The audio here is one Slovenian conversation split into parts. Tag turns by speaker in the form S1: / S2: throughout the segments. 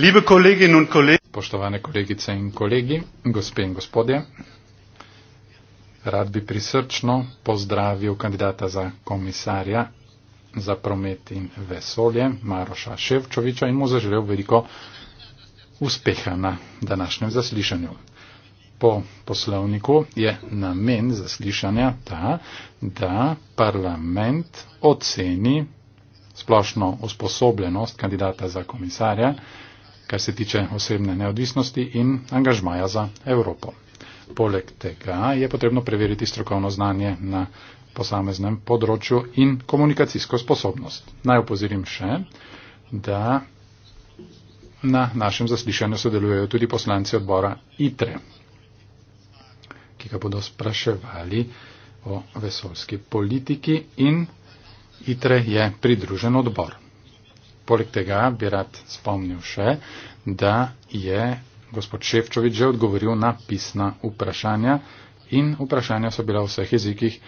S1: Liebe Kolleginnen und Kollegen, spoštovane kolegice in kolegi, gospe in gospodje, rad bi prisrčno pozdravil kandidata za komisarja za promet in vesolje Maroša Ševčoviča in mu zaželel veliko uspeha na današnjem zaslišanju. Po poslovniku je namen zaslišanja ta, da parlament oceni splošno usposobljenost kandidata za komisarja kar se tiče osebne neodvisnosti in angažmaja za Evropo. Poleg tega je potrebno preveriti strokovno znanje na posameznem področju in komunikacijsko sposobnost. Naj opozorim še, da na našem zaslišanju sodelujejo tudi poslanci odbora ITRE, ki ga bodo spraševali o vesolski politiki in ITRE je pridružen odbor. Poleg tega bi rad spomnil še, da je gospod Ševčovič že odgovoril na pisna vprašanja in vprašanja so bila v vseh jezikih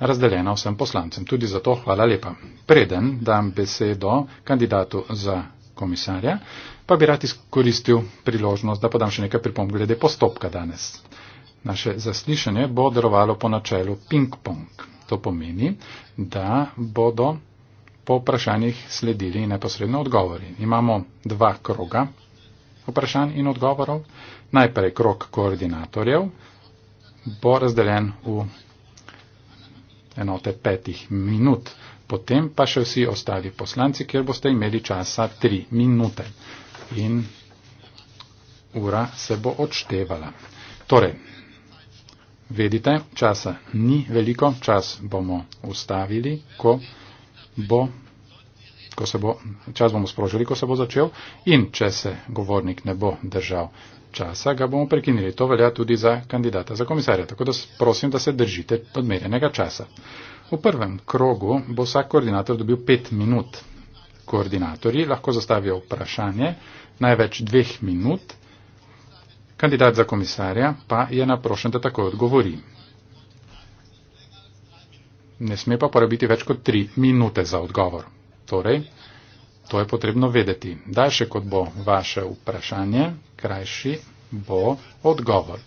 S1: razdeljena vsem poslancem. Tudi zato hvala lepa. Preden dam besedo kandidatu za komisarja, pa bi rad izkoristil priložnost, da podam še nekaj pripomb glede postopka danes. Naše zaslišanje bo delovalo po načelu ping-pong. To pomeni, da bodo po vprašanjih sledili neposredno odgovori. Imamo dva kroga vprašanj in odgovorov. Najprej krog koordinatorjev bo razdeljen v enote petih minut. Potem pa še vsi ostali poslanci, kjer boste imeli časa tri minute. In ura se bo odštevala. Torej, vedite, časa ni veliko, čas bomo ustavili, ko bo, ko se bo, čas bomo sprožili, ko se bo začel in če se govornik ne bo držal časa, ga bomo prekinili. To velja tudi za kandidata za komisarja, tako da prosim, da se držite odmerjenega časa. V prvem krogu bo vsak koordinator dobil pet minut. Koordinatorji lahko zastavijo vprašanje največ dveh minut, kandidat za komisarja pa je naprošen, da takoj odgovori ne sme pa porabiti več kot tri minute za odgovor. Torej, to je potrebno vedeti. Daljše kot bo vaše vprašanje, krajši bo odgovor.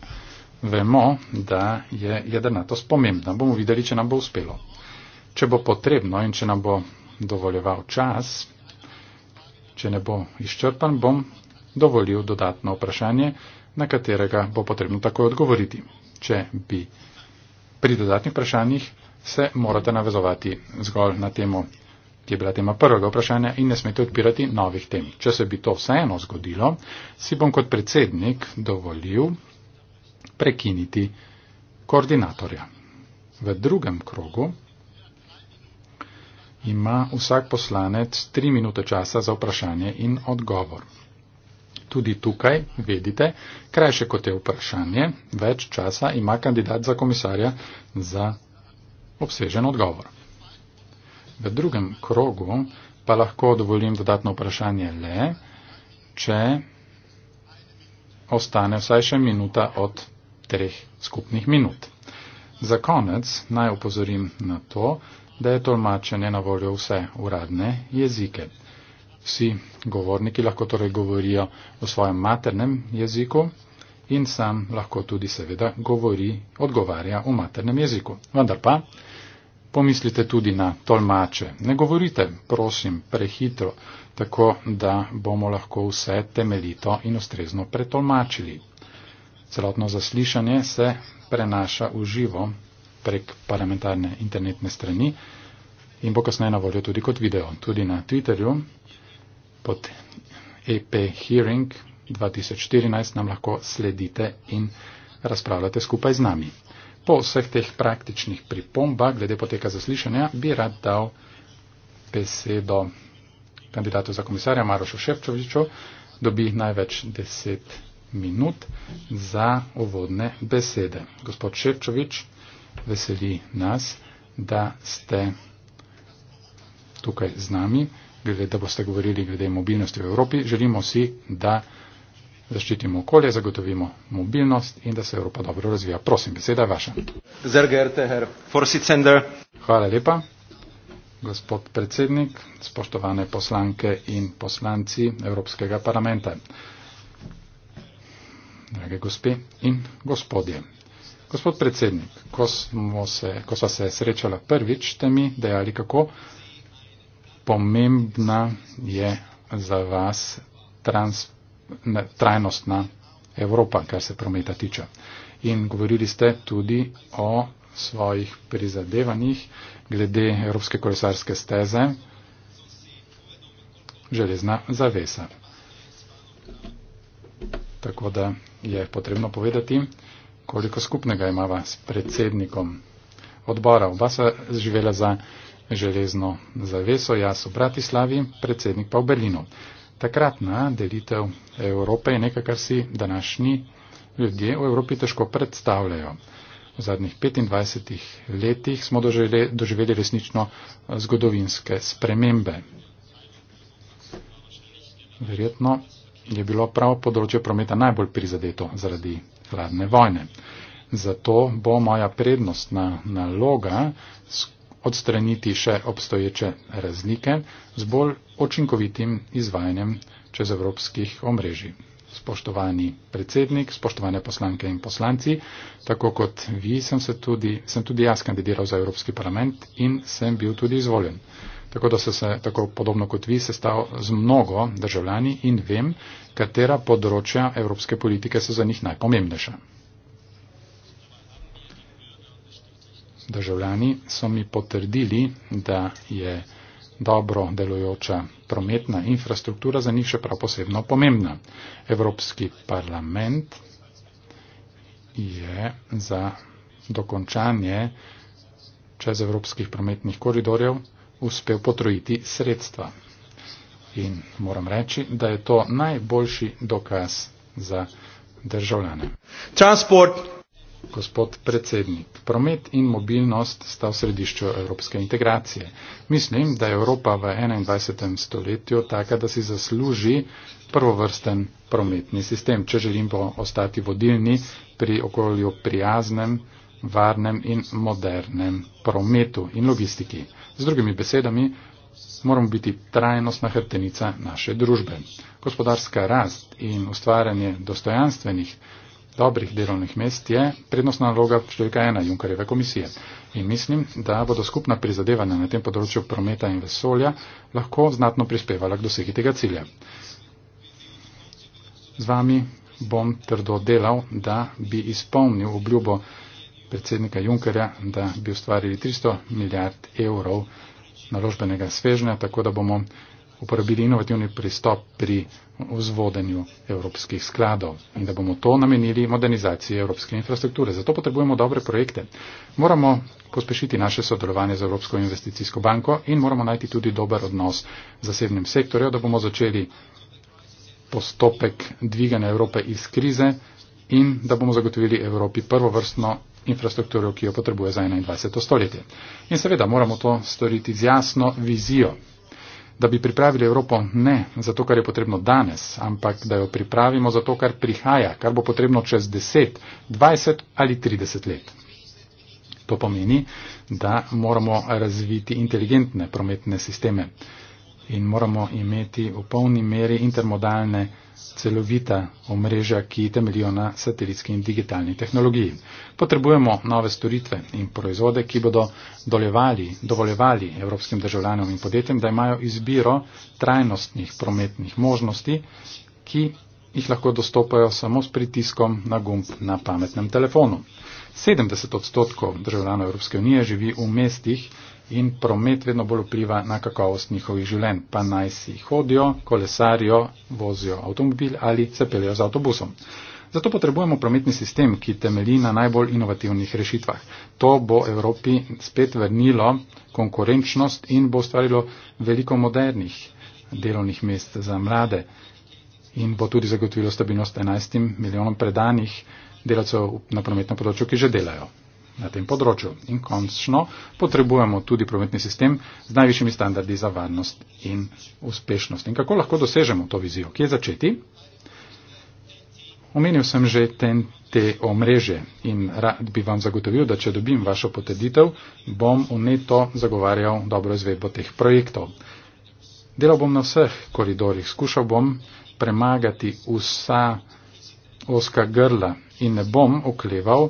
S1: Vemo, da je jedrnatost pomembna. Bomo videli, če nam bo uspelo. Če bo potrebno in če nam bo dovoljeval čas, če ne bo izčrpan, bom dovolil dodatno vprašanje, na katerega bo potrebno takoj odgovoriti. Če bi pri dodatnih vprašanjih se morate navezovati zgolj na temo, ki je bila tema prvega vprašanja in ne smete odpirati novih tem. Če se bi to vseeno zgodilo, si bom kot predsednik dovolil prekiniti koordinatorja. V drugem krogu ima vsak poslanec tri minute časa za vprašanje in odgovor. Tudi tukaj, vedite, krajše kot je vprašanje, več časa ima kandidat za komisarja za obsežen odgovor. V drugem krogu pa lahko dovolim dodatno vprašanje le, če ostane vsaj še minuta od treh skupnih minut. Za konec naj upozorim na to, da je tolmačenje na voljo vse uradne jezike. Vsi govorniki lahko torej govorijo o svojem maternem jeziku in sam lahko tudi seveda govori, odgovarja v maternem jeziku. Vendar pa, Pomislite tudi na tolmače. Ne govorite, prosim, prehitro, tako da bomo lahko vse temeljito in ustrezno pretolmačili. Celotno zaslišanje se prenaša v živo prek parlamentarne internetne strani in bo kasneje na voljo tudi kot video. Tudi na Twitterju pod EP Hearing 2014 nam lahko sledite in razpravljate skupaj z nami po vseh teh praktičnih pripombah glede poteka zaslišanja bi rad dal besedo kandidatu za komisarja Marošu Ševčoviču, dobi največ deset minut za uvodne besede. Gospod Ševčovič, veseli nas, da ste tukaj z nami, glede, da boste govorili glede mobilnosti v Evropi. Želimo si, da zaščitimo okolje, zagotovimo mobilnost in da se Evropa dobro razvija. Prosim, beseda je vaša. Hvala lepa, gospod predsednik, spoštovane poslanke in poslanci Evropskega parlamenta. Drage gospe in gospodje. Gospod predsednik, ko, se, ko sva se srečala prvič, ste mi dejali, kako pomembna je za vas transport trajnostna Evropa, kar se prometa tiče. In govorili ste tudi o svojih prizadevanjih glede Evropske kolesarske steze železna zavesa. Tako da je potrebno povedati, koliko skupnega imava s predsednikom odbora. Oba so živela za železno zaveso, jaz v Bratislavi, predsednik pa v Berlinu takratna delitev Evrope je nekaj, kar si današnji ljudje v Evropi težko predstavljajo. V zadnjih 25 letih smo doživeli, doživeli resnično zgodovinske spremembe. Verjetno je bilo prav področje prometa najbolj prizadeto zaradi hladne vojne. Zato bo moja prednostna naloga odstraniti še obstoječe razlike z bolj očinkovitim izvajanjem čez evropskih omrežij. Spoštovani predsednik, spoštovane poslanke in poslanci, tako kot vi sem, se tudi, sem tudi jaz kandidiral za Evropski parlament in sem bil tudi izvoljen. Tako da sem se, tako podobno kot vi, sestal z mnogo državljani in vem, katera področja evropske politike so za njih najpomembnejša. državljani so mi potrdili, da je dobro delujoča prometna infrastruktura za njih še prav posebno pomembna. Evropski parlament je za dokončanje čez evropskih prometnih koridorjev uspel potrojiti sredstva. In moram reči, da je to najboljši dokaz za državljane. Transport gospod predsednik. Promet in mobilnost sta v središču evropske integracije. Mislim, da je Evropa v 21. stoletju taka, da si zasluži prvovrsten prometni sistem, če želimo ostati vodilni pri okolju prijaznem, varnem in modernem prometu in logistiki. Z drugimi besedami, moramo biti trajnostna hrtenica naše družbe. Gospodarska rast in ustvarjanje dostojanstvenih dobrih delovnih mest je prednostna naloga številka ena Junkareve komisije. In mislim, da bodo skupna prizadevanja na tem področju prometa in vesolja lahko znatno prispevala k dosegi tega cilja. Z vami bom trdo delal, da bi izpolnil obljubo predsednika Junkerja, da bi ustvarili 300 milijard evrov naložbenega svežnja, tako da bomo uporabili inovativni pristop pri vzvodenju evropskih skladov in da bomo to namenili modernizaciji evropske infrastrukture. Zato potrebujemo dobre projekte. Moramo pospešiti naše sodelovanje z Evropsko investicijsko banko in moramo najti tudi dober odnos z zasebnim sektorjem, da bomo začeli postopek dviganja Evrope iz krize in da bomo zagotovili Evropi prvovrstno infrastrukturo, ki jo potrebuje za 21. stoletje. In seveda moramo to storiti z jasno vizijo da bi pripravili Evropo ne za to, kar je potrebno danes, ampak da jo pripravimo za to, kar prihaja, kar bo potrebno čez 10, 20 ali 30 let. To pomeni, da moramo razviti inteligentne prometne sisteme in moramo imeti v polni meri intermodalne celovita omrežja, ki temeljijo na satelitski in digitalni tehnologiji. Potrebujemo nove storitve in proizvode, ki bodo dolevali, dovoljevali evropskim državljanom in podjetjem, da imajo izbiro trajnostnih prometnih možnosti, ki jih lahko dostopajo samo s pritiskom na gumb na pametnem telefonu. 70 odstotkov državljanov Evropske unije živi v mestih, in promet vedno bolj vpliva na kakovost njihovih življenj, pa naj si hodijo, kolesarijo, vozijo avtomobil ali se peljejo z avtobusom. Zato potrebujemo prometni sistem, ki temelji na najbolj inovativnih rešitvah. To bo Evropi spet vrnilo konkurenčnost in bo ustvarilo veliko modernih delovnih mest za mlade in bo tudi zagotovilo stabilnost 11 milijonom predanih delavcev na prometnem področju, ki že delajo na tem področju. In končno potrebujemo tudi prometni sistem z najvišjimi standardi za varnost in uspešnost. In kako lahko dosežemo to vizijo? Kje začeti? Omenil sem že TNT omrežje in rad bi vam zagotovil, da če dobim vašo poteditev, bom v neto zagovarjal dobro izvedbo teh projektov. Delal bom na vseh koridorjih, skušal bom premagati vsa oska grla in ne bom okleval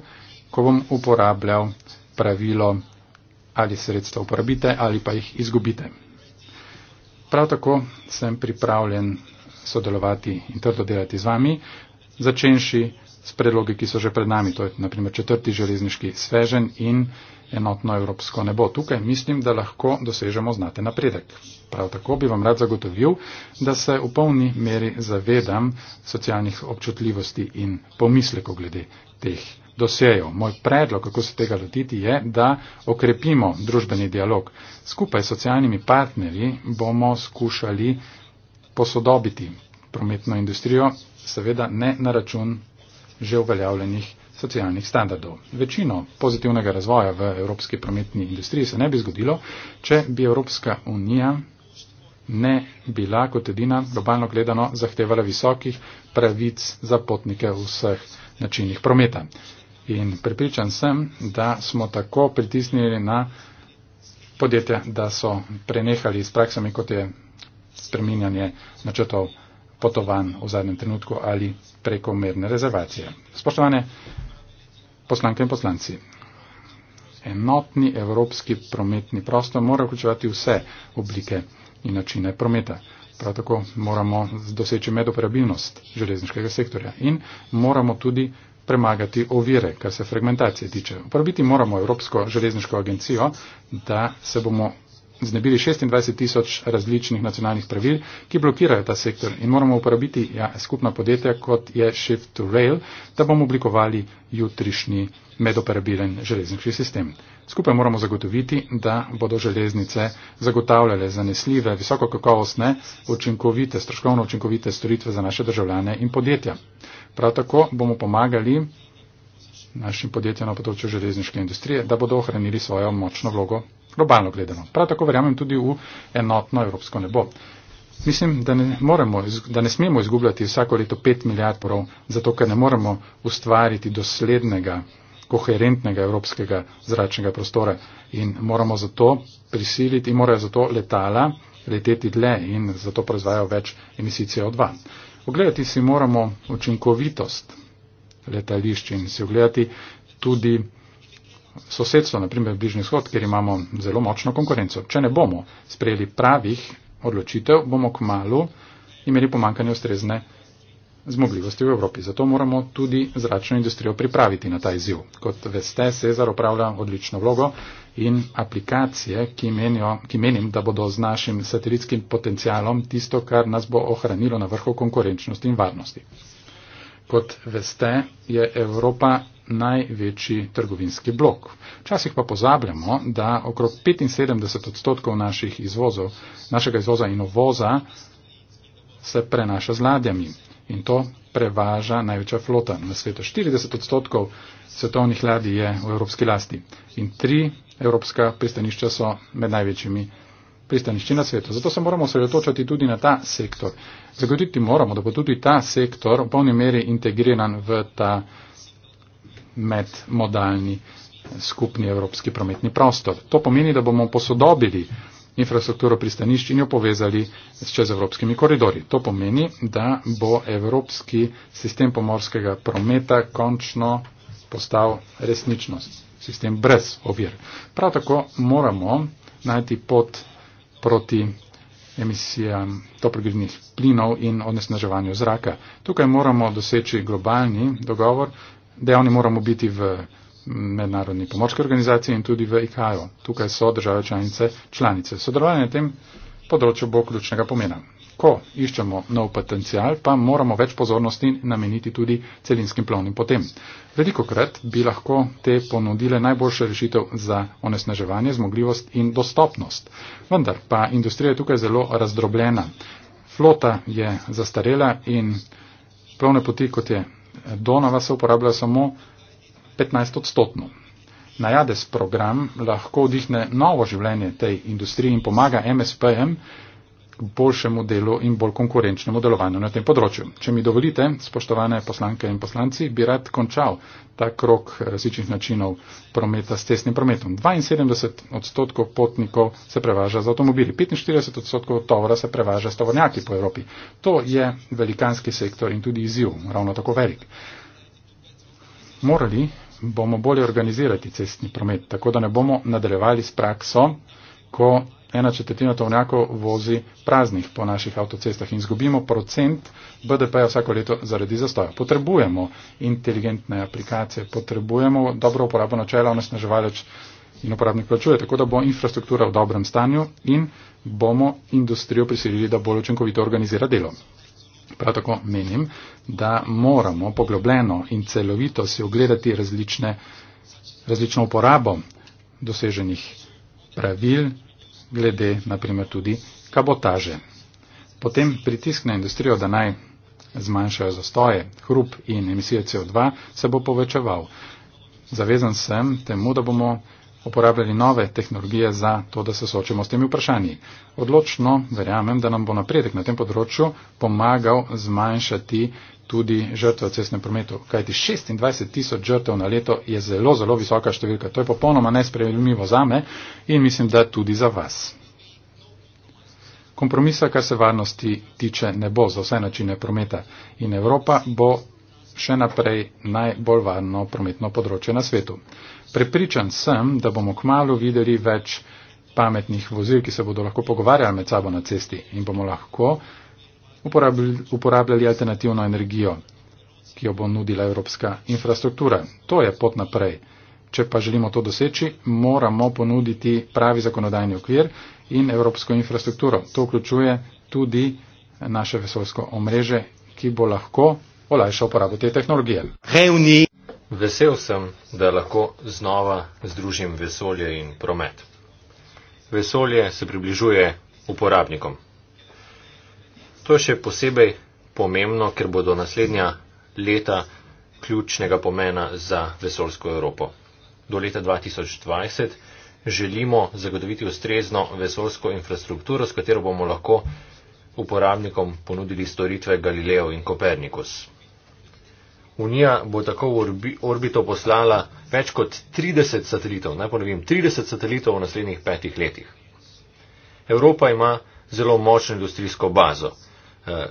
S1: ko bom uporabljal pravilo ali sredstva uporabite ali pa jih izgubite. Prav tako sem pripravljen sodelovati in trdo delati z vami, začenši s predlogi, ki so že pred nami, to je naprimer četrti železniški svežen in enotno evropsko nebo. Tukaj mislim, da lahko dosežemo znate napredek. Prav tako bi vam rad zagotovil, da se v polni meri zavedam socialnih občutljivosti in pomislekov glede teh dosejo. Moj predlog, kako se tega lotiti, je, da okrepimo družbeni dialog. Skupaj s socialnimi partnerji bomo skušali posodobiti prometno industrijo, seveda ne na račun že uveljavljenih socialnih standardov. Večino pozitivnega razvoja v evropski prometni industriji se ne bi zgodilo, če bi Evropska unija ne bila kot edina globalno gledano zahtevala visokih pravic za potnike v vseh načinih prometa. In pripričan sem, da smo tako pritisnili na podjetja, da so prenehali s praksami, kot je spreminjanje načrtov potovanj v zadnjem trenutku ali prekomerne rezervacije. Spoštovane poslanke in poslanci, enotni evropski prometni prostor mora vključevati vse oblike in načine prometa. Prav tako moramo doseči medoperabilnost železniškega sektorja in moramo tudi premagati ovire, kar se fragmentacije tiče. Uporabiti moramo Evropsko železniško agencijo, da se bomo znebili 26 tisoč različnih nacionalnih pravil, ki blokirajo ta sektor in moramo uporabiti ja, skupna podjetja, kot je Shift to Rail, da bomo oblikovali jutrišnji medoperabilen železniški sistem. Skupaj moramo zagotoviti, da bodo železnice zagotavljale zanesljive, visokokakovostne, učinkovite, stroškovno učinkovite storitve za naše državljane in podjetja. Prav tako bomo pomagali našim podjetjem na področju železniške industrije, da bodo ohranili svojo močno vlogo globalno gledano. Prav tako verjamem tudi v enotno evropsko nebo. Mislim, da ne, moremo, da ne smemo izgubljati vsako leto 5 milijard porov, zato ker ne moremo ustvariti doslednega, koherentnega evropskega zračnega prostora in moramo zato prisiliti in morajo zato letala leteti dlje in zato proizvajajo več emisij CO2. Ogledati si moramo učinkovitost letališč in si ogledati tudi sosedstvo, naprimer Bližnji shod, kjer imamo zelo močno konkurenco. Če ne bomo sprejeli pravih odločitev, bomo k malu imeli pomankanje ustrezne zmogljivosti v Evropi. Zato moramo tudi zračno industrijo pripraviti na ta izziv. Kot veste, Cezar opravlja odlično vlogo in aplikacije, ki, menijo, ki menim, da bodo z našim satelitskim potencialom tisto, kar nas bo ohranilo na vrhu konkurenčnosti in varnosti. Kot veste, je Evropa največji trgovinski blok. Včasih pa pozabljamo, da okrog 75 odstotkov izvozov, našega izvoza in ovoza se prenaša z ladjami in to prevaža največja flota na svetu. 40 odstotkov svetovnih ladij je v evropski lasti in tri evropska pristanišča so med največjimi pristanišči na svetu. Zato se moramo osredotočati tudi na ta sektor. Zagotoviti moramo, da bo tudi ta sektor v polni meri integriran v ta medmodalni skupni evropski prometni prostor. To pomeni, da bomo posodobili infrastrukturo pristanišč in jo povezali s čez evropskimi koridori. To pomeni, da bo evropski sistem pomorskega prometa končno postal resničnost. Sistem brez ovir. Prav tako moramo najti pot proti emisijam toplogrednih plinov in onesnaževanju zraka. Tukaj moramo doseči globalni dogovor, dejavni moramo biti v mednarodni pomočki organizaciji in tudi v IKAO. Tukaj so države članice članice. Sodelovanje na tem področju bo ključnega pomena. Ko iščemo nov potencial, pa moramo več pozornosti nameniti tudi celinskim plovnim potem. Veliko krat bi lahko te ponudile najboljše rešitev za onesnaževanje, zmogljivost in dostopnost. Vendar pa industrija je tukaj zelo razdrobljena. Flota je zastarela in plovne poti, kot je Donava, se uporabljajo samo 15 odstotno. Najades program lahko vdihne novo življenje tej industriji in pomaga MSP-jem k boljšemu delu in bolj konkurenčnemu delovanju na tem področju. Če mi dovolite, spoštovane poslanke in poslanci, bi rad končal ta krok eh, različnih načinov prometa s cestnim prometom. 72 odstotkov potnikov se prevaža z avtomobili, 45 odstotkov tovora se prevaža s tovornjaki po Evropi. To je velikanski sektor in tudi izziv, ravno tako velik. Morali bomo bolje organizirati cestni promet, tako da ne bomo nadaljevali s prakso, ko ena četrtina tovnjakov vozi praznih po naših avtocestah in zgubimo procent BDP-ja vsako leto zaradi zastoja. Potrebujemo inteligentne aplikacije, potrebujemo dobro uporabo načela, onesnaževalec in uporabnik plačuje, tako da bo infrastruktura v dobrem stanju in bomo industrijo prisilili, da bolj učinkovito organizira delo. Prav tako menim, da moramo poglobljeno in celovito si ogledati različne, različno uporabo doseženih pravil, glede naprimer tudi kabotaže. Potem pritisk na industrijo, da naj zmanjšajo zastoje, hrup in emisije CO2 se bo povečeval. Zavezan sem temu, da bomo uporabljali nove tehnologije za to, da se soočimo s temi vprašanji. Odločno verjamem, da nam bo napredek na tem področju pomagal zmanjšati tudi žrtve v cestnem prometu. Kajti 26 tisoč žrtev na leto je zelo, zelo visoka številka. To je popolnoma nespremljivo za me in mislim, da tudi za vas. Kompromisa, kar se varnosti tiče, ne bo za vse načine prometa in Evropa bo še naprej najbolj varno prometno področje na svetu. Prepričan sem, da bomo kmalo videli več pametnih vozil, ki se bodo lahko pogovarjali med sabo na cesti in bomo lahko uporabljali, uporabljali alternativno energijo, ki jo bo nudila evropska infrastruktura. To je pot naprej. Če pa želimo to doseči, moramo ponuditi pravi zakonodajni okvir in evropsko infrastrukturo. To vključuje tudi naše vesoljsko omreže, ki bo lahko olajšal uporabo te tehnologije. Hey, Vesel
S2: sem, da lahko znova združim vesolje in promet. Vesolje se približuje uporabnikom. To je še posebej pomembno, ker bodo naslednja leta ključnega pomena za vesolsko Evropo. Do leta 2020 želimo zagotoviti ustrezno vesolsko infrastrukturo, s katero bomo lahko uporabnikom ponudili storitve Galileo in Kopernikus. Unija bo tako v orbito poslala več kot 30 satelitov, naj ponovim, 30 satelitov v naslednjih petih letih. Evropa ima zelo močno industrijsko bazo, eh,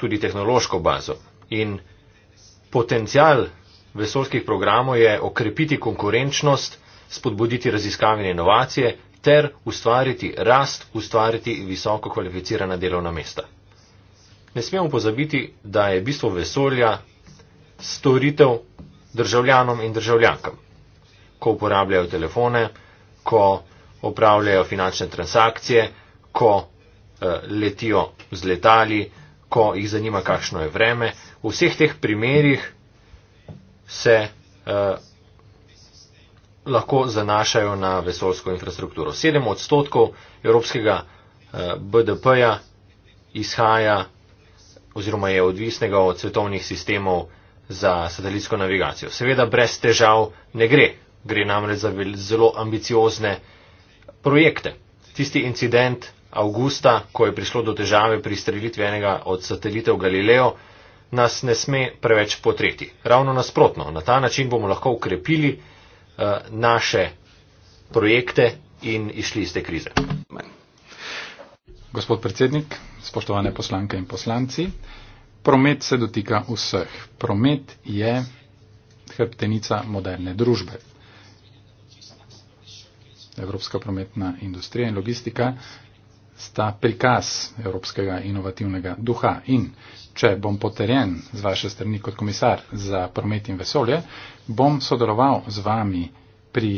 S2: tudi tehnološko bazo in potencial vesolskih programov je okrepiti konkurenčnost, spodbuditi raziskave in inovacije ter ustvariti rast, ustvariti visoko kvalificirana delovna mesta. Ne smemo pozabiti, da je bistvo vesolja storitev državljanom in državljankam, ko uporabljajo telefone, ko opravljajo finančne transakcije, ko eh, letijo z letali, ko jih zanima, kakšno je vreme. V vseh teh primerjih se eh, lahko zanašajo na vesolsko infrastrukturo. 7 odstotkov evropskega eh, BDP-ja izhaja oziroma je odvisnega od svetovnih sistemov za satelitsko navigacijo. Seveda brez težav ne gre. Gre namreč za zelo ambiciozne projekte. Tisti incident avgusta, ko je prišlo do težave pri strelitvi enega od satelitev Galileo, nas ne sme preveč potreti. Ravno nasprotno, na ta način bomo lahko ukrepili uh, naše projekte in išli iz
S1: te krize. Gospod predsednik, spoštovane poslanke in poslanci. Promet se dotika vseh. Promet je hrbtenica moderne družbe. Evropska prometna industrija in logistika sta prikaz evropskega inovativnega duha. In če bom poterjen z vaše strani kot komisar za promet in vesolje, bom sodeloval z vami pri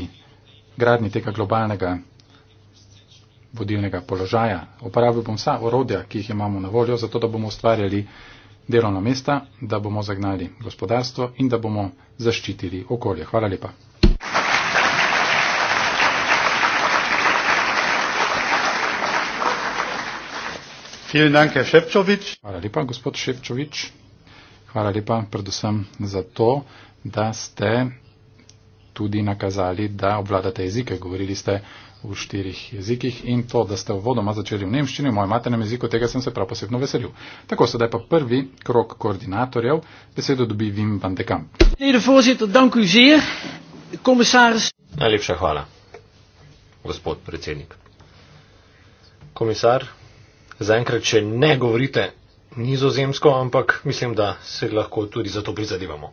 S1: gradni tega globalnega vodilnega položaja. Uporabil bom vsa orodja, ki jih imamo na voljo, zato da bomo ustvarjali delovna mesta, da bomo zagnali gospodarstvo in da bomo zaščitili okolje. Hvala lepa. Danke, hvala lepa, gospod Ševčovič. Hvala lepa predvsem za to, da ste tudi nakazali, da obvladate jezike. Govorili ste v štirih jezikih in to, da ste vodoma začeli v nemščini, v mojem maternem jeziku, tega sem se prav posebno veselil. Tako sedaj pa prvi krok koordinatorjev, besedo dobi Vim van de Kamp. Najlepša hvala, gospod predsednik.
S2: Komisar, zaenkrat, če ne govorite nizozemsko, ampak mislim, da se lahko tudi za to prizadevamo.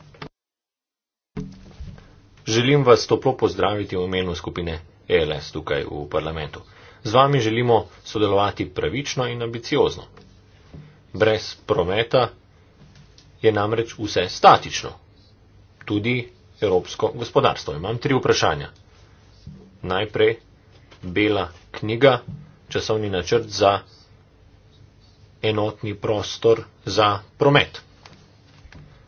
S2: Želim vas toplo pozdraviti v imenu skupine ELS tukaj v parlamentu. Z vami želimo sodelovati pravično in ambiciozno. Brez prometa je namreč vse statično. Tudi evropsko gospodarstvo. Imam tri vprašanja. Najprej bela knjiga, časovni načrt za enotni prostor za promet.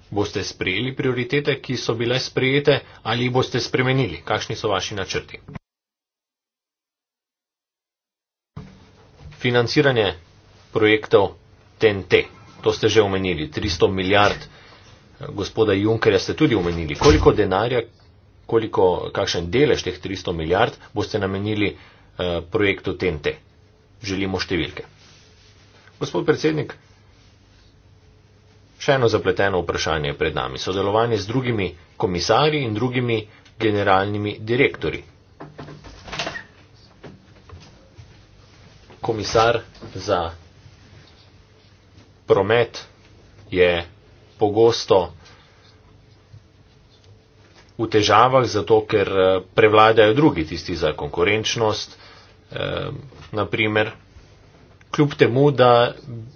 S2: Boste sprejeli prioritete, ki so bile sprejete, ali boste spremenili? Kakšni so vaši načrti? financiranje projektov TNT. To ste že omenili. 300 milijard eh, gospoda Junkerja ste tudi omenili. Koliko denarja, koliko, kakšen delež teh 300 milijard boste namenili uh, projektu TNT? Želimo številke. Gospod predsednik, še eno zapleteno vprašanje je pred nami. Sodelovanje z drugimi komisarji in drugimi generalnimi direktori. komisar za promet je pogosto v težavah, zato ker eh, prevladajo drugi tisti za konkurenčnost, eh, naprimer, kljub temu, da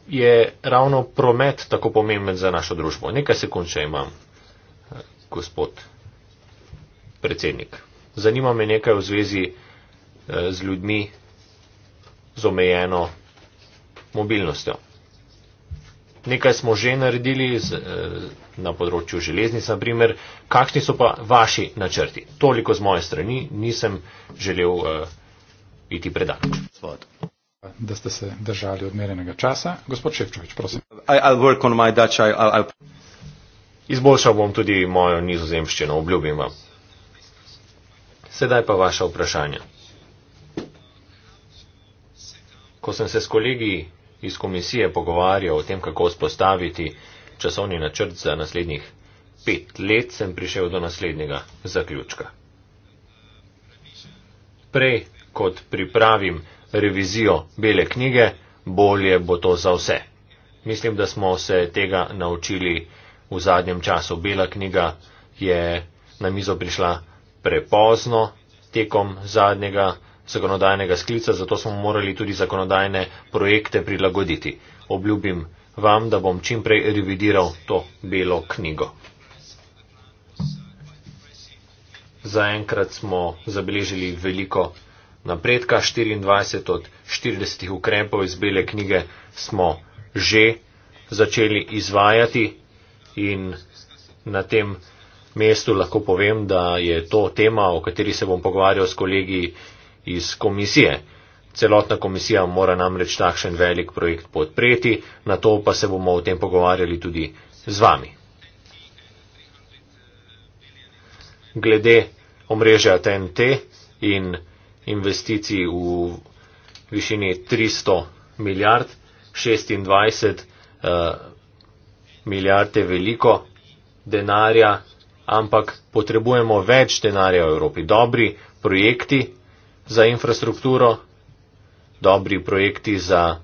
S2: je ravno promet tako pomemben za našo družbo. Nekaj sekund še imam, eh, gospod predsednik. Zanima me nekaj v zvezi z ljudmi, z omejeno mobilnostjo. Nekaj smo že naredili z, eh, na področju železnic, na primer, kakšni so pa vaši načrti. Toliko z moje strani, nisem želel uh, iti
S1: predaleč. Da ste se držali odmerenega časa. Gospod Ševčovič, prosim.
S2: I, Dutch, I, I... Izboljšal bom tudi mojo nizozemščino, obljubim vam. Sedaj pa vaše vprašanje. Ko sem se s kolegi iz komisije pogovarjal o tem, kako spostaviti časovni načrt za naslednjih pet let, sem prišel do naslednjega zaključka. Prej, kot pripravim revizijo bele knjige, bolje bo to za vse. Mislim, da smo se tega naučili v zadnjem času. Bela knjiga je na mizo prišla prepozno tekom zadnjega zakonodajnega sklica, zato smo morali tudi zakonodajne projekte prilagoditi. Obljubim vam, da bom čimprej revidiral to belo knjigo. Zaenkrat smo zabeležili veliko napredka, 24 od 40 ukrepov iz bele knjige smo že začeli izvajati in na tem mestu lahko povem, da je to tema, o kateri se bom pogovarjal s kolegi iz komisije. Celotna komisija mora namreč takšen velik projekt podpreti, na to pa se bomo o tem pogovarjali tudi z vami. Glede omrežja TNT in investicij v višini 300 milijard, 26 uh, eh, milijard je veliko denarja, ampak potrebujemo več denarja v Evropi. Dobri projekti za infrastrukturo, dobri projekti za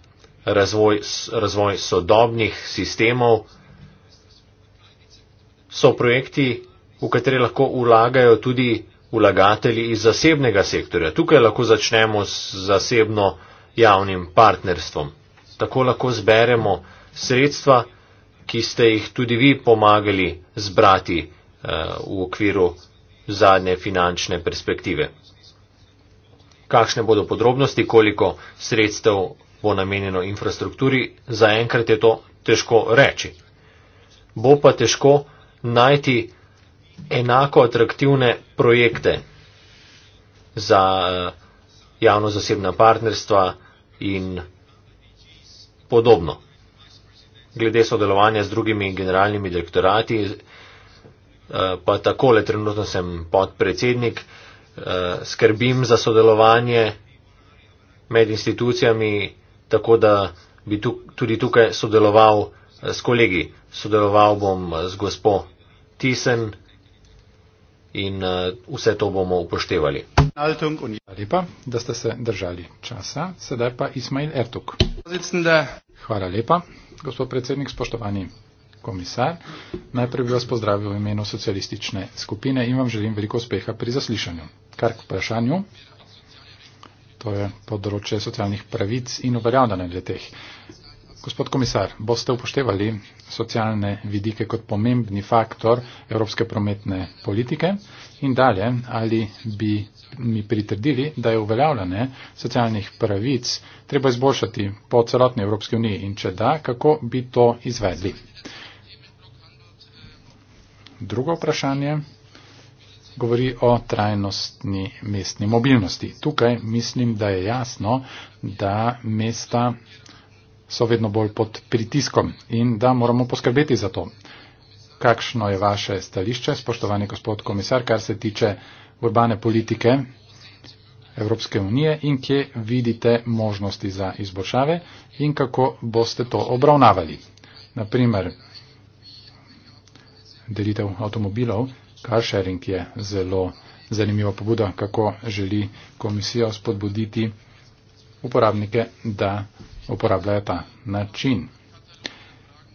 S2: razvoj, razvoj sodobnih sistemov, so projekti, v katere lahko ulagajo tudi ulagatelji iz zasebnega sektorja. Tukaj lahko začnemo s zasebno javnim partnerstvom. Tako lahko zberemo sredstva, ki ste jih tudi vi pomagali zbrati uh, v okviru zadnje finančne perspektive kakšne bodo podrobnosti, koliko sredstev bo namenjeno infrastrukturi, zaenkrat je to težko reči. Bo pa težko najti enako atraktivne projekte za eh, javno-zasebna partnerstva in podobno. Glede sodelovanja z drugimi generalnimi direktorati, eh, pa takole trenutno sem podpredsednik, uh, skrbim za sodelovanje med institucijami, tako da bi tu, tudi tukaj sodeloval uh, s kolegi. Sodeloval bom eh, z gospo Tisen in uh, vse to bomo upoštevali.
S1: Lepa, da ste se držali časa. Sedaj pa Ismail Ertuk. Hvala lepa, gospod predsednik, spoštovani komisar. Najprej bi vas pozdravil v imenu socialistične skupine in vam želim veliko uspeha pri zaslišanju kar k vprašanju. To je področje socialnih pravic in uveljavljanja leteh. Gospod komisar, boste upoštevali socialne vidike kot pomembni faktor evropske prometne politike in dalje, ali bi mi pritrdili, da je uveljavljanje socialnih pravic treba izboljšati po celotni Evropski uniji in če da, kako bi to izvedli? Drugo vprašanje govori o trajnostni mestni mobilnosti. Tukaj mislim, da je jasno, da mesta so vedno bolj pod pritiskom in da moramo poskrbeti za to. Kakšno je vaše stališče, spoštovani gospod komisar, kar se tiče urbane politike Evropske unije in kje vidite možnosti za izboljšave in kako boste to obravnavali? Naprimer, delitev avtomobilov Car sharing je zelo zanimiva pobuda, kako želi komisija spodbuditi uporabnike, da uporabljajo ta način.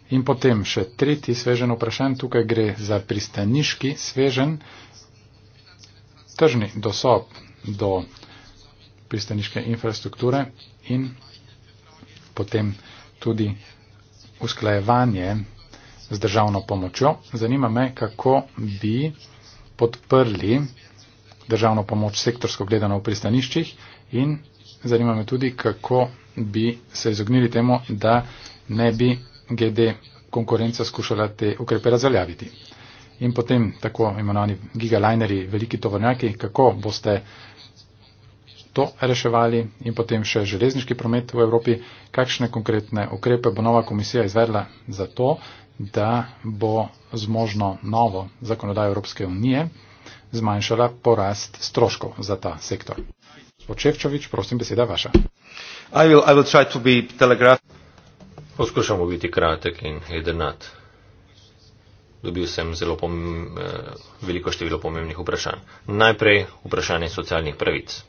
S1: In potem še tretji svežen vprašan, tukaj gre za pristaniški svežen tržni dosob do pristaniške infrastrukture in potem tudi usklajevanje z državno pomočjo. Zanima me, kako bi podprli državno pomoč sektorsko gledano v pristaniščih in zanima me tudi, kako bi se izognili temu, da ne bi GD konkurenca skušala te ukrepe razveljaviti. In potem tako imenovani gigalineri, veliki tovornjaki, kako boste to reševali in potem še železniški promet v Evropi, kakšne konkretne ukrepe bo nova komisija izvedla za to, da bo zmožno novo zakonodajo Evropske unije zmanjšala porast stroškov za ta sektor. Gospod Čevčovič, prosim, beseda vaša.
S2: I will, I will try to be Poskušamo biti kratek in jedenat. Dobil sem zelo eh, veliko število pomembnih vprašanj. Najprej vprašanje socialnih pravic.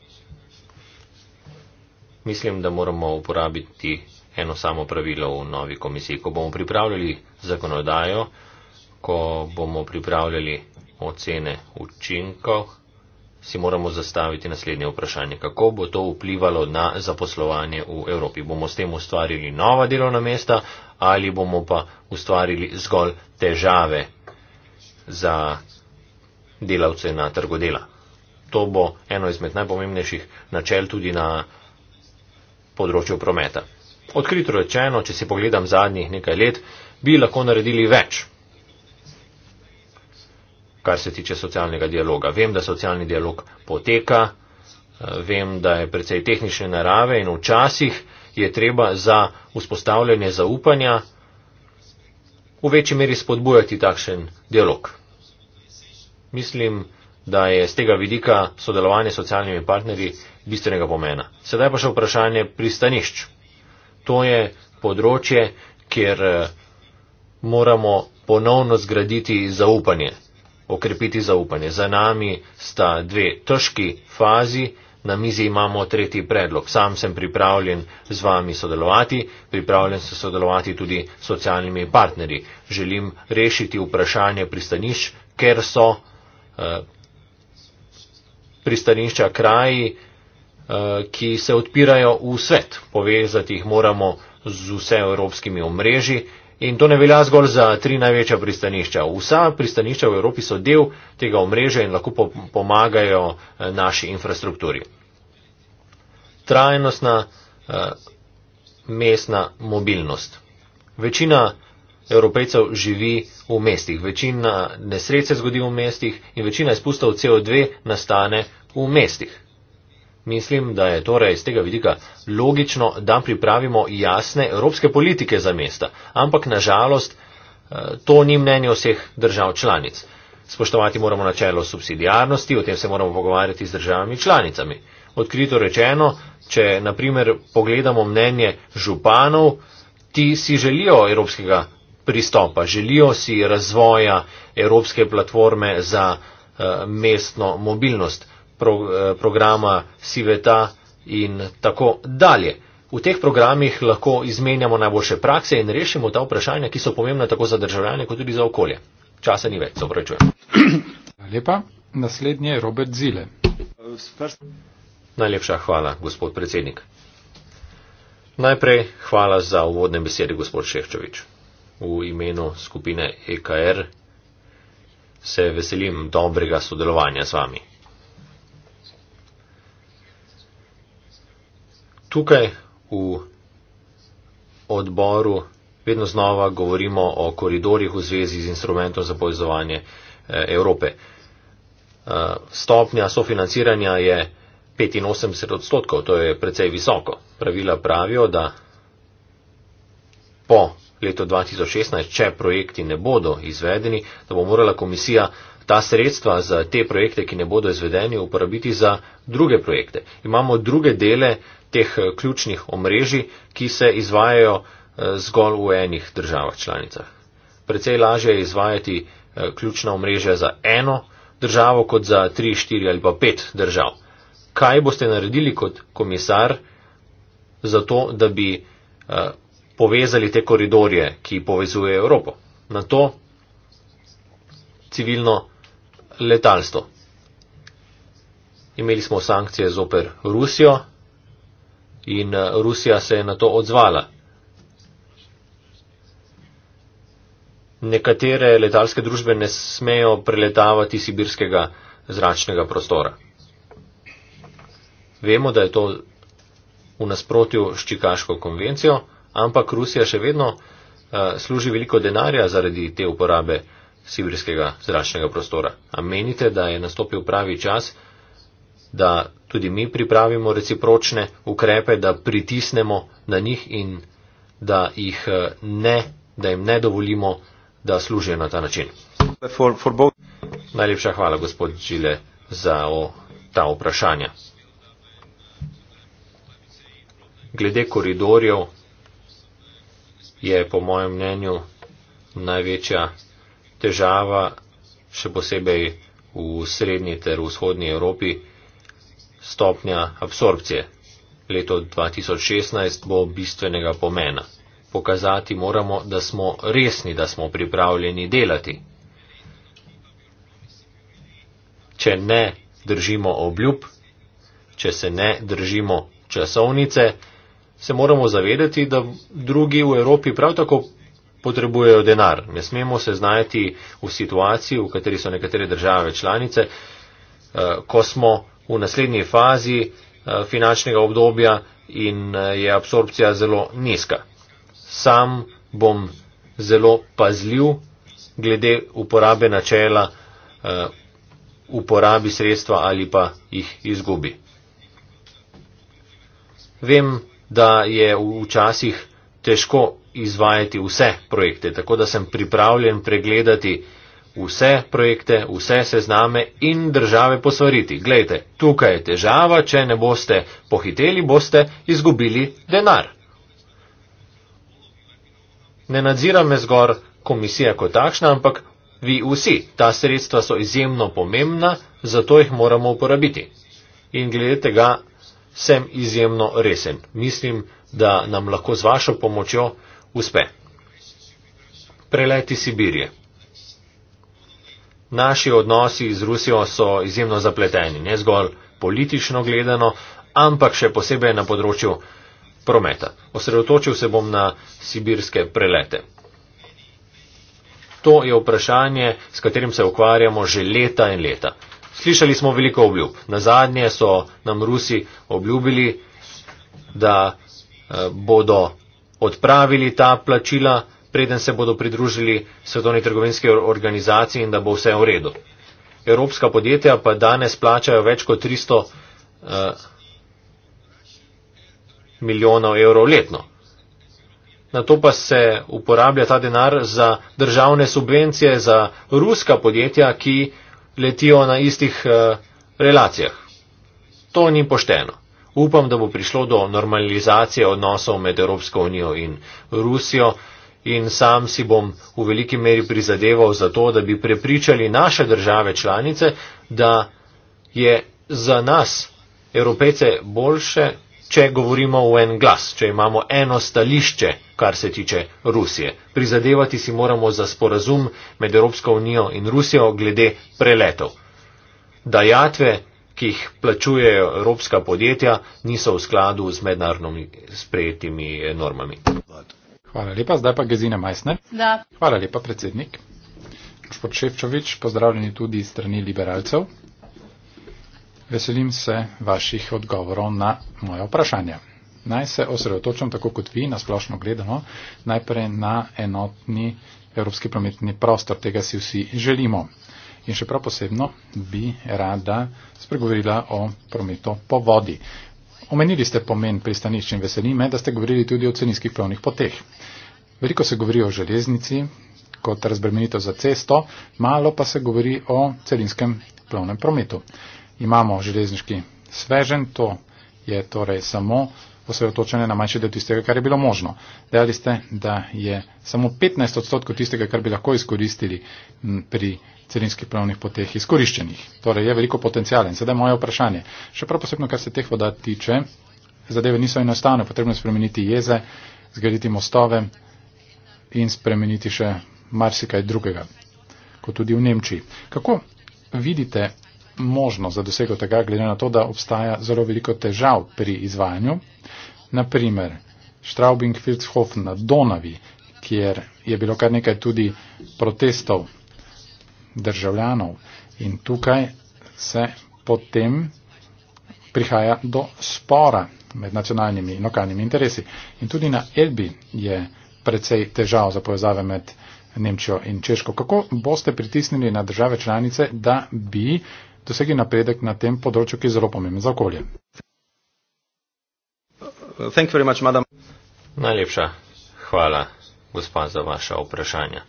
S2: Mislim, da moramo uporabiti eno samo pravilo v novi komisiji. Ko bomo pripravljali zakonodajo, ko bomo pripravljali ocene učinkov, si moramo zastaviti naslednje vprašanje. Kako bo to vplivalo na zaposlovanje v Evropi? Bomo s tem ustvarili nova delovna mesta ali bomo pa ustvarili zgolj težave za delavce na trgu dela? To bo eno izmed najpomembnejših načel tudi na področju prometa. Odkrito rečeno, če si pogledam zadnjih nekaj let, bi lahko naredili več, kar se tiče socialnega dialoga. Vem, da socialni dialog poteka, eh, vem, da je precej tehnične narave in včasih je treba za vzpostavljanje zaupanja v večji meri spodbujati takšen dialog. Mislim, da je z tega vidika sodelovanje s socialnimi partnerji bistvenega pomena. Sedaj pa še vprašanje pristanišču to je področje, kjer eh, moramo ponovno zgraditi zaupanje, okrepiti zaupanje. Za nami sta dve težki fazi, na mizi imamo tretji predlog. Sam sem pripravljen z vami sodelovati, pripravljen sem sodelovati tudi s socialnimi partnerji. Želim rešiti vprašanje pristaniš, ker so eh, pristanišča kraji, Eh, ki se odpirajo v svet. Povezati jih moramo z vse evropskimi omrežji in to ne velja zgolj za tri največja pristanišča. Vsa pristanišča v Evropi so del tega omrežja in lahko pomagajo eh, naši infrastrukturi. Trajnostna eh, mestna mobilnost. Večina evropejcev živi v mestih, večina nesreč se zgodi v mestih in večina izpustov CO2 nastane v mestih. Mislim, da je torej z tega vidika logično, da pripravimo jasne evropske politike za mesta, ampak nažalost eh, to ni mnenje vseh držav članic. Spoštovati moramo načelo subsidijarnosti, o tem se moramo pogovarjati z državami članicami. Odkrito rečeno, če naprimer pogledamo mnenje županov, ti si želijo evropskega pristopa, želijo si razvoja evropske platforme za eh, mestno mobilnost pro, eh, programa Siveta in tako dalje. V teh programih lahko izmenjamo najboljše prakse in rešimo ta vprašanja, ki so pomembna tako za državljane, kot tudi za okolje. Časa ni več, se opravičujem.
S1: Lepa, naslednji je Robert Zile.
S2: Najlepša hvala, gospod predsednik. Najprej hvala za uvodne besede, gospod Šehčovič. V imenu skupine EKR se veselim dobrega sodelovanja z vami. tukaj v odboru vedno znova govorimo o koridorjih v zvezi z instrumentom za povezovanje eh, Evrope. Eh, stopnja sofinanciranja je 85 odstotkov, to je precej visoko. Pravila pravijo, da po letu 2016, če projekti ne bodo izvedeni, da bo morala komisija ta sredstva za te projekte, ki ne bodo izvedeni, uporabiti za druge projekte. Imamo druge dele teh eh, ključnih omrežij, ki se izvajajo eh, zgolj v enih državah članicah. Predvsej lažje je izvajati eh, ključna omrežja za eno državo, kot za tri, štiri ali pa pet držav. Kaj boste naredili kot komisar za to, da bi povezali te koridorje, ki povezujejo Evropo? Na to civilno letalstvo. Imeli smo sankcije zoper Rusijo in eh, Rusija se je na to odzvala. Nekatere letalske družbe ne smejo preletavati sibirskega zračnega prostora. Vemo, da je to v nasprotju s Čikaško konvencijo, ampak Rusija še vedno uh, služi veliko denarja zaradi te uporabe uh, sibirskega zračnega prostora. A menite, da je nastopil pravi čas, da tudi mi pripravimo recipročne ukrepe, da pritisnemo na njih in da, jih eh, ne, da jim ne dovolimo, da služijo na ta način? For, for both... Najlepša hvala, gospod Žile, za o, ta vprašanja. Glede koridorjev je po mojem mnenju največja težava, še posebej v srednji ter vzhodnji Evropi, stopnja absorpcije. Leto 2016 bo bistvenega pomena. Pokazati moramo, da smo resni, da smo pripravljeni delati. Če ne držimo obljub, če se ne držimo časovnice, se moramo zavedati, da drugi v Evropi prav tako potrebujejo denar. Ne smemo se znajti v situaciji, v kateri so nekatere države članice, eh, ko smo v naslednji fazi eh, finančnega obdobja in eh, je absorpcija zelo nizka. Sam bom zelo pazljiv glede uporabe načela uporabi sredstva ali pa jih izgubi. Vem, da je včasih težko izvajati vse projekte, tako da sem pripravljen pregledati vse projekte, vse sezname in države posvariti. Glejte, tukaj je težava, če ne boste pohiteli, boste izgubili denar. Ne nadzira me zgor komisija kot takšna, ampak vi vsi. Ta sredstva so izjemno pomembna, zato jih moramo uporabiti. In glede tega sem izjemno resen. Mislim, da nam lahko z vašo pomočjo uspe. Preleti Sibirije. Naši odnosi z Rusijo so izjemno zapleteni, ne zgolj politično gledano, ampak še posebej na področju prometa. Osredotočil se bom na sibirske prelete. To je vprašanje, s katerim se ukvarjamo že leta in leta. Slišali smo veliko obljub. Na zadnje so nam Rusi obljubili, da eh, bodo odpravili ta plačila, preden se bodo pridružili svetovni trgovinski organizaciji in da bo vse v redu. Evropska podjetja pa danes plačajo več kot 300 uh, eh, milijonov evrov letno. Na to pa se uporablja ta denar za državne subvencije, za ruska podjetja, ki letijo na istih uh, relacijah. To ni pošteno. Upam, da bo prišlo do normalizacije odnosov med Evropsko unijo in Rusijo in sam si bom v veliki meri prizadeval za to, da bi prepričali naše države članice, da je za nas, evropejce, boljše, če govorimo v en glas, če imamo eno stališče, kar se tiče Rusije. Prizadevati si moramo za sporazum med Evropsko unijo in Rusijo glede preletov. Dajatve ki jih plačujejo evropska podjetja, niso v skladu z
S1: mednarodnimi sprejetimi eh, normami. Hvala lepa, zdaj pa Gezina Majsner. Da. Hvala lepa, predsednik. Gospod Ševčovič, pozdravljeni tudi strani liberalcev. Veselim se vaših odgovorov na moje vprašanje. Naj se osredotočam, tako kot vi, na splošno gledano, najprej na enotni evropski prometni prostor. Tega si vsi želimo. In še prav posebno bi rada spregovorila o prometu po vodi. Omenili ste pomen pristanišč in veseli me, da ste govorili tudi o cenijskih plovnih poteh. Veliko se govori o železnici kot razbremenitev za cesto, malo pa se govori o celinskem plovnem prometu. Imamo železniški svežen, to je torej samo osredotočene na manjši del tistega, kar je bilo možno. Dejali ste, da je samo 15 odstotkov tistega, kar bi lahko izkoristili pri carinskih plovnih poteh izkoriščenih. Torej je veliko potencijala in sedaj moje vprašanje. Še prav posebno, kar se teh voda tiče, zadeve niso enostavne, potrebno je spremeniti jeze, zgraditi mostove in spremeniti še marsikaj drugega, kot tudi v Nemčiji. Kako vidite možnost za dosego tega, glede na to, da obstaja zelo veliko težav pri izvajanju? Naprimer, Straubing-Filzhofen na Donavi, kjer je bilo kar nekaj tudi protestov državljanov. In tukaj se potem prihaja do spora med nacionalnimi in lokalnimi interesi. In tudi na Elbi je precej težav za povezave med Nemčijo in Češko. Kako boste pritisnili na države članice, da bi dosegli napredek na tem področju, ki je zelo pomemben za okolje?
S2: Much, Najlepša hvala, gospa, za vaše vprašanje.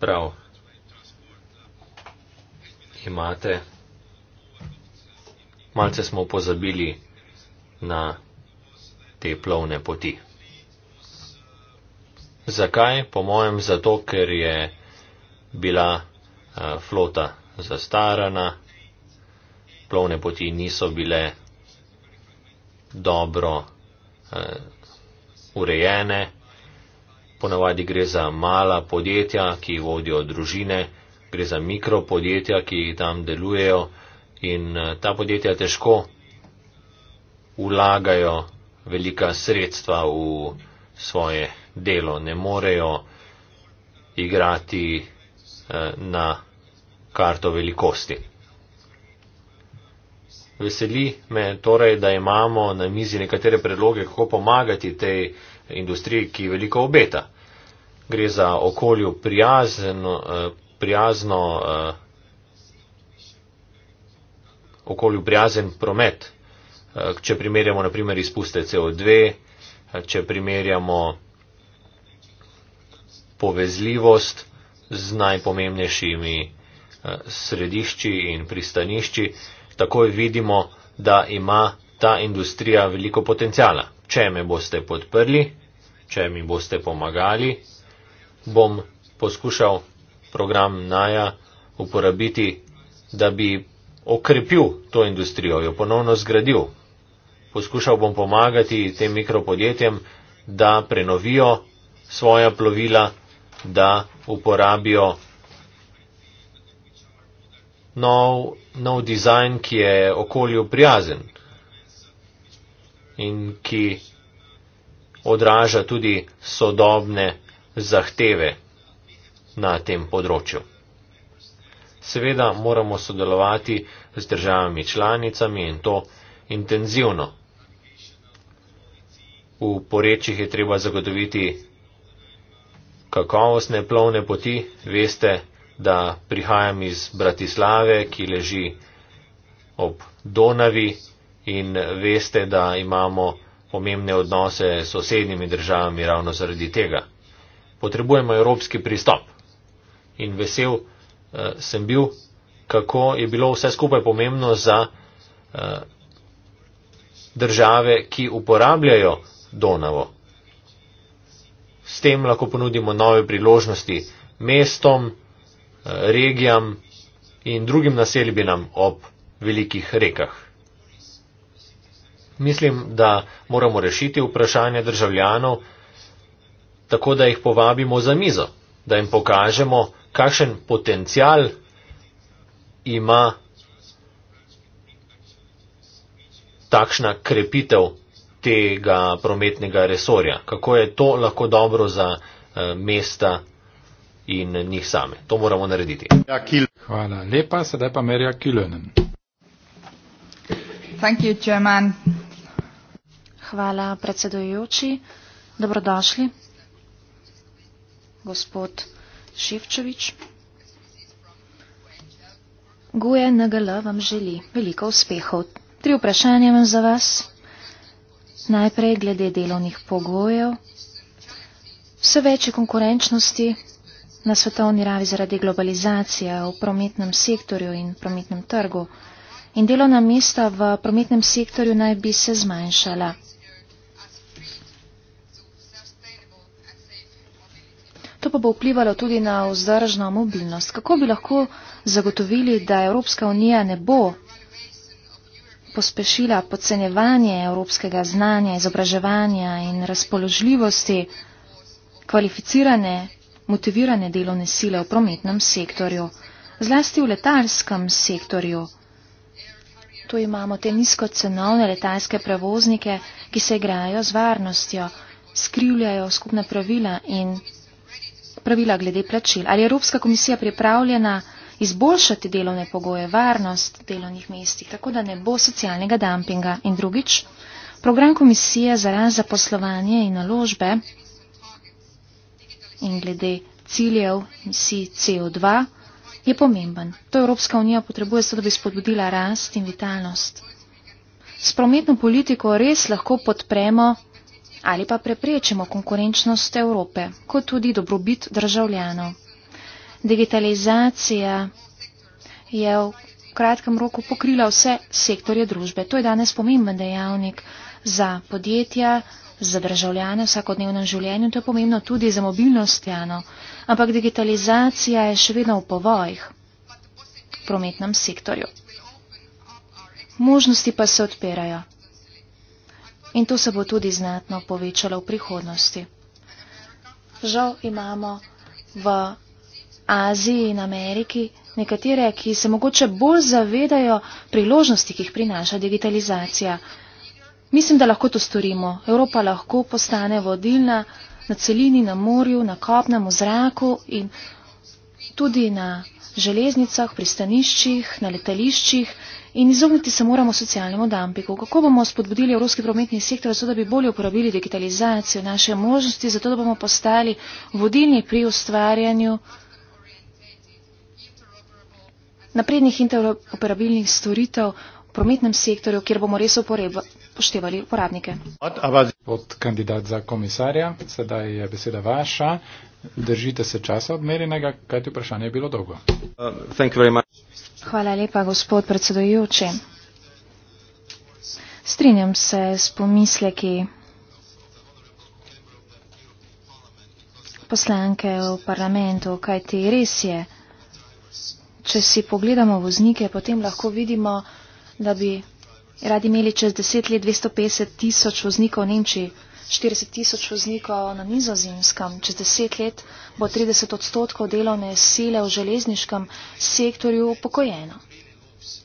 S2: Prav. Imate. Malce smo pozabili na te plovne poti. Zakaj? Po mojem, zato, ker je bila eh, flota zastarana, plovne poti niso bile dobro eh, urejene, ponavadi gre za mala podjetja, ki vodijo družine, gre za mikropodjetja, ki tam delujejo in eh, ta podjetja težko vlagajo velika sredstva v svoje delo, ne morejo igrati eh, na karto velikosti. Veseli me torej, da imamo na mizi nekatere predloge, kako pomagati tej industriji, ki veliko obeta gre za okolju prijazen, prijazno, eh, eh, okolju prijazen promet. Eh, če primerjamo naprimer izpuste CO2, če primerjamo povezljivost z najpomembnejšimi središči in pristanišči, takoj vidimo, da ima ta industrija veliko potencijala. Če me boste podprli, če mi boste pomagali, bom poskušal program Naja uporabiti, da bi okrepil to industrijo, jo ponovno zgradil. Poskušal bom pomagati tem mikropodjetjem, da prenovijo svoja plovila, da uporabijo nov, nov dizajn, ki je okolju prijazen in ki odraža tudi sodobne zahteve na tem področju. Seveda moramo sodelovati z državami članicami in to intenzivno. V porečjih je treba zagotoviti kakovostne plovne poti. Veste, da prihajam iz Bratislave, ki leži ob Donavi in veste, da imamo pomembne odnose s sosednjimi državami ravno zaradi tega potrebujemo evropski pristop. In vesel uh, sem bil, kako je bilo vse skupaj pomembno za uh, države, ki uporabljajo Donavo. S tem lahko ponudimo nove priložnosti mestom, uh, regijam in drugim naselbinam ob velikih rekah. Mislim, da moramo rešiti vprašanje državljanov, uh, tako da jih povabimo za mizo, da jim pokažemo, kakšen potencial ima takšna krepitev tega prometnega resorja, kako je to lahko dobro za eh, mesta in njih same. To moramo
S1: narediti. Ja, Hvala lepa, sedaj pa Merja Kilonen.
S3: Hvala predsedujoči, dobrodošli gospod Šivčevič. Guje NGL vam želi veliko uspehov. Tri vprašanja imam za vas. Najprej glede delovnih pogojev. Vse večje konkurenčnosti na svetovni ravi zaradi globalizacije v prometnem sektorju in prometnem trgu. In delovna mesta v prometnem sektorju naj bi se zmanjšala. pa bo vplivalo tudi na vzdržno mobilnost. Kako bi lahko zagotovili, da Evropska unija ne bo pospešila podcenjevanje evropskega znanja, izobraževanja in razpoložljivosti kvalificirane, motivirane delovne sile v prometnem sektorju, zlasti v letalskem sektorju. Tu imamo te nizkocenovne letalske prevoznike, ki se igrajo z varnostjo, skrivljajo skupna pravila in pravila glede plačil? Ali je Evropska komisija pripravljena izboljšati delovne pogoje, varnost v delovnih mestih, tako da ne bo socialnega dumpinga? In drugič, program komisije za razvoj zaposlovanja in naložbe in glede ciljev misij CO2 je pomemben. To Evropska unija potrebuje, da bi spodbudila rast in vitalnost. S prometno politiko res lahko podpremo ali pa preprečimo konkurenčnost Evrope, kot tudi dobrobit državljanov. Digitalizacija je v kratkem roku pokrila vse sektorje družbe. To je danes pomemben dejavnik za podjetja, za državljane v vsakodnevnem življenju, to je pomembno tudi za mobilnost, jano. ampak digitalizacija je še vedno v povojih prometnem sektorju. Možnosti pa se odpirajo in to se bo tudi znatno povečalo v prihodnosti. Žal imamo v Aziji in Ameriki nekatere, ki se mogoče bolj zavedajo priložnosti, ki jih prinaša digitalizacija. Mislim, da lahko to storimo. Evropa lahko postane vodilna na celini, na morju, na kopnem, v zraku in tudi na železnicah, pristaniščih, na letališčih in izogniti se moramo socialnemu dampiku. Kako bomo spodbudili evropski prometni sektor, zato da bi bolje uporabili digitalizacijo naše možnosti, zato da bomo postali vodilni pri ustvarjanju naprednih interoperabilnih storitev v prometnem sektorju, kjer bomo res upoštevali uporabnike.
S1: Od kandidat za komisarja, sedaj je beseda vaša. Držite se časa odmerjenega, kajti vprašanje je bilo dolgo.
S2: Uh,
S3: Hvala lepa, gospod predsedojoči. Strinjam se s pomisleki poslanke v parlamentu, kajti res je, če si pogledamo voznike, potem lahko vidimo, da bi radi imeli čez deset let 250 tisoč voznikov v Nemčiji. 40 tisoč voznikov na nizozemskem, čez deset let bo 30 odstotkov delovne sile v železniškem sektorju upokojeno.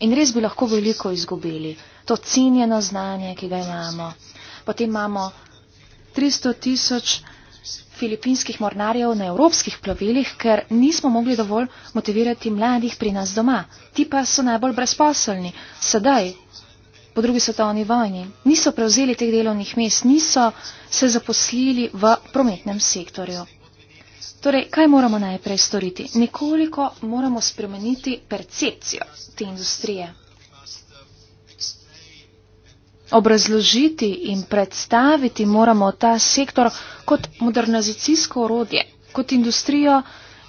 S3: In res bi lahko veliko izgubili, to cenjeno znanje, ki ga imamo. Potem imamo 300 tisoč filipinskih mornarjev na evropskih plovilih, ker nismo mogli dovolj motivirati mladih pri nas doma. Ti pa so najbolj brezposelni. Sedaj po drugi svetovni vojni. Niso prevzeli teh delovnih mest, niso se zaposlili v prometnem sektorju. Torej, kaj moramo najprej storiti? Nekoliko moramo spremeniti percepcijo te industrije. Obrazložiti in predstaviti moramo ta sektor kot modernizacijsko orodje, kot industrijo,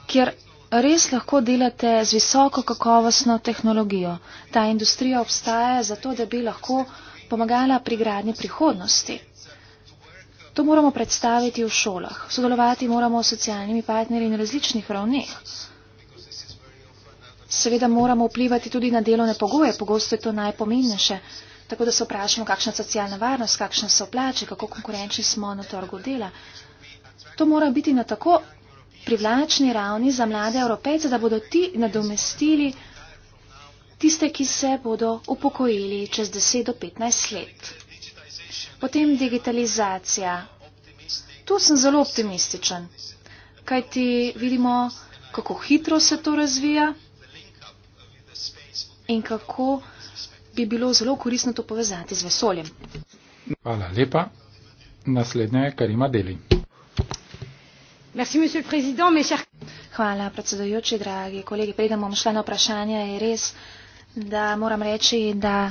S3: kjer res lahko delate z visoko kakovostno tehnologijo. Ta industrija obstaja zato, da bi lahko pomagala pri gradni prihodnosti. To moramo predstaviti v šolah. Sodelovati moramo s socialnimi partnerji na različnih ravneh. Seveda moramo vplivati tudi na delovne pogoje, pogosto je to najpomembnejše. Tako da se vprašamo, kakšna je socialna varnost, kakšne so plače, kako konkurenčni smo na trgu dela. To mora biti na tako privlačni ravni za mlade evropejce, da bodo ti nadomestili tiste, ki se bodo upokojili čez 10 do 15 let. Potem digitalizacija. Tu sem zelo optimističen, kajti vidimo, kako hitro se to razvija in kako bi bilo zelo koristno to povezati z vesoljem.
S1: Hvala lepa. Naslednja je Karima Deli.
S3: Hvala, predsedujoči, dragi kolegi. Preden bom šla na vprašanje, je res, da moram reči, da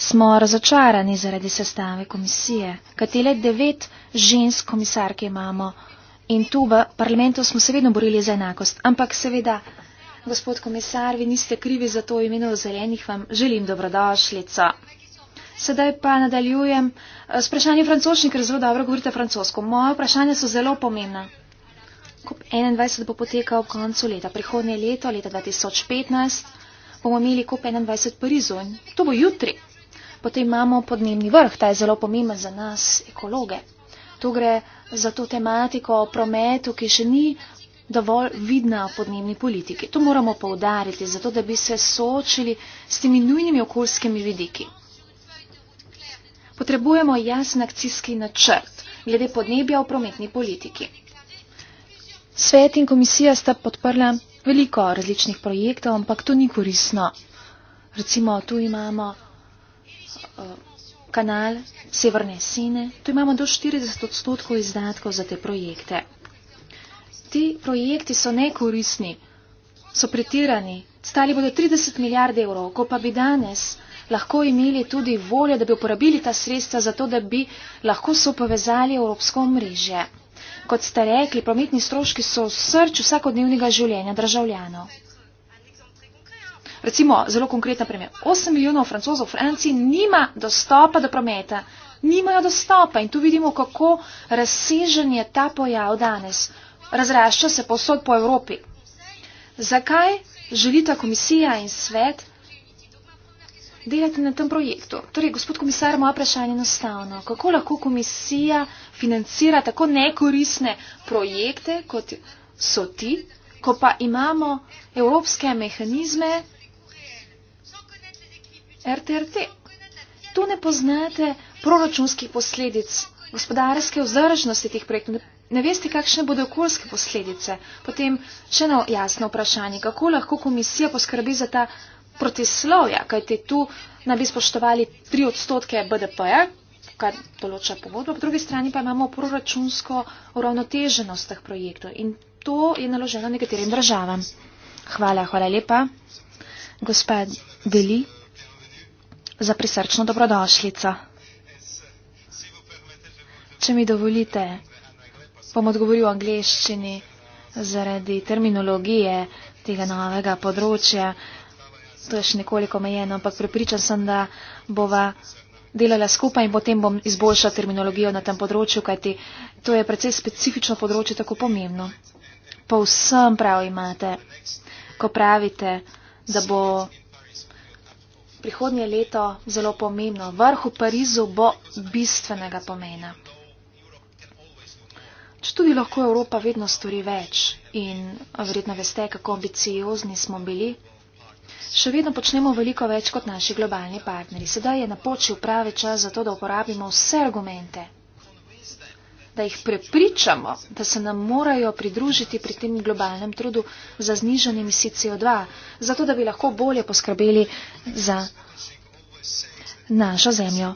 S3: smo razočarani zaradi sestave komisije, katere devet žensk komisarke imamo. In tu v parlamentu smo se vedno borili za enakost. Ampak seveda, gospod komisar, vi niste krivi za to imeno zelenih, vam želim dobrodošlico. Sedaj pa nadaljujem eh, s vprašanjem francoščin, ker zelo dobro govorite francosko. Moje vprašanje so zelo pomembna. COP21 bo potekal ob koncu leta. Prihodnje leto, leta 2015, bomo imeli COP21 v Parizu in to bo jutri. Potem imamo podnebni vrh, ta je zelo pomemben za nas, ekologe. To gre za to tematiko o prometu, ki še ni dovolj vidna v podnebni politiki. To moramo poudariti, zato da bi se soočili s temi nujnimi okoljskimi vidiki. Potrebujemo jasen akcijski načrt glede podnebja v prometni politiki. Svet in komisija sta podprla veliko različnih projektov, ampak to ni korisno. Recimo, tu imamo uh, kanal Severne Sine, tu imamo do 40 odstotkov izdatkov za te projekte. Ti projekti so nekorisni, so pretirani, stali bodo 30 milijard evrov, ko pa bi danes lahko imeli tudi voljo, da bi uporabili ta sredstva za to, da bi lahko so povezali evropsko mrežje kot ste rekli, prometni stroški so srč vsakodnevnega življenja državljanov. Recimo, zelo konkretna primer. 8 milijonov francozov v Franciji nima dostopa do prometa. Nimajo dostopa in tu vidimo, kako razsežen je ta pojav danes. Razrašča se posod po Evropi. Zakaj želita komisija in svet delate na tem projektu. Torej, gospod komisar, moja vprašanje je enostavno. Kako lahko komisija financira tako nekoristne projekte, kot so ti, ko pa imamo evropske mehanizme RTRT? Tu ne poznate proračunskih posledic, gospodarske vzdržnosti teh projektov. Ne veste, kakšne bodo okoljske posledice. Potem še eno jasno vprašanje. Kako lahko komisija poskrbi za ta protislovja, kajte tu naj bi spoštovali 3 odstotke BDP-ja, kar določa pogodba, po drugi strani pa imamo proračunsko uravnoteženost teh projektov in to je naloženo nekaterim državam. Hvala, hvala lepa, gospa Deli, za prisrčno dobrodošljico. Če mi dovolite, bom odgovoril v angleščini zaradi terminologije tega novega področja to je še nekoliko omejeno, ampak prepričan sem, da bova delala skupaj in potem bom izboljšala terminologijo na tem področju, kajti to je precej specifično področje, tako pomembno. Povsem prav imate, ko pravite, da bo prihodnje leto zelo pomembno. Vrh v Parizu bo bistvenega pomena. Čudi lahko Evropa vedno stori več in verjetno veste, kako ambiciozni smo bili. Še vedno počnemo veliko več kot naši globalni partneri. Sedaj je napočil pravi čas za to, da uporabimo vse argumente, da jih prepričamo, da se nam morajo pridružiti pri tem globalnem trudu za znižanje emisij CO2, zato da bi lahko bolje poskrbeli za našo zemljo.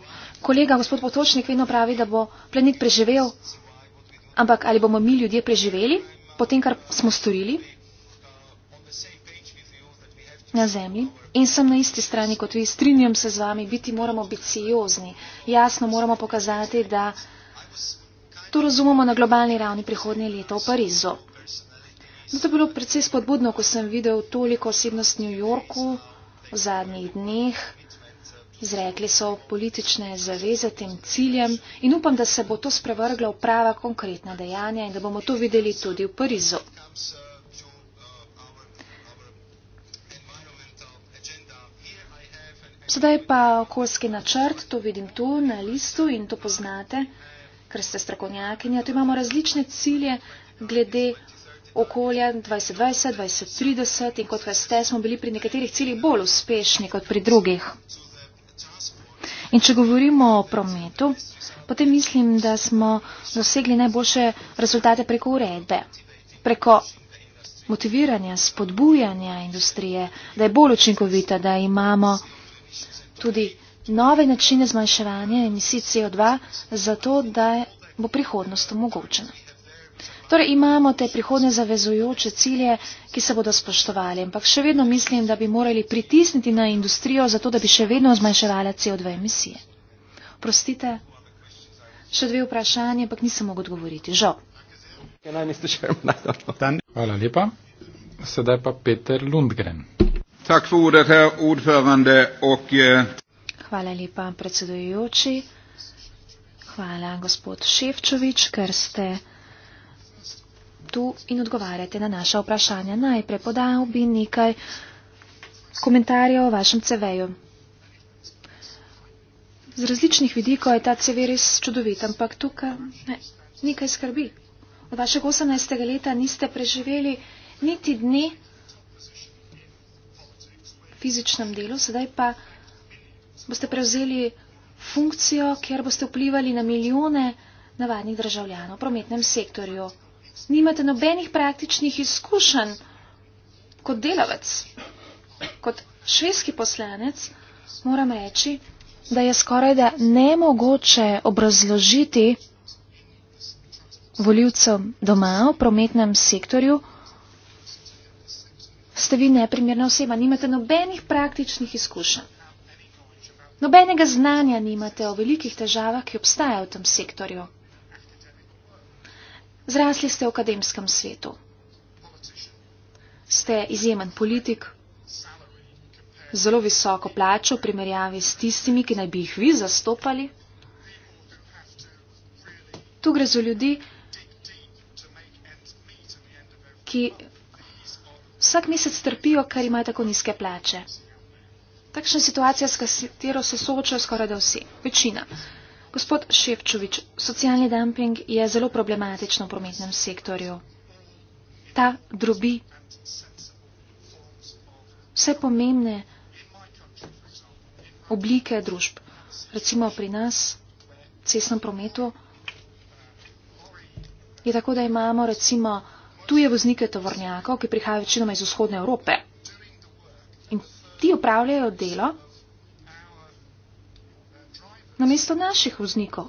S3: Kolega gospod Potočnik vedno pravi, da bo planet preživel, ampak ali bomo mi ljudje preživeli po tem, kar smo storili? na zemlji in sem na isti strani kot vi, strinjam se z vami, biti moramo biciozni. Jasno moramo pokazati, da to razumemo na globalni ravni prihodnje leto v Parizu. Zato je bilo predvsej spodbudno, ko sem videl toliko osebnost v New Yorku v zadnjih dneh. Zrekli so politične zaveze tem ciljem in upam, da se bo to sprevrglo v prava konkretna dejanja in da bomo to videli tudi v Parizu. Sedaj pa okoljski načrt, to vidim tu na listu in to poznate, ker ste strokovnjakinja. Tu imamo različne cilje glede okolja 2020, 2030 in kot veste, smo bili pri nekaterih ciljih bolj uspešni kot pri drugih. In če govorimo o prometu, potem mislim, da smo dosegli najboljše rezultate preko uredbe, preko motiviranja, spodbujanja industrije, da je bolj učinkovita, da imamo tudi nove načine zmanjševanja emisij CO2, zato da bo prihodnost omogočena. Torej imamo te prihodne zavezujoče cilje, ki se bodo spoštovali, ampak še vedno mislim, da bi morali pritisniti na industrijo, zato da bi še vedno zmanjševala CO2 emisije. Prostite, še dve vprašanje, ampak nisem mogel odgovoriti. Žal.
S1: Hvala lepa. Sedaj pa Peter Lundgren. Tak för ordet, herr ordförande. Och, eh...
S3: Hvala lepa, predsedujoči. Hvala, gospod Ševčovič, ker ste tu in odgovarjate na naša vprašanja. Najprej podal bi nekaj komentarjev o vašem CV-ju. Z različnih vidikov je ta CV res čudovit, ampak tukaj ne, nekaj skrbi. Od vašega 18. leta niste preživeli niti dne, fizičnem delu, sedaj pa boste prevzeli funkcijo, kjer boste vplivali na milijone navadnih državljanov v prometnem sektorju. Nimate nobenih praktičnih izkušenj kot delavec, kot švedski poslanec, moram reči, da je skoraj da nemogoče obrazložiti voljivcem doma v prometnem sektorju, ste vi neprimerna oseba, nimate nobenih praktičnih izkušenj. Nobenega znanja nimate o velikih težavah, ki obstajajo v tem sektorju. Zrasli ste v akademskem svetu. Ste izjemen politik, zelo visoko plačo v primerjavi s tistimi, ki naj bi jih vi zastopali. Tu gre za ljudi, ki vsak mesec trpijo, ker imajo tako nizke plače. Takšna situacija, s katero se soočajo skoraj da vsi, večina. Gospod Šepčovič, socialni dumping je zelo problematičen v prometnem sektorju. Ta drobi vse pomembne oblike družb. Recimo pri nas, v cestnem prometu, je tako, da imamo recimo tuje voznike tovornjakov, ki prihajajo večinoma iz vzhodne Evrope. In ti upravljajo delo na mesto naših voznikov,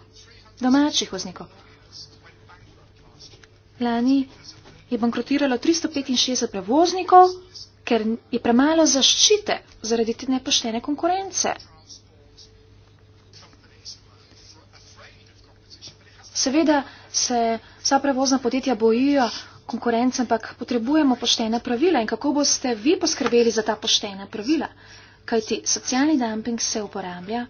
S3: domačih voznikov. Lani je bankrotiralo 365 prevoznikov, ker je premalo zaščite zaradi te nepoštene konkurence. Seveda se vsa prevozna podjetja bojijo konkurence, ampak potrebujemo poštene pravila in kako boste vi poskrbeli za ta poštene pravila, kajti socialni dumping se uporablja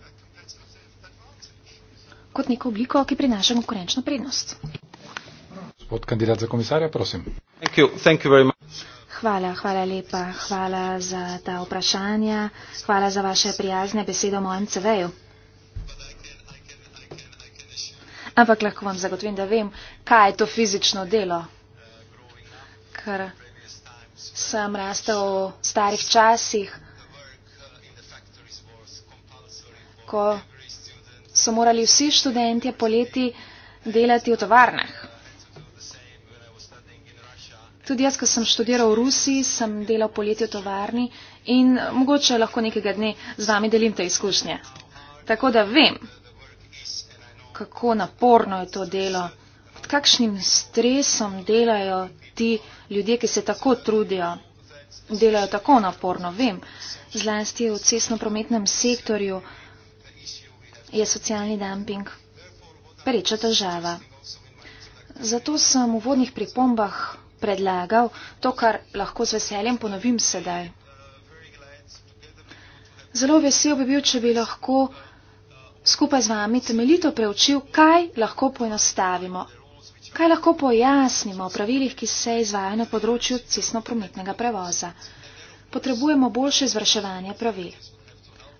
S3: kot neko obliko, ki prinaša konkurenčno prednost.
S1: Gospod kandidat za komisarja, prosim. Thank you. Thank you very much.
S3: Hvala, hvala lepa, hvala za ta vprašanja, hvala za vaše prijazne besede o mojem CV-ju. Ampak lahko vam zagotovim, da vem, kaj je to fizično delo ker sem rastel v starih časih, ko so morali vsi študentje poleti delati v tovarnah. Tudi jaz, ko sem študiral v Rusiji, sem delal poleti v tovarni in mogoče lahko nekega dne z vami delim te izkušnje. Tako da vem, kako naporno je to delo, pod kakšnim stresom delajo ti ljudje, ki se tako trudijo, delajo tako naporno. Vem, zlasti v cestno-prometnem sektorju je socialni dumping pereča težava. Zato sem v vodnih pripombah predlagal to, kar lahko z veseljem ponovim sedaj. Zelo vesel bi bil, če bi lahko skupaj z vami temeljito preučil, kaj lahko poenostavimo Kaj lahko pojasnimo o pravilih, ki se izvajajo na področju cestno-prometnega prevoza? Potrebujemo boljše izvrševanje pravil.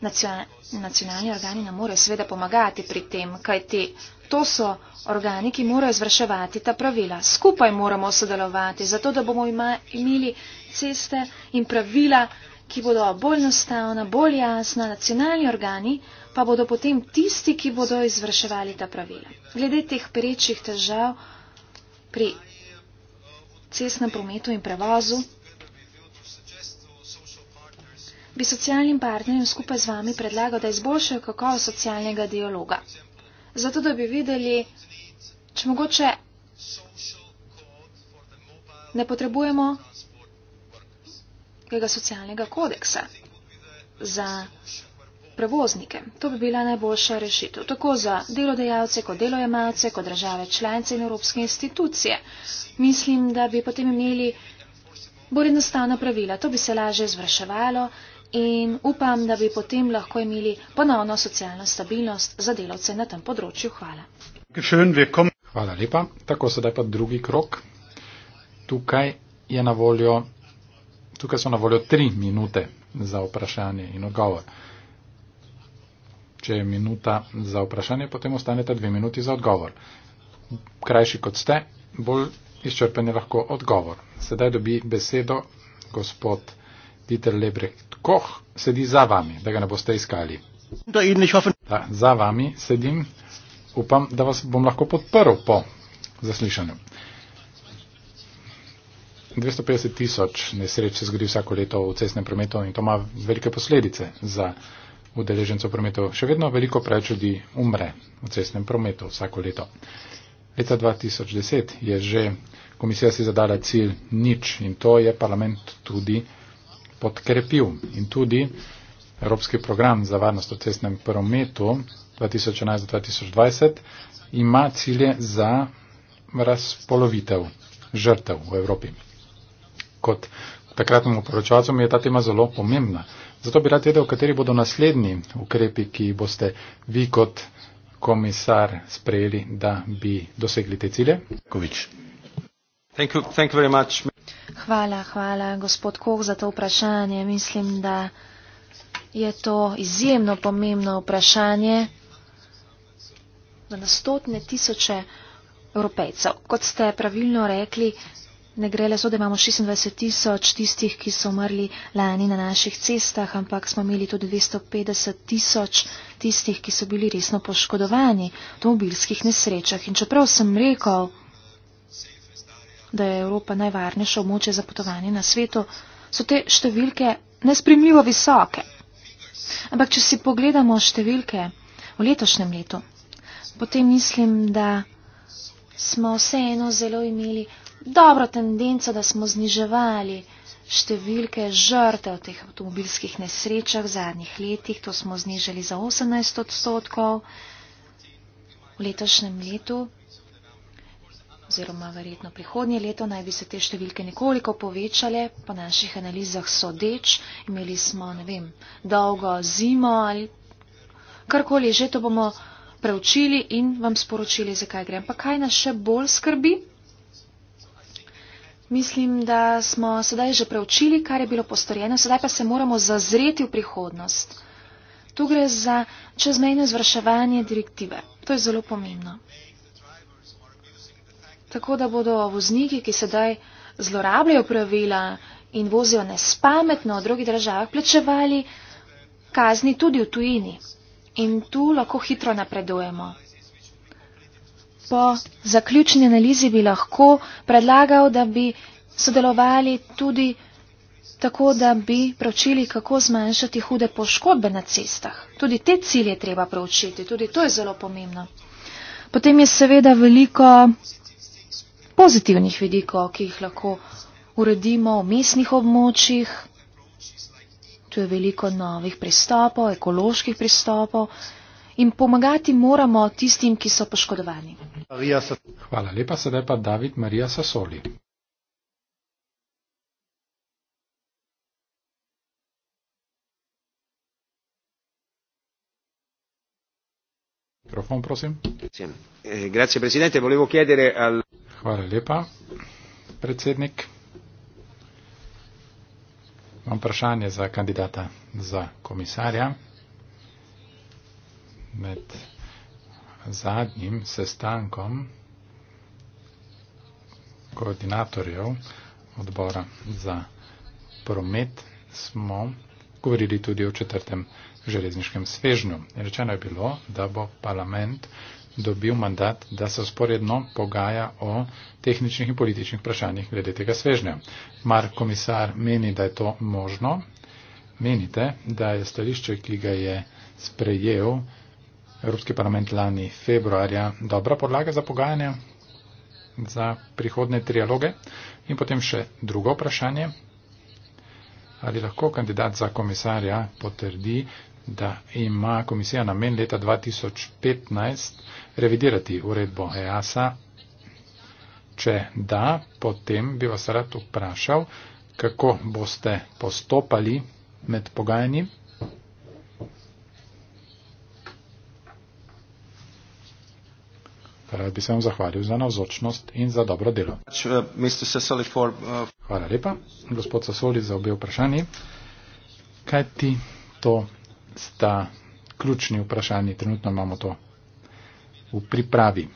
S3: Nacionalni organi nam morajo seveda pomagati pri tem, kajti to so organi, ki morajo izvrševati ta pravila. Skupaj moramo sodelovati, zato da bomo imeli ceste in pravila, ki bodo bolj enostavna, bolj jasna. Nacionalni organi pa bodo potem tisti, ki bodo izvrševali ta pravila. Glede teh perečih težav pri cestnem prometu in prevozu, bi socialnim partnerjem skupaj z vami predlagal, da izboljšajo kakovo socialnega dialoga. Zato, da bi videli, če mogoče ne potrebujemo tega socialnega kodeksa za prevoznike. To bi bila najboljša rešitev, tako za delodajalce, kot delojemalce, kot države članice in evropske institucije. Mislim, da bi potem imeli bolj enostavna pravila, to bi se lažje zvrševalo in upam, da bi potem lahko imeli ponovno socialno stabilnost za delavce na tem področju. Hvala.
S1: Hvala lepa. Tako sedaj pa drugi krok. Tukaj, je na voljo, tukaj so na voljo tri minute za vprašanje in odgovor. Če je minuta za vprašanje, potem ostaneta dve minuti za odgovor. Krajši kot ste, bolj izčrpen je lahko odgovor. Sedaj dobi besedo gospod Dieter Lebrecht Koch, sedi za vami, da ga ne boste iskali. Da, za vami sedim, upam, da vas bom lahko podprl po zaslišanju. 250 tisoč nesreč se zgodi vsako leto v cestnem prometu in to ima velike posledice za udeležencev prometa. Še vedno veliko preveč ljudi umre v cestnem prometu vsako leto. Leta 2010 je že komisija si zadala cilj nič in to je parlament tudi podkrepil. In tudi Evropski program za varnost v cestnem prometu 2011-2020 ima cilje za razpolovitev žrtev v Evropi. Kot takratnemu poročevalcu mi je ta tema zelo pomembna. Zato bi rad vedel, kateri bodo naslednji ukrepi, ki boste vi kot komisar sprejeli, da bi dosegli te cilje. Kovič.
S2: Thank you, thank you
S3: hvala, hvala, gospod Koh, za to vprašanje. Mislim, da je to izjemno pomembno vprašanje za nastotne tisoče evropejcev. Kot ste pravilno rekli, Ne gre le so, da imamo 26 tisoč tistih, ki so umrli lani na naših cestah, ampak smo imeli tudi 250 tisoč tistih, ki so bili resno poškodovani v avtomobilskih nesrečah. In čeprav sem rekel, da je Evropa najvarnejša območje za potovanje na svetu, so te številke nespremljivo visoke. Ampak, če si pogledamo številke v letošnjem letu, potem mislim, da smo vseeno zelo imeli dobro tendenco, da smo zniževali številke žrtev v teh avtomobilskih nesrečah v zadnjih letih. To smo znižali za 18 odstotkov v letošnjem letu oziroma verjetno prihodnje leto naj bi se te številke nekoliko povečale, po naših analizah sodeč, imeli smo, ne vem, dolgo zimo ali karkoli, že to bomo preučili in vam sporočili, zakaj gre. Pa kaj nas še bolj skrbi? Mislim, da smo sedaj že preučili, kar je bilo postorjeno, sedaj pa se moramo zazreti v prihodnost. Tu gre za čezmejno izvrševanje direktive. To je zelo pomembno. Tako da bodo vozniki, ki sedaj zlorabljajo pravila in vozijo nespametno v drugih državah, plačevali kazni tudi v tujini. In tu lahko hitro napredujemo po zaključni analizi bi lahko predlagal, da bi sodelovali tudi tako, da bi pročili, kako zmanjšati hude poškodbe na cestah. Tudi te cilje treba pročiti, tudi to je zelo pomembno. Potem je seveda veliko pozitivnih vidikov, ki jih lahko uredimo v mestnih območjih. Tu je veliko novih pristopov, ekoloških pristopov, in pomagati moramo tistim, ki so poškodovani.
S1: Hvala lepa, sedaj pa David Marija Sasoli. Mikrofon, prosim.
S3: Eh, Hvala
S1: lepa, predsednik. Imam vprašanje za kandidata za komisarja med zadnjim sestankom koordinatorjev odbora za promet smo govorili tudi o četrtem železniškem svežnju. Rečeno je bilo, da bo parlament dobil mandat, da se sporedno pogaja o tehničnih in političnih vprašanjih glede tega svežnja. Mark komisar meni, da je to možno. Menite, da je stališče, ki ga je sprejel, Evropski parlament lani februarja dobra podlaga za pogajanja, za prihodne trialoge. In potem še drugo vprašanje. Ali lahko kandidat za komisarja potrdi, da ima komisija namen leta 2015 revidirati uredbo EASA? Če da, potem bi vas rad vprašal, kako boste postopali med pogajanji. Rad bi se vam zahvalil za navzočnost in za dobro delo. Uh, Hvala lepa, gospod Sasoli, za obe vprašanji. Kaj ti to sta ključni vprašanji? Trenutno imamo to v pripravi.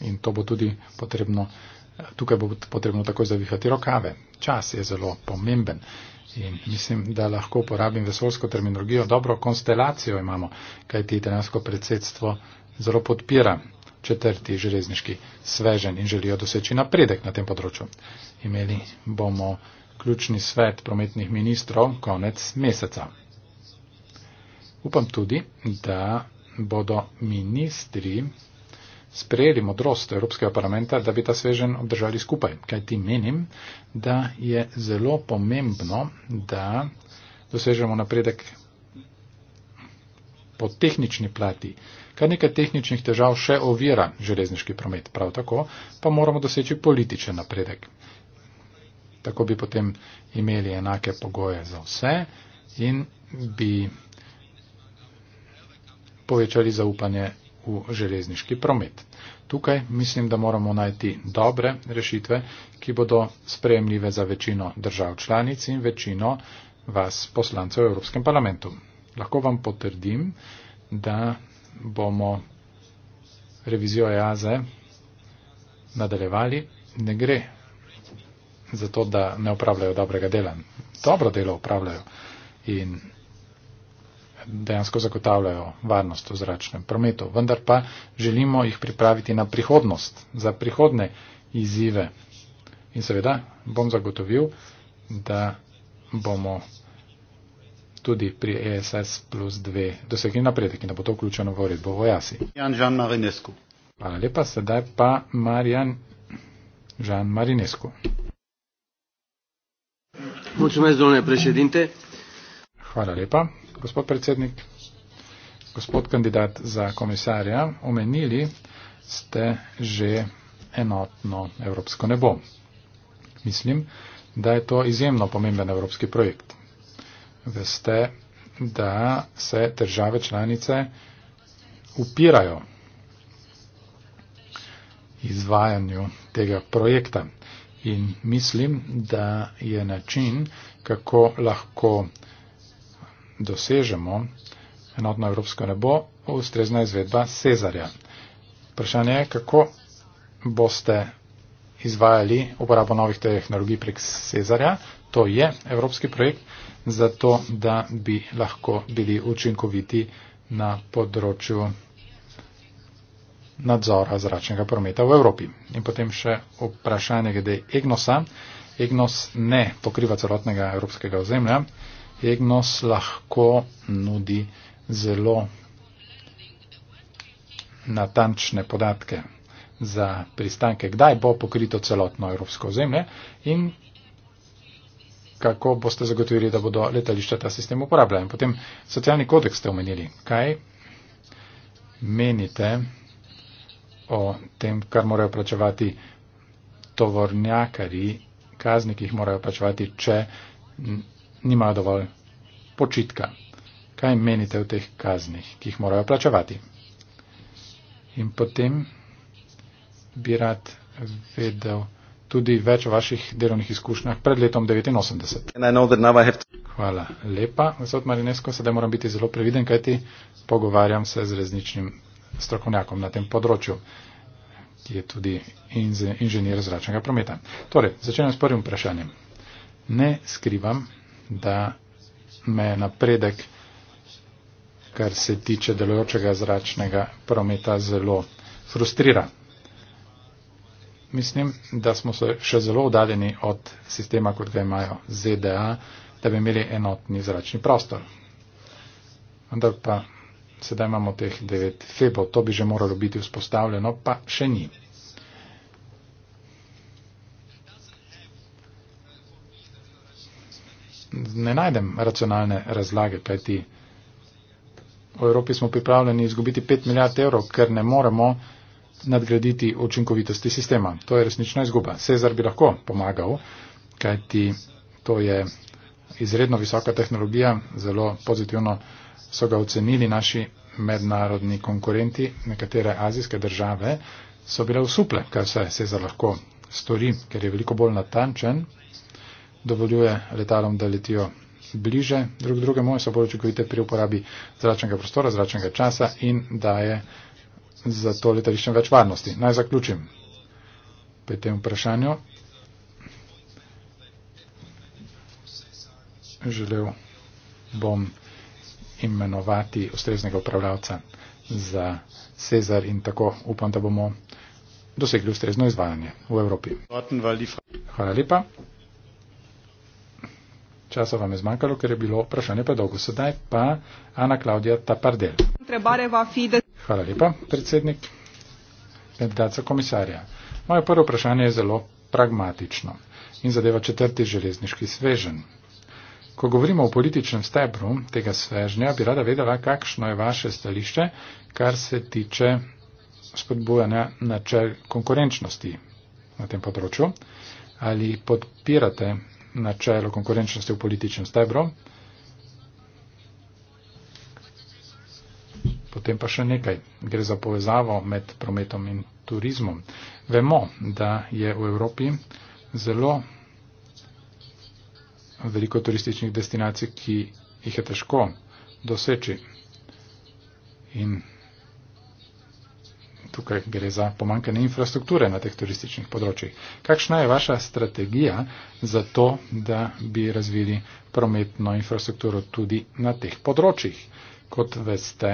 S1: In to bo tudi potrebno, tukaj bo potrebno takoj zavihati rokave. Čas je zelo pomemben. In mislim, da lahko uporabim vesolsko terminologijo. Dobro konstelacijo imamo, kaj ti italijansko predsedstvo zelo podpira četrti železniški svežen in želijo doseči napredek na tem področju. Imeli bomo ključni svet prometnih ministrov konec meseca. Upam tudi, da bodo ministri sprejeli modrost Evropskega parlamenta, da bi ta svežen obdržali skupaj. Kaj ti menim, da je zelo pomembno, da dosežemo napredek po tehnični plati. Kar nekaj tehničnih težav še ovira železniški promet, prav tako pa moramo doseči političen napredek. Tako bi potem imeli enake pogoje za vse in bi povečali zaupanje v železniški promet. Tukaj mislim, da moramo najti dobre rešitve, ki bodo sprejemljive za večino držav članic in večino vas poslancev v Evropskem parlamentu. Lahko vam potrdim, da bomo revizijo jaze nadaljevali. Ne gre za to, da ne upravljajo dobrega dela. Dobro delo upravljajo. In dejansko zagotavljajo varnost v zračnem prometu. Vendar pa želimo jih pripraviti na prihodnost, za prihodne izzive. In seveda bom zagotovil, da bomo tudi pri ESS plus 2 dosegli napredek in da bo to vključeno v uredbo o jasi. Hvala lepa, sedaj pa Marjan Žan Marinescu. Hvala lepa gospod predsednik, gospod kandidat za komisarja, omenili ste že enotno evropsko nebo. Mislim, da je to izjemno pomemben evropski projekt. Veste, da se države članice upirajo izvajanju tega projekta. In mislim, da je način, kako lahko dosežemo enotno evropsko nebo, ustrezna izvedba Cezarja. Vprašanje je, kako boste izvajali uporabo novih tehnologij prek Cezarja. To je evropski projekt, zato da bi lahko bili učinkoviti na področju nadzora zračnega prometa v Evropi. In potem še vprašanje glede EGNOS-a. EGNOS ne pokriva celotnega evropskega ozemlja. Egnos lahko nudi zelo natančne podatke za pristanke, kdaj bo pokrito celotno evropsko zemlje in kako boste zagotovili, da bodo letališča ta sistem uporabljali. Potem socialni kodeks ste omenili. Kaj menite o tem, kar morajo plačevati tovornjakari, kazni, ki jih morajo plačevati, če nima dovolj počitka. Kaj menite o teh kaznih, ki jih morajo plačevati? In potem bi rad vedel tudi več o vaših delovnih izkušnjah pred letom 89. To... Hvala lepa, gospod Marinesko, sedaj moram biti zelo previden, kajti pogovarjam se z rezničnim strokovnjakom na tem področju, ki je tudi inženir zračnega prometa. Torej, začenjam s prvim vprašanjem. Ne skrivam, da me napredek, kar se tiče delujočega zračnega prometa, zelo frustrira. Mislim, da smo se še zelo oddaljeni od sistema, kot ga imajo ZDA, da bi imeli enotni zračni prostor. Vendar pa sedaj imamo teh devet febo, to bi že moralo biti vzpostavljeno, pa še ni. ne najdem racionalne razlage, kajti v Evropi smo pripravljeni izgubiti 5 milijard evrov, ker ne moremo nadgraditi učinkovitosti sistema. To je resnična izguba. Cezar bi lahko pomagal, kajti to je izredno visoka tehnologija, zelo pozitivno so ga ocenili naši mednarodni konkurenti, nekatere azijske države so bile usuple, kaj vse Cezar lahko stori, ker je veliko bolj natančen dovoljuje letalom, da letijo bliže drug drugemu in so bolj učinkovite pri uporabi zračnega prostora, zračnega časa in daje za to letališče več varnosti. Naj zaključim pri tem vprašanju. Želel bom imenovati ustreznega upravljavca za Cezar in tako upam, da bomo dosegli ustrezno izvajanje v Evropi. Hvala lepa časa vam je zmanjkalo, ker je bilo vprašanje pa dolgo. Sedaj pa Ana Klaudija Tapardel. Hvala lepa, predsednik, kandidat za komisarja. Moje prvo vprašanje je zelo pragmatično in zadeva četrti železniški svežen. Ko govorimo o političnem stebru tega svežnja, bi rada vedela, kakšno je vaše stališče, kar se tiče spodbujanja načel konkurenčnosti na tem področju. Ali podpirate načelo konkurenčnosti v političnem stebru. Potem pa še nekaj. Gre za povezavo med prometom in turizmom. Vemo, da je v Evropi zelo veliko turističnih destinacij, ki jih je težko doseči. In tukaj gre za pomankanje infrastrukture na teh turističnih področjih. Kakšna je vaša strategija za to, da bi razvili prometno infrastrukturo tudi na teh področjih? Kot veste,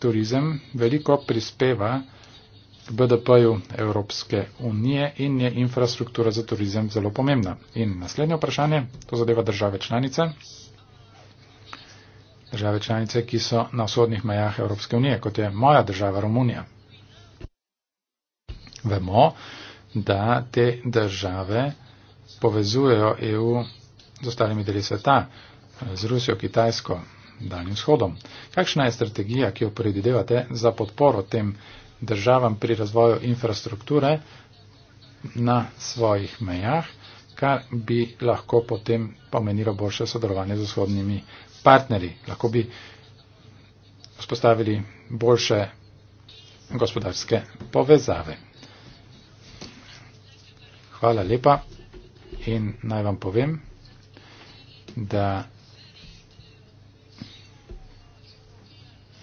S1: turizem veliko prispeva k BDP-ju Evropske unije in je infrastruktura za turizem zelo pomembna. In naslednje vprašanje, to zadeva države članice. Države članice, ki so na vzhodnih mejah Evropske unije, kot je moja država Romunija vemo, da te države povezujejo EU z ostalimi deli sveta, z Rusijo, Kitajsko, Daljnim vzhodom. Kakšna je strategija, ki jo predvidevate za podporo tem državam pri razvoju infrastrukture na svojih mejah, kar bi lahko potem pomenilo boljše sodelovanje z vzhodnimi partnerji? Lahko bi vzpostavili boljše gospodarske povezave. Hvala lepa in naj vam povem, da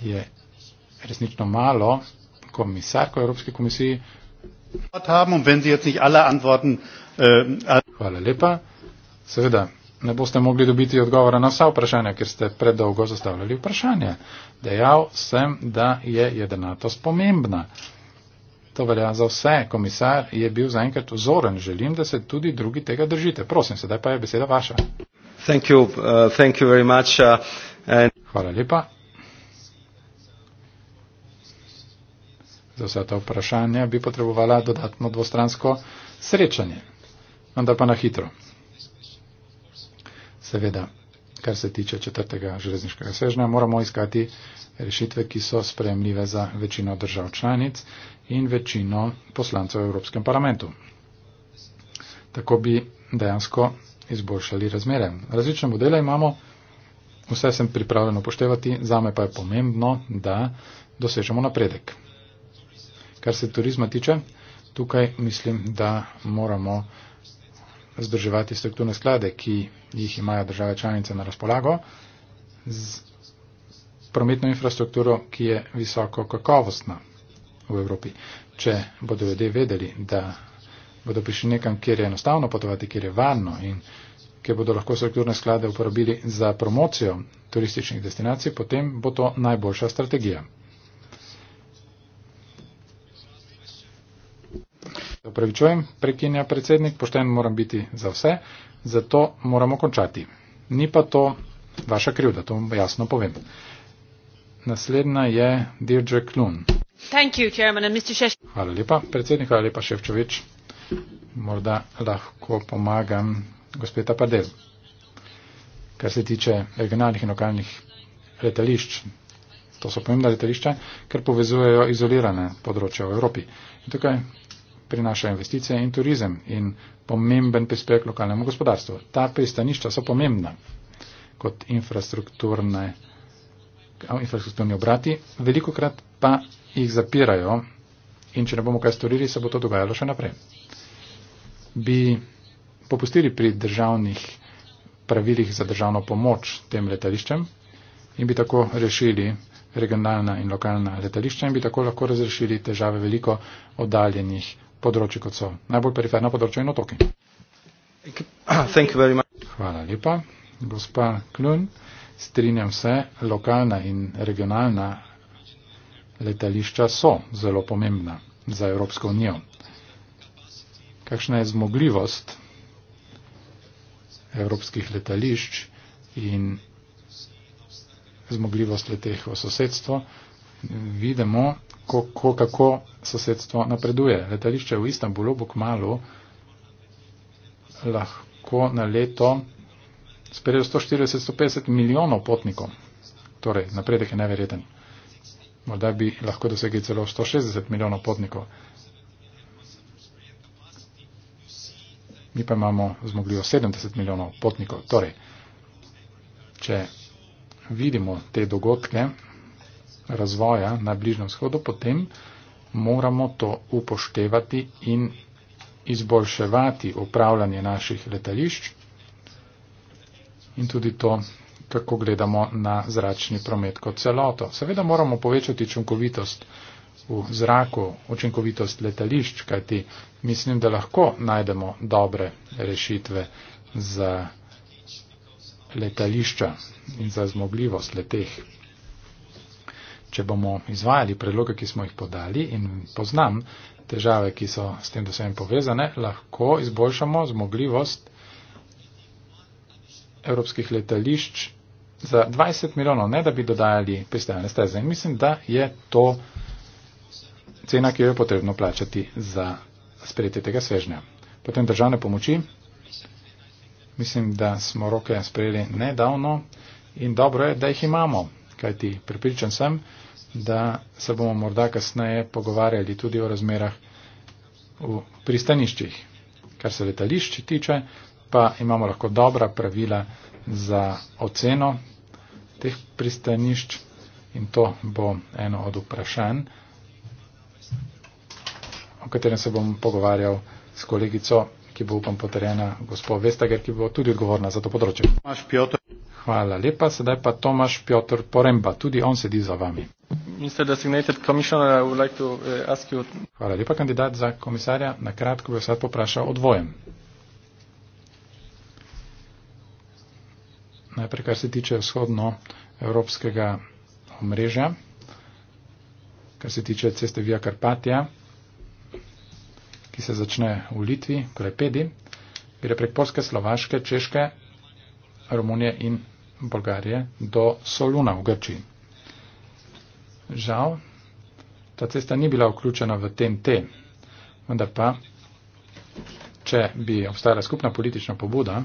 S1: je resnično malo komisarko Evropske komisije. Äh, Hvala lepa. Seveda ne boste mogli dobiti odgovora na vsa vprašanja, ker ste predolgo zastavljali vprašanje. Dejal sem, da je jedrnatost pomembna. To velja za vse. Komisar je bil zaenkrat vzoren. Želim, da se tudi drugi tega držite. Prosim, sedaj pa je beseda vaša. Thank you, uh, thank you very much. Uh, and... Hvala lepa. Za vse ta vprašanja bi potrebovala dodatno dvostransko srečanje. Vendar pa na hitro. Seveda, kar se tiče četrtega železniškega svežnja, moramo iskati rešitve, ki so sprejemljive za večino držav članic in večino poslancev v Evropskem parlamentu. Tako bi dejansko izboljšali razmere. Različne modele imamo, vse sem pripravljen upoštevati, zame pa je pomembno, da dosežemo napredek. Kar se turizma tiče, tukaj mislim, da moramo zdrževati strukturne sklade, ki jih imajo države članice na razpolago, z prometno infrastrukturo, ki je visoko kakovostna v Evropi. Če bodo ljudje vedeli, da bodo prišli nekam, kjer je enostavno potovati, kjer je varno in kjer bodo lahko strukturne sklade uporabili za promocijo turističnih destinacij, potem bo to najboljša strategija. Opravičujem, prekinja predsednik, pošten moram biti za vse, zato moramo končati. Ni pa to vaša krivda, to jasno povem. Naslednja je Dirje Klun. Hvala lepa, predsednik, hvala lepa, Ševčovič. Morda lahko pomagam gospeta Padel. Kar se tiče regionalnih in lokalnih letališč, to so pomembna letališča, ker povezujejo izolirane področje v Evropi. In tukaj prinašajo investicije in turizem in pomemben prispevek lokalnemu gospodarstvu. Ta pristanišča so pomembna kot infrastrukturne, infrastrukturni obrati, veliko krat pa jih zapirajo in če ne bomo kaj storili, se bo to dogajalo še naprej. Bi popustili pri državnih pravilih za državno pomoč tem letališčem in bi tako rešili regionalna in lokalna letališča in bi tako lahko razrešili težave veliko oddaljenih področji, kot so najbolj periferna področja in otoki.
S3: Hvala
S1: lepa. Gospa Klun, strinjam se, lokalna in regionalna letališča so zelo pomembna za Evropsko unijo. Kakšna je zmogljivost evropskih letališč in zmogljivost leteh v sosedstvo, vidimo, kako, kako sosedstvo napreduje. Letališče v Istanbulu bo kmalo lahko na leto sprejelo 140-150 milijonov potnikov. Torej, napredek je neverjeten morda bi lahko dosegli celo 160 milijonov potnikov. Mi pa imamo zmogljivo 70 milijonov potnikov. Torej, če vidimo te dogodke razvoja na Bližnjem vzhodu, potem moramo to upoštevati in izboljševati upravljanje naših letališč in tudi to kako gledamo na zračni promet kot celoto. Seveda moramo povečati učinkovitost v zraku, učinkovitost letališč, kajti mislim, da lahko najdemo dobre rešitve za letališča in za zmogljivost leteh. Če bomo izvajali predloge, ki smo jih podali in poznam težave, ki so s tem dosem povezane, lahko izboljšamo zmogljivost evropskih letališč za 20 milijonov, ne da bi dodajali pristajalne steze. In mislim, da je to cena, ki jo je potrebno plačati za sprejetje tega svežnja. Potem državne pomoči. Mislim, da smo roke sprejeli nedavno in dobro je, da jih imamo, kajti pripričan sem, da se bomo morda kasneje pogovarjali tudi o razmerah v pristaniščih. Kar se letališči tiče, pa imamo lahko dobra pravila za oceno teh pristanišč in to bo eno od vprašanj, o katerem se bom pogovarjal s kolegico, ki bo upam potrjena, gospod Vestager, ki bo tudi odgovorna za to področje. Hvala lepa, sedaj pa Tomaš Piotr Poremba, tudi on sedi za vami. Eh, Hvala lepa, kandidat za komisarja. Na kratko bi vas rad poprašal o dvojem. najprej kar se tiče vzhodnoevropskega omrežja, kar se tiče ceste Via Carpatia, ki se začne v Litvi, Klepedi, gre prek Polske, Slovaške, Češke, Romunije in Bolgarije do Soluna v Grčiji. Žal, ta cesta ni bila vključena v tem te, vendar pa, če bi obstajala skupna politična pobuda,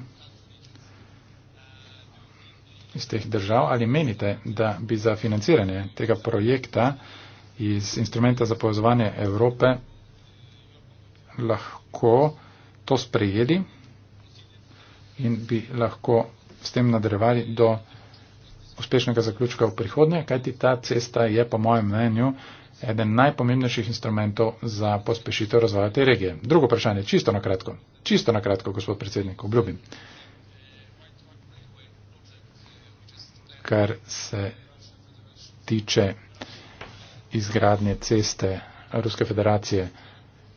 S1: iz teh držav. Ali menite, da bi za financiranje tega projekta iz instrumenta za povezovanje Evrope lahko to sprejeli in bi lahko s tem nadaljevali do uspešnega zaključka v prihodnje, kajti ta cesta je po mojem mnenju eden najpomembnejših instrumentov za pospešitev razvoja te regije. Drugo vprašanje, čisto na kratko, čisto na kratko, gospod predsednik, obljubim. kar se tiče izgradnje ceste Ruske federacije,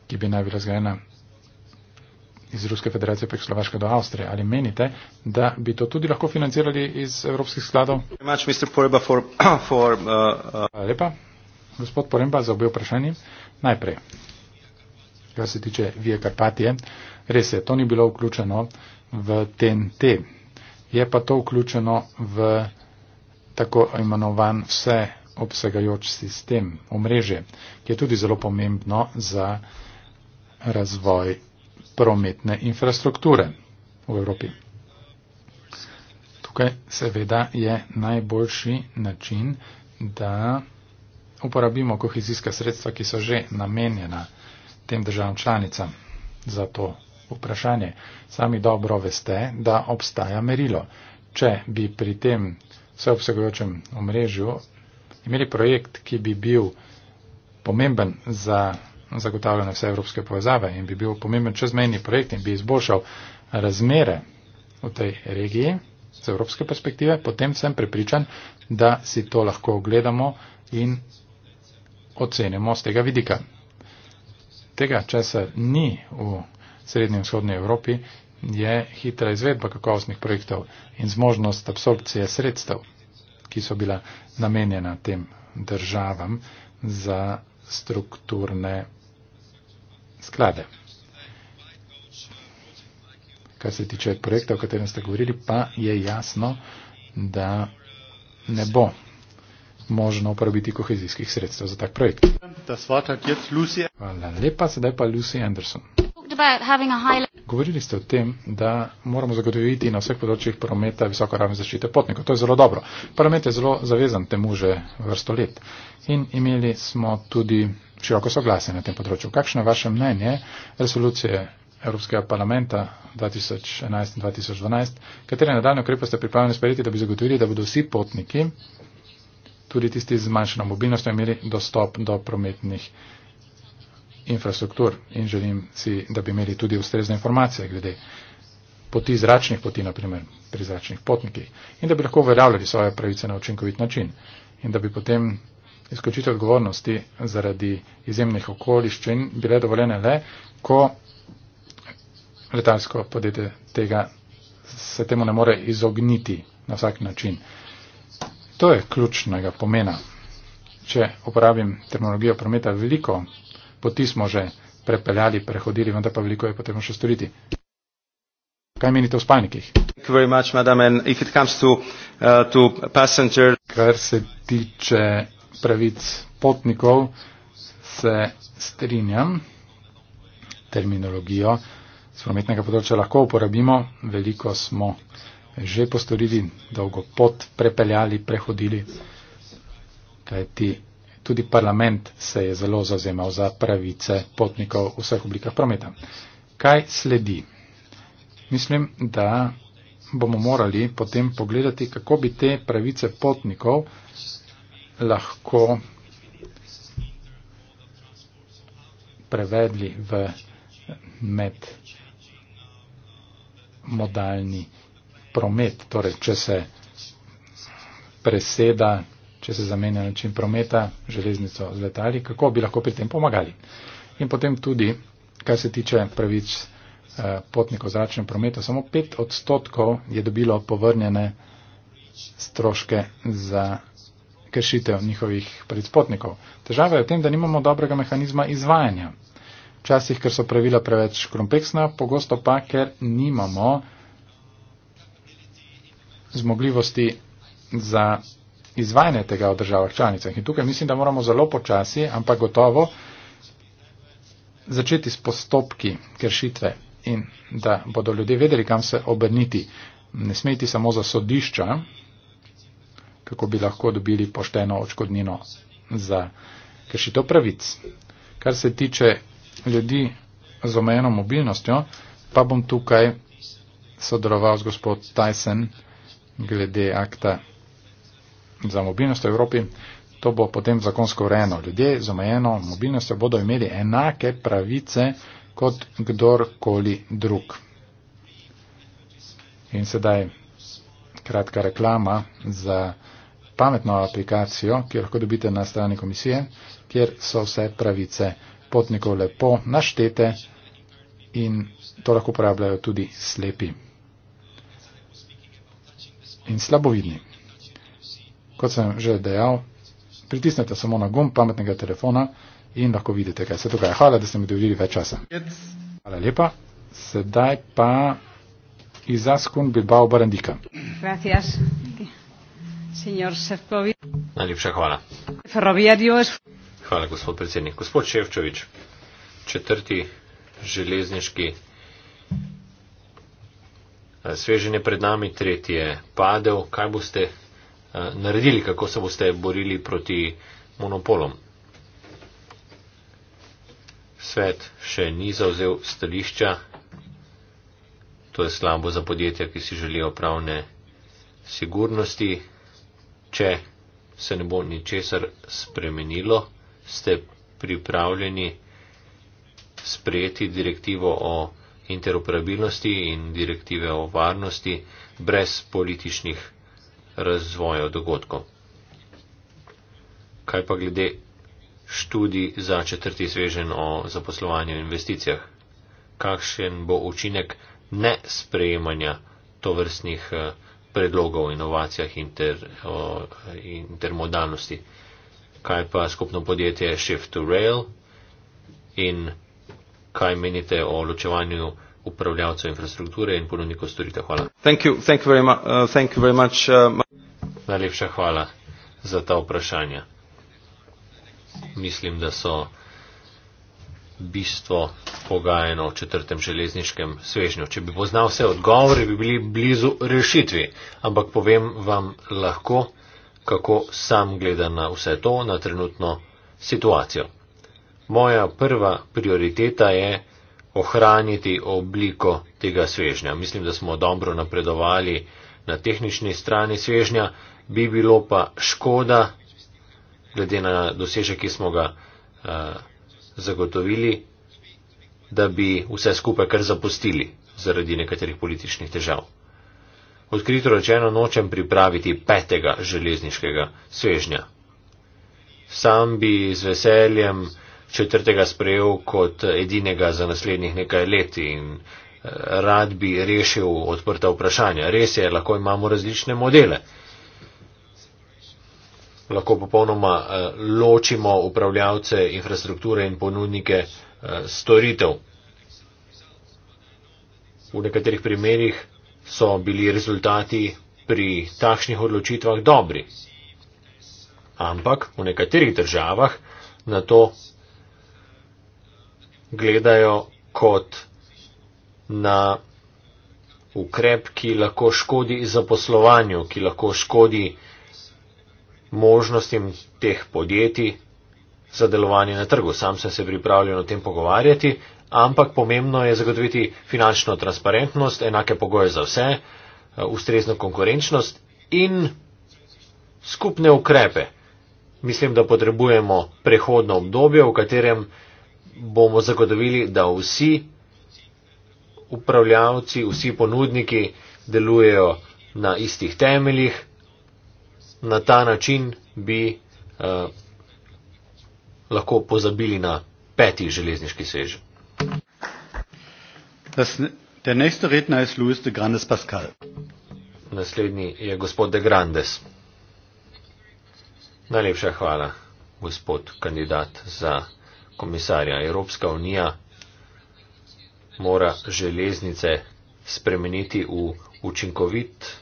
S1: ki bi naj bila zgrajena iz Ruske federacije prek Slovaške do Avstrije. Ali menite, da bi to tudi lahko financirali iz evropskih skladov?
S2: Uh, uh,
S1: Hvala lepa, gospod Poremba, za obe vprašanji. Najprej, kar se tiče Vije Karpatije, res je, to ni bilo vključeno v TNT, je pa to vključeno v tako imenovan vse obsegajoč sistem, omrežje, ki je tudi zelo pomembno za razvoj prometne infrastrukture v Evropi. Tukaj seveda je najboljši način, da uporabimo kohezijska sredstva, ki so že namenjena tem državam članicam za to vprašanje. Sami dobro veste, da obstaja merilo. Če bi pri tem vseobsegajočem omrežju imeli projekt, ki bi bil pomemben za zagotavljanje vse evropske povezave in bi bil pomemben čezmejni projekt in bi izboljšal razmere v tej regiji z evropske perspektive, potem sem prepričan, da si to lahko ogledamo in ocenimo z tega vidika. Tega, česar ni v srednjo vzhodni Evropi, je hitra izvedba kakovostnih projektov in zmožnost absorpcije sredstev, ki so bila namenjena tem državam za strukturne sklade. Kar se tiče projekta, o katerem ste govorili, pa je jasno, da ne bo možno uporabiti kohezijskih sredstev za tak projekt. Hvala lepa, sedaj pa Lucy Anderson. Govorili ste o tem, da moramo zagotoviti na vseh področjih prometa visoko raven zaščite potnikov. To je zelo dobro. Parlament je zelo zavezan temu že vrsto let in imeli smo tudi široko soglasje na tem področju. Kakšno je vaše mnenje resolucije Evropskega parlamenta 2011 in 2012, katere nadaljne ukrepe ste pripravljeni sprejeti, da bi zagotovili, da bodo vsi potniki, tudi tisti z manjšo mobilnostjo, imeli dostop do prometnih infrastruktur in želim si, da bi imeli tudi ustrezne informacije glede poti zračnih poti, naprimer pri zračnih potnikih, in da bi lahko uveljavljali svoje pravice na učinkovit način in da bi potem izključitev odgovornosti zaradi izjemnih okoliščin bile dovoljene le, ko letalsko podjetje tega se temu ne more izogniti na vsak način. To je ključnega pomena. Če uporabim terminologijo prometa, veliko poti smo že prepeljali, prehodili, vendar pa veliko je potrebno še storiti. Kaj menite o spalnikih? Much, madam, to, uh, to passenger... Kar se tiče pravic potnikov, se strinjam terminologijo. Z prometnega področja lahko uporabimo, veliko smo že postorili, dolgo pot prepeljali, prehodili, kajti tudi parlament se je zelo zazemal za pravice potnikov v vseh oblikah prometa. Kaj sledi? Mislim, da bomo morali potem pogledati, kako bi te pravice potnikov lahko prevedli v med modalni promet. Torej, če se preseda če se zamenja način prometa, železnico z letali, kako bi lahko pri tem pomagali. In potem tudi, kar se tiče pravic eh, potnikov v zračnem prometu, samo pet odstotkov je dobilo povrnjene stroške za kršitev njihovih pravic potnikov. Težava je v tem, da nimamo dobrega mehanizma izvajanja. Včasih, ker so pravila preveč krompeksna, pogosto pa, ker nimamo zmogljivosti za izvajanje tega v državah članicah. In tukaj mislim, da moramo zelo počasi, ampak gotovo začeti s postopki kršitve in da bodo ljudje vedeli, kam se obrniti. Ne smeti samo za sodišča, kako bi lahko dobili pošteno očkodnino za kršitev pravic. Kar se tiče ljudi z omejeno mobilnostjo, pa bom tukaj sodeloval z gospod Tyson glede akta za mobilnost v Evropi, to bo potem zakonsko urejeno. Ljudje z omejeno mobilnostjo bodo imeli enake pravice kot kdorkoli drug. In sedaj kratka reklama za pametno aplikacijo, ki jo lahko dobite na strani komisije, kjer so vse pravice potnikov lepo naštete in to lahko uporabljajo tudi slepi in slabovidni kot sem že dejal, pritisnete samo na gumb pametnega telefona in lahko vidite, kaj se dogaja. Hvala, da ste mi dovolili več časa. Hvala lepa. Sedaj pa izaskun Bilbao Barandika.
S3: Gracias. Senjor Šefkovi.
S2: Najlepša hvala. Hvala, gospod predsednik. Gospod Ševčovič, četrti železniški eh, sveženje pred nami, tretji je padel. Kaj boste Eh, naredili, kako se boste borili proti monopolom. Svet še ni zauzel stališča, to je slabo za podjetja, ki si želijo pravne sigurnosti. Če se ne bo ničesar spremenilo, ste pripravljeni sprejeti direktivo o interoperabilnosti in direktive o varnosti brez političnih razvoju dogodkov. Kaj pa glede študij za četrti svežen o zaposlovanju in investicijah? Kakšen bo učinek ne sprejemanja tovrstnih eh, predlogov o inovacijah in intermodalnosti? Kaj pa skupno podjetje Shift to Rail in kaj menite o ločevanju? upravljavcev infrastrukture in ponudnikov storitev. Hvala. Thank you, thank you uh, much, uh, much, uh, Najlepša hvala za ta vprašanja. Mislim, da so bistvo pogajeno v četrtem železniškem svežnju. Če bi poznal vse odgovore, bi bili blizu rešitvi, ampak povem vam lahko, kako sam gleda na vse to, na trenutno situacijo. Moja prva prioriteta je, ohraniti obliko tega svežnja. Mislim, da smo dobro napredovali na tehnični strani svežnja, bi bilo pa škoda, glede na dosežek, ki smo ga uh, zagotovili, da bi vse skupaj kar zapustili zaradi nekaterih političnih težav. Odkrito rečeno nočem pripraviti petega železniškega svežnja. Sam bi z veseljem četrtega sprejel kot edinega za naslednjih nekaj let in eh, rad bi rešil odprta vprašanja. Res je, lahko imamo različne modele. Lahko popolnoma eh, ločimo upravljavce infrastrukture in ponudnike eh, storitev. V nekaterih primerjih so bili rezultati pri takšnih odločitvah dobri. Ampak v nekaterih državah na to gledajo kot na ukrep, ki lahko škodi zaposlovanju, ki lahko škodi možnostim teh podjetij za delovanje na trgu. Sam sem se pripravljen o tem pogovarjati, ampak pomembno je zagotoviti finančno transparentnost, enake pogoje za vse, eh, ustrezno konkurenčnost in skupne ukrepe. Mislim, da potrebujemo prehodno obdobje, v katerem bomo zagotovili, da vsi upravljavci, vsi ponudniki delujejo na istih temeljih. Na ta način bi eh, lahko pozabili na peti železniški sež. Naslednji je gospod De Grandes. Najlepša hvala, gospod kandidat, za komisarja. Evropska unija mora železnice spremeniti v učinkovit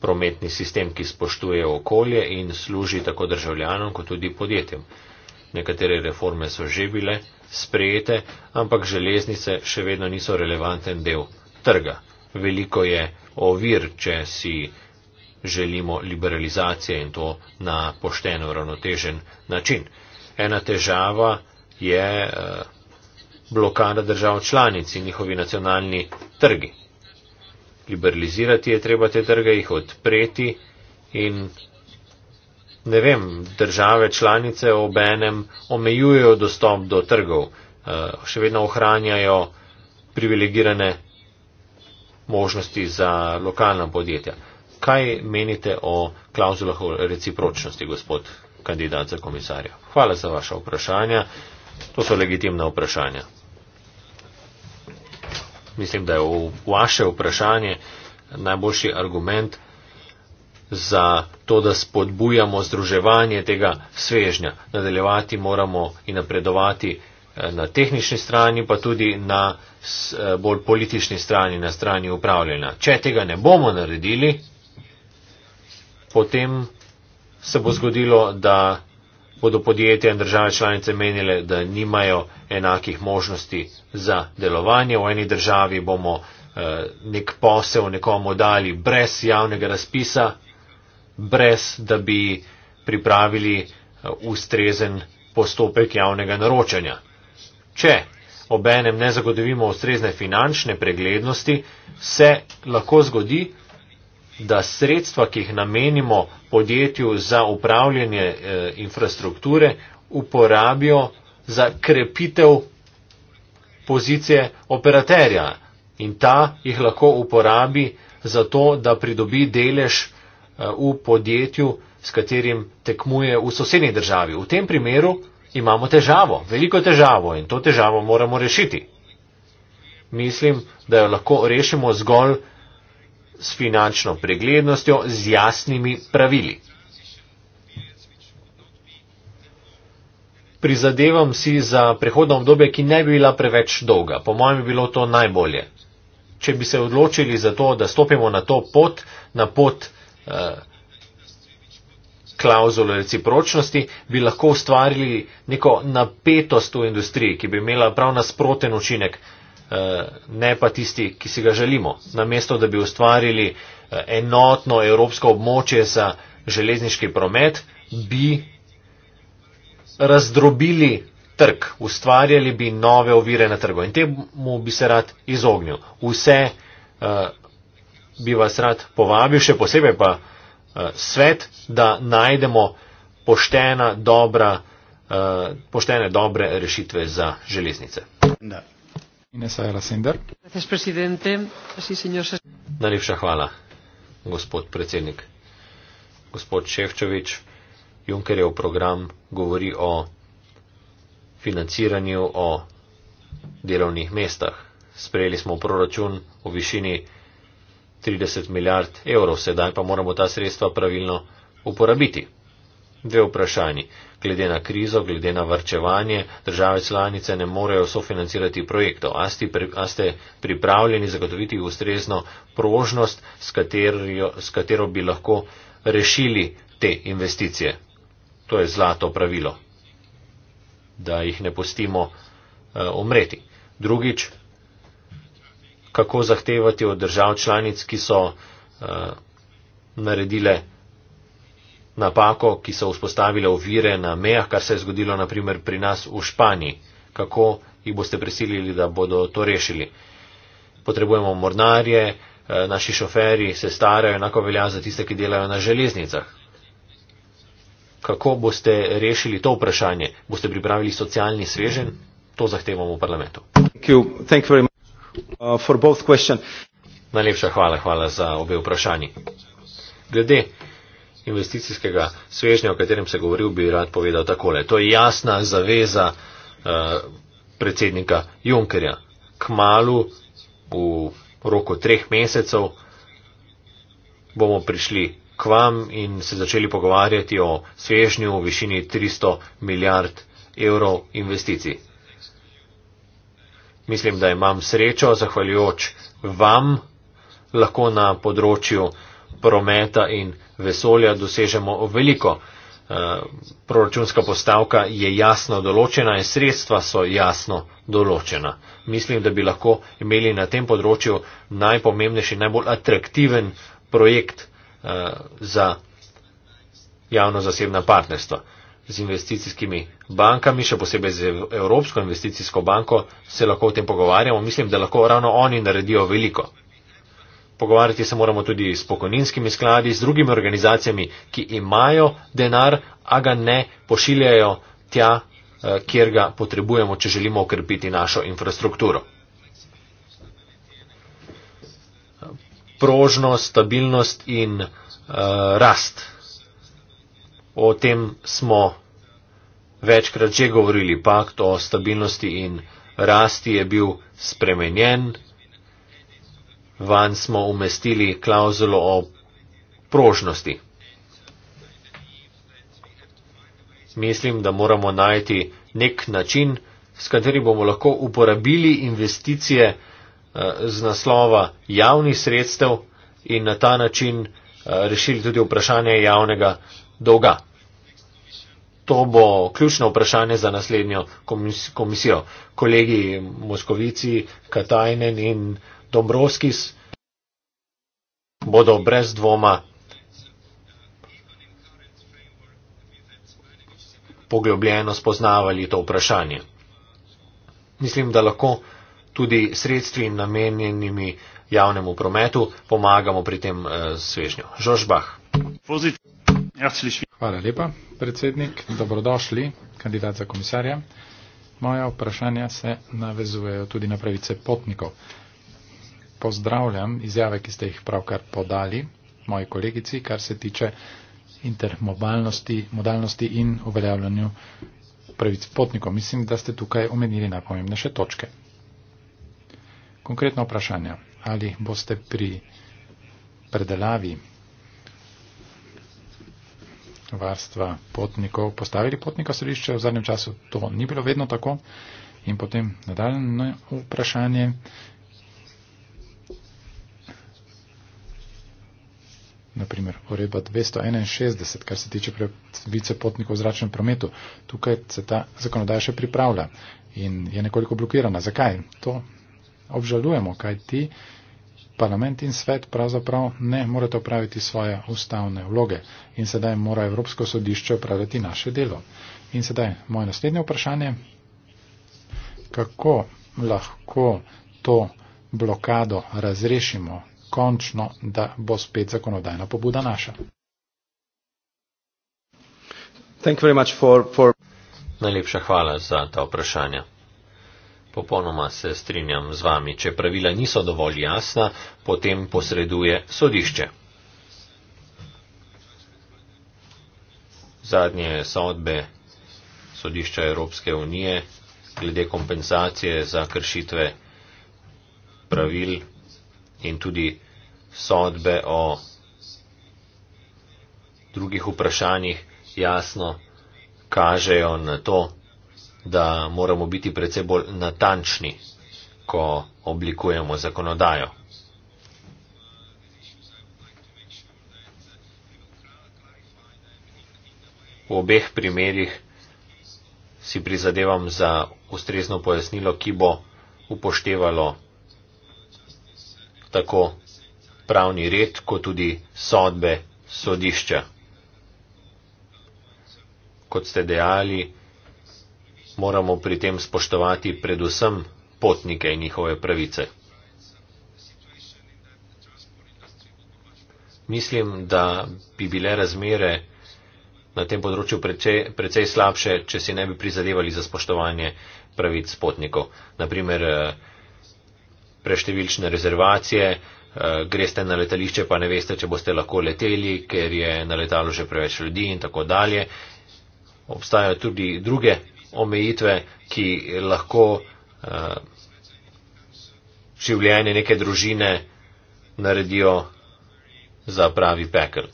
S2: prometni sistem, ki spoštuje okolje in služi tako državljanom, kot tudi podjetjem. Nekatere reforme so že bile sprejete, ampak železnice še vedno niso relevanten del trga. Veliko je ovir, če si želimo liberalizacije in to na pošteno ravnotežen način. Ena težava, je eh, blokada držav članic in njihovi nacionalni trgi. Liberalizirati je treba te trge, jih odpreti in ne vem, države članice ob enem omejujejo dostop do trgov, eh, še vedno ohranjajo privilegirane možnosti za lokalna podjetja. Kaj menite o klauzulah recipročnosti, gospod kandidat za komisarja? Hvala za vaše vprašanje. To so legitimna vprašanja. Mislim, da je vaše vprašanje najboljši argument za to, da spodbujamo združevanje tega svežnja. Nadaljevati moramo in napredovati eh, na tehnični strani, pa tudi na eh, bolj politični strani, na strani upravljanja. Če tega ne bomo naredili, potem se bo zgodilo, da bodo podjetja in države članice menile, da nimajo enakih možnosti za delovanje. V eni državi bomo eh, nek posel nekomu dali brez javnega razpisa, brez da bi pripravili eh, ustrezen postopek javnega naročanja. Če ob enem ne zagotovimo ustrezne finančne preglednosti, se lahko zgodi, da sredstva, ki jih namenimo podjetju za upravljanje eh, infrastrukture, uporabijo za krepitev pozicije operaterja in ta jih lahko uporabi za to, da pridobi delež eh, v podjetju, s katerim tekmuje v sosednji državi. V tem primeru imamo težavo, veliko težavo in to težavo moramo rešiti. Mislim, da jo lahko rešimo zgolj s finančno preglednostjo, z jasnimi pravili. Prizadevam si za prehodno obdobje, ki ne bi bila preveč dolga. Po mojem bi bilo to najbolje. Če bi se odločili za to, da stopimo na to pot, na pot eh, klauzulo recipročnosti, bi lahko ustvarili neko napetost v industriji, ki bi imela prav nasproten učinek Eh, ne pa tisti, ki si ga želimo. Namesto, da bi ustvarili eh, enotno evropsko območje za železniški promet, bi razdrobili trg, ustvarjali bi nove ovire na trgu in temu bi se rad izognil. Vse eh, bi vas rad povabil, še posebej pa svet, da najdemo poštene, dobre rešitve za železnice. Da. Najlepša hvala, gospod predsednik. Gospod Ševčevič, Junkerjev program govori o financiranju, o delovnih mestah. Sprejeli smo proračun v višini 30 milijard evrov, sedaj pa moramo ta sredstva pravilno uporabiti dve vprašanji. Glede na krizo, glede na varčevanje, države članice ne morejo sofinancirati projektov. A ste, pri, a ste pripravljeni zagotoviti ustrezno prožnost, s katero, s katero bi lahko rešili te investicije? To je zlato pravilo, da jih ne pustimo uh, umreti. Drugič, kako zahtevati od držav članic, ki so uh, naredile napako, ki so vzpostavile ovire na mejah, kar se je zgodilo naprimer pri nas v Španiji. Kako jih boste prisilili, da bodo to rešili? Potrebujemo mornarje, eh, naši šoferi se starajo, enako velja za tiste, ki delajo na železnicah. Kako boste rešili to vprašanje? Boste pripravili socialni svežen? To zahtevamo v parlamentu. Uh, Najlepša hvala, hvala za obe vprašanji. Glede investicijskega svežnja, o katerem se govoril, bi rad povedal takole. To je jasna zaveza eh, predsednika Junkerja. Kmalu, v roku treh mesecev, bomo prišli k vam in se začeli pogovarjati o svežnju v višini 300 milijard evrov investicij. Mislim, da imam srečo, zahvaljujoč vam, lahko na področju prometa in vesolja dosežemo veliko. Eh, proračunska postavka je jasno določena in sredstva so jasno določena. Mislim, da bi lahko imeli na tem področju najpomembnejši, najbolj atraktiven projekt eh, za javno-zasebna partnerstva. Z investicijskimi bankami, še posebej z Evropsko investicijsko banko, se lahko o tem pogovarjamo. Mislim, da lahko ravno oni naredijo veliko pogovarjati se moramo tudi s pokojninskimi skladi, z drugimi organizacijami, ki imajo denar, a ga ne pošiljajo tja, eh, kjer ga potrebujemo, če želimo okrepiti našo infrastrukturo. Prožnost, stabilnost in uh, rast. O tem smo večkrat že govorili. Pakt o stabilnosti in rasti je bil spremenjen Van smo umestili klauzulo o prožnosti. Mislim, da moramo najti nek način, s kateri bomo lahko uporabili investicije eh, z naslova javnih sredstev in na ta način eh, rešili tudi vprašanje javnega dolga. To bo ključno vprašanje za naslednjo komisijo. Kolegi Moskovici, Katajnen in uh, Dombrovskis bodo brez dvoma poglobljeno spoznavali to vprašanje. Mislim, da lahko tudi sredstvi namenjenimi javnemu prometu pomagamo pri tem eh,
S1: svežnju. Žožbah. Hvala lepa, predsednik. Dobrodošli, kandidat za komisarja. Moja vprašanja se navezujejo tudi na pravice potnikov pozdravljam izjave, ki ste jih pravkar podali, moji kolegici, kar se tiče intermodalnosti in uveljavljanju pravic potnikov. Mislim, da ste tukaj omenili najpomembnejše točke. Konkretno vprašanje. Ali boste pri predelavi varstva potnikov postavili potnika središče? V zadnjem času to ni bilo vedno tako. In potem nadaljne vprašanje. naprimer uredba 261, kar se tiče vice potnikov v zračnem prometu. Tukaj se ta zakonodaja še pripravlja in je nekoliko blokirana. Zakaj? To obžalujemo, kaj ti parlament in svet pravzaprav ne morete opraviti svoje ustavne vloge in sedaj mora Evropsko sodišče opraviti naše delo. In sedaj moje naslednje vprašanje. Kako lahko to blokado razrešimo končno, da bo spet zakonodajna pobuda naša.
S2: For, for... Najlepša hvala za ta vprašanja. Popolnoma se strinjam z vami, če pravila niso dovolj jasna, potem posreduje sodišče. Zadnje sodbe sodišča Evropske unije glede kompenzacije za kršitve pravil in tudi sodbe o drugih vprašanjih jasno kažejo na to, da moramo biti predvsej bolj natančni, ko oblikujemo zakonodajo. V obeh primerjih si prizadevam za ustrezno pojasnilo, ki bo upoštevalo tako pravni red, kot tudi sodbe sodišča. Kot ste dejali, moramo pri tem spoštovati predvsem potnike in njihove pravice. Mislim, da bi bile razmere na tem področju precej, precej slabše, če si ne bi prizadevali za spoštovanje pravic potnikov. Naprimer, eh, preštevilčne rezervacije, eh, greste na letališče, pa ne veste, če boste lahko leteli, ker je na letalu že preveč ljudi in tako dalje. Obstajajo tudi druge omejitve, ki lahko eh, življenje neke družine naredijo za pravi pekel.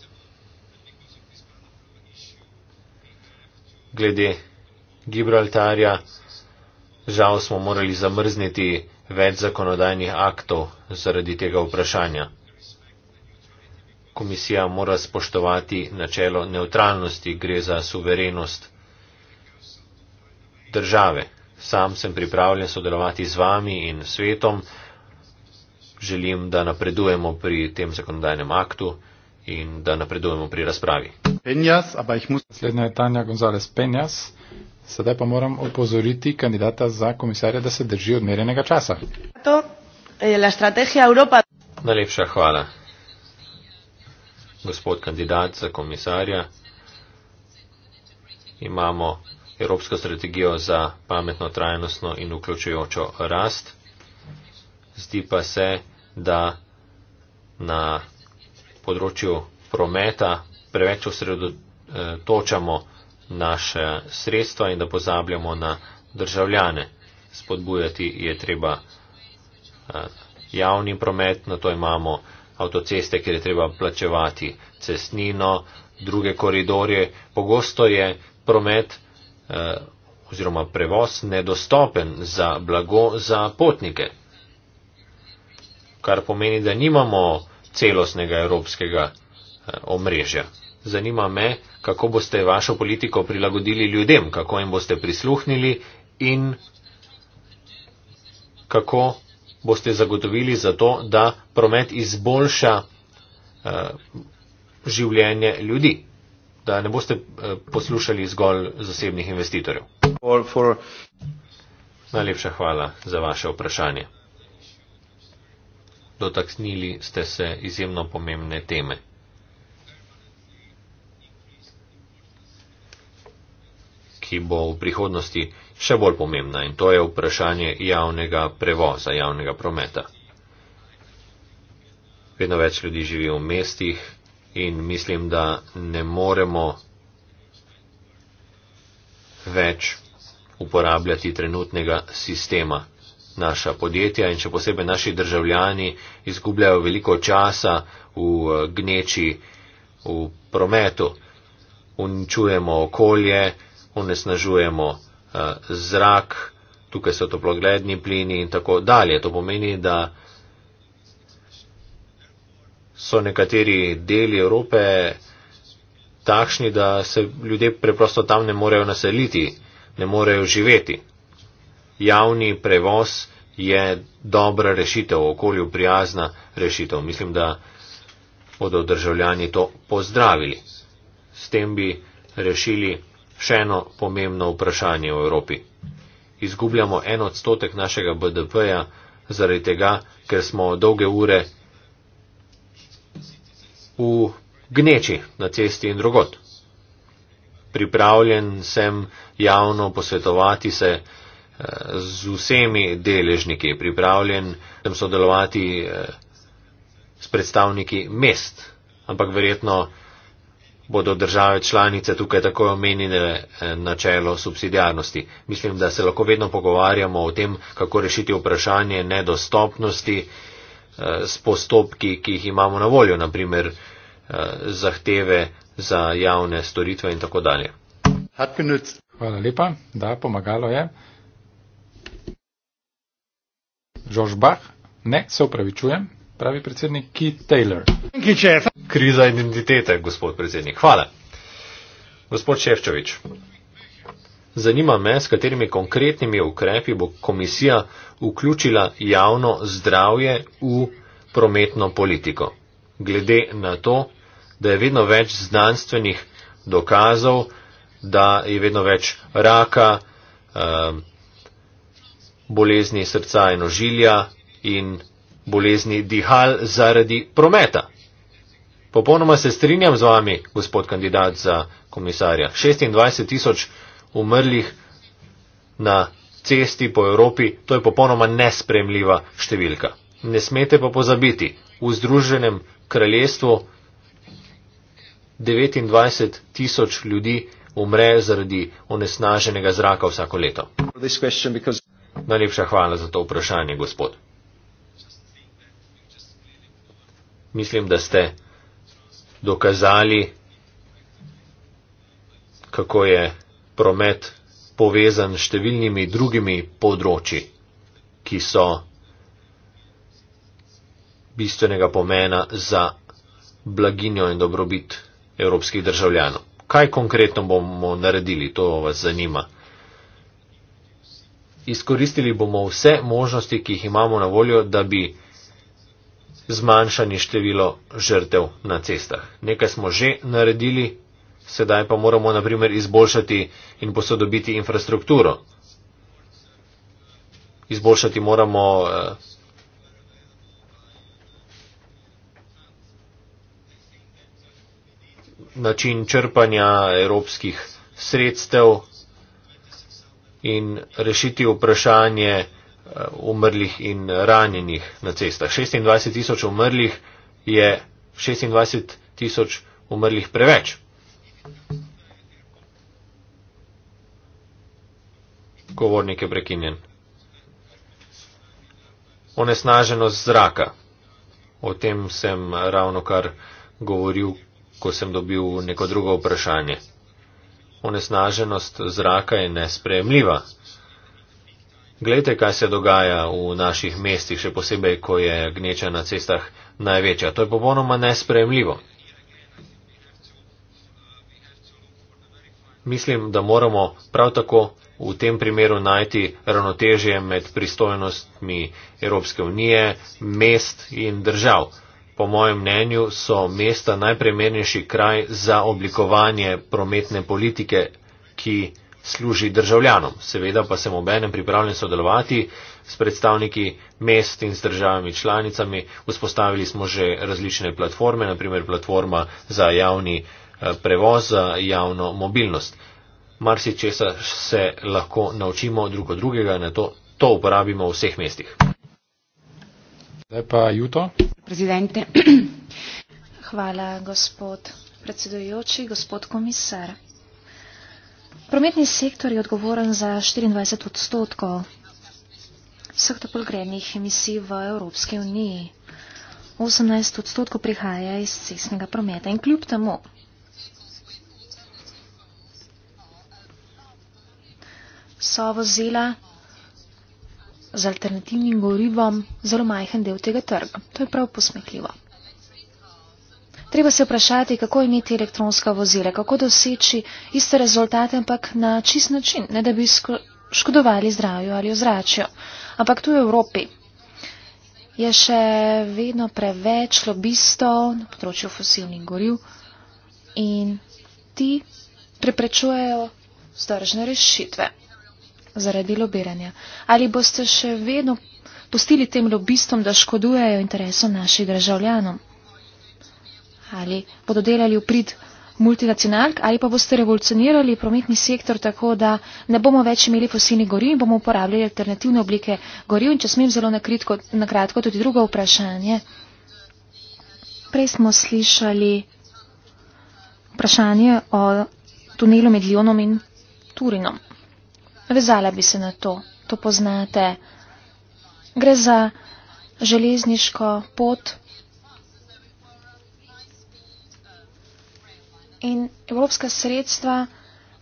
S2: Glede Gibraltarja, žal smo morali zamrzniti več zakonodajnih aktov zaradi tega vprašanja. Komisija mora spoštovati načelo neutralnosti, gre za suverenost države. Sam sem pripravljen sodelovati z vami in svetom. Želim, da napredujemo pri tem zakonodajnem aktu in da napredujemo pri razpravi.
S1: Penjas, ampak jih musim. Naslednja je Tanja González Penjas. Sedaj pa moram opozoriti kandidata za komisarja, da se drži odmerjenega časa.
S3: To je eh, la strategija Evropa.
S2: Najlepša hvala. Gospod kandidat za komisarja, imamo Evropsko strategijo za pametno, trajnostno in vključujočo rast. Zdi pa se, da na področju prometa preveč osredotočamo naše sredstva in da pozabljamo na državljane. Spodbujati je treba eh, javni promet, na to imamo avtoceste, kjer je treba plačevati cestnino, druge koridorje. Pogosto je promet eh, oziroma prevoz nedostopen za blago za potnike, kar pomeni, da nimamo celostnega evropskega eh, omrežja zanima me, kako boste vašo politiko prilagodili ljudem, kako jim boste prisluhnili in kako boste zagotovili za to, da promet izboljša uh, življenje ljudi, da ne boste uh, poslušali zgolj zasebnih investitorjev. For... Najlepša hvala za vaše vprašanje. Dotaknili ste se izjemno pomembne teme. ki bo v prihodnosti še bolj pomembna in to je vprašanje javnega prevoza, javnega prometa. Vedno več ljudi živi v mestih in mislim, da ne moremo več uporabljati trenutnega sistema. Naša podjetja in še posebej naši državljani izgubljajo veliko časa v eh, gneči, v prometu. Uničujemo okolje, onesnažujemo eh, zrak, tukaj so toplogledni plini in tako dalje. To pomeni, da so nekateri deli Evrope takšni, da se ljudje preprosto tam ne morejo naseliti, ne morejo živeti. Javni prevoz je dobra rešitev, okolju prijazna rešitev. Mislim, da bodo državljani to pozdravili. S tem bi rešili še eno pomembno vprašanje v Evropi. Izgubljamo en odstotek našega BDP-ja zaradi tega, ker smo dolge ure v gneči na cesti in drugot. Pripravljen sem javno posvetovati se eh, z vsemi deležniki, pripravljen sem sodelovati eh, s predstavniki mest, ampak verjetno bodo države članice tukaj tako omenjene eh, načelo subsidijarnosti. Mislim, da se lahko vedno pogovarjamo o tem, kako rešiti vprašanje nedostopnosti eh, s postopki, ki jih imamo na voljo, naprimer eh, zahteve za javne storitve in tako dalje.
S1: Hvala lepa, da pomagalo je. Žož Bach, ne, se upravičujem pravi predsednik Keith Taylor. Kriza
S2: identitete, gospod predsednik. Hvala. Gospod Ševčovič, zanima me, s katerimi konkretnimi ukrepi bo komisija vključila javno zdravje v prometno politiko. Glede na to, da je vedno več znanstvenih dokazov, da je vedno več raka, eh, bolezni srca in ožilja in bolezni dihal zaradi prometa. Popolnoma se strinjam z vami, gospod kandidat za komisarja. 26 tisoč umrlih na cesti po Evropi, to je popolnoma nespremljiva številka. Ne smete pa pozabiti, v Združenem kraljestvu 29 tisoč ljudi umre zaradi onesnaženega zraka vsako leto. Najlepša hvala za to vprašanje, gospod. mislim, da ste dokazali, kako je promet povezan s številnimi drugimi področji, ki so bistvenega pomena za blaginjo in dobrobit evropskih državljanov. Kaj konkretno bomo naredili, to vas zanima. Izkoristili bomo vse možnosti, ki jih imamo na voljo, da bi zmanjšanje število žrtev na cestah. Nekaj smo že naredili, sedaj pa moramo naprimer izboljšati in posodobiti infrastrukturo. Izboljšati moramo eh, način črpanja evropskih sredstev in rešiti vprašanje, Eh, umrlih in ranjenih na cestah. 26 tisoč umrlih je 26 tisoč umrlih preveč. Govornik je prekinjen. Onesnaženost zraka. O tem sem ravno kar govoril, ko sem dobil neko drugo vprašanje. Onesnaženost zraka je nespremljiva. Glejte, kaj se dogaja v naših mestih, še posebej, ko je gneča na cestah največja. To je popolnoma nespremljivo. Mislim, da moramo prav tako v tem primeru najti ravnotežje med pristojnostmi Evropske unije, mest in držav. Po mojem mnenju so mesta najpremernejši kraj za oblikovanje prometne politike, ki služi državljanom. Seveda pa sem obenem pripravljen sodelovati s predstavniki mest in z državami članicami. Vzpostavili smo že različne platforme, naprimer platforma za javni eh, prevoz, za javno mobilnost. Marsi česa se lahko naučimo drugo drugega in to, to uporabimo v vseh mestih.
S3: Pa, Hvala, gospod predsedujoči, gospod komisar. Prometni sektor je odgovoren za 24 odstotkov vseh tako grednih emisij v Evropski uniji. 18 odstotkov prihaja iz cestnega prometa in kljub temu so vozila z alternativnim gorivom zelo majhen del tega trga. To je prav posmehljivo treba se vprašati, kako imeti elektronska vozila, kako doseči iste rezultate, ampak na čist način, ne da bi škodovali zdravju ali ozračju. Ampak tu v Evropi je še vedno preveč lobistov na področju fosilnih goriv in ti preprečujejo zdržne rešitve zaradi lobiranja. Ali boste še vedno pustili tem lobistom, da škodujejo interesom naših državljanov? ali bodo delali v prid multinacionalk, ali pa boste revolucionirali prometni sektor tako, da ne bomo več imeli fosilnih goriv in bomo uporabljali alternativne oblike goriv. In če smem zelo nakratko, na tudi drugo vprašanje. Prej smo slišali vprašanje o tunelu med Lionom in Turinom. Vezala bi se na to, to poznate. Gre za železniško pot in evropska sredstva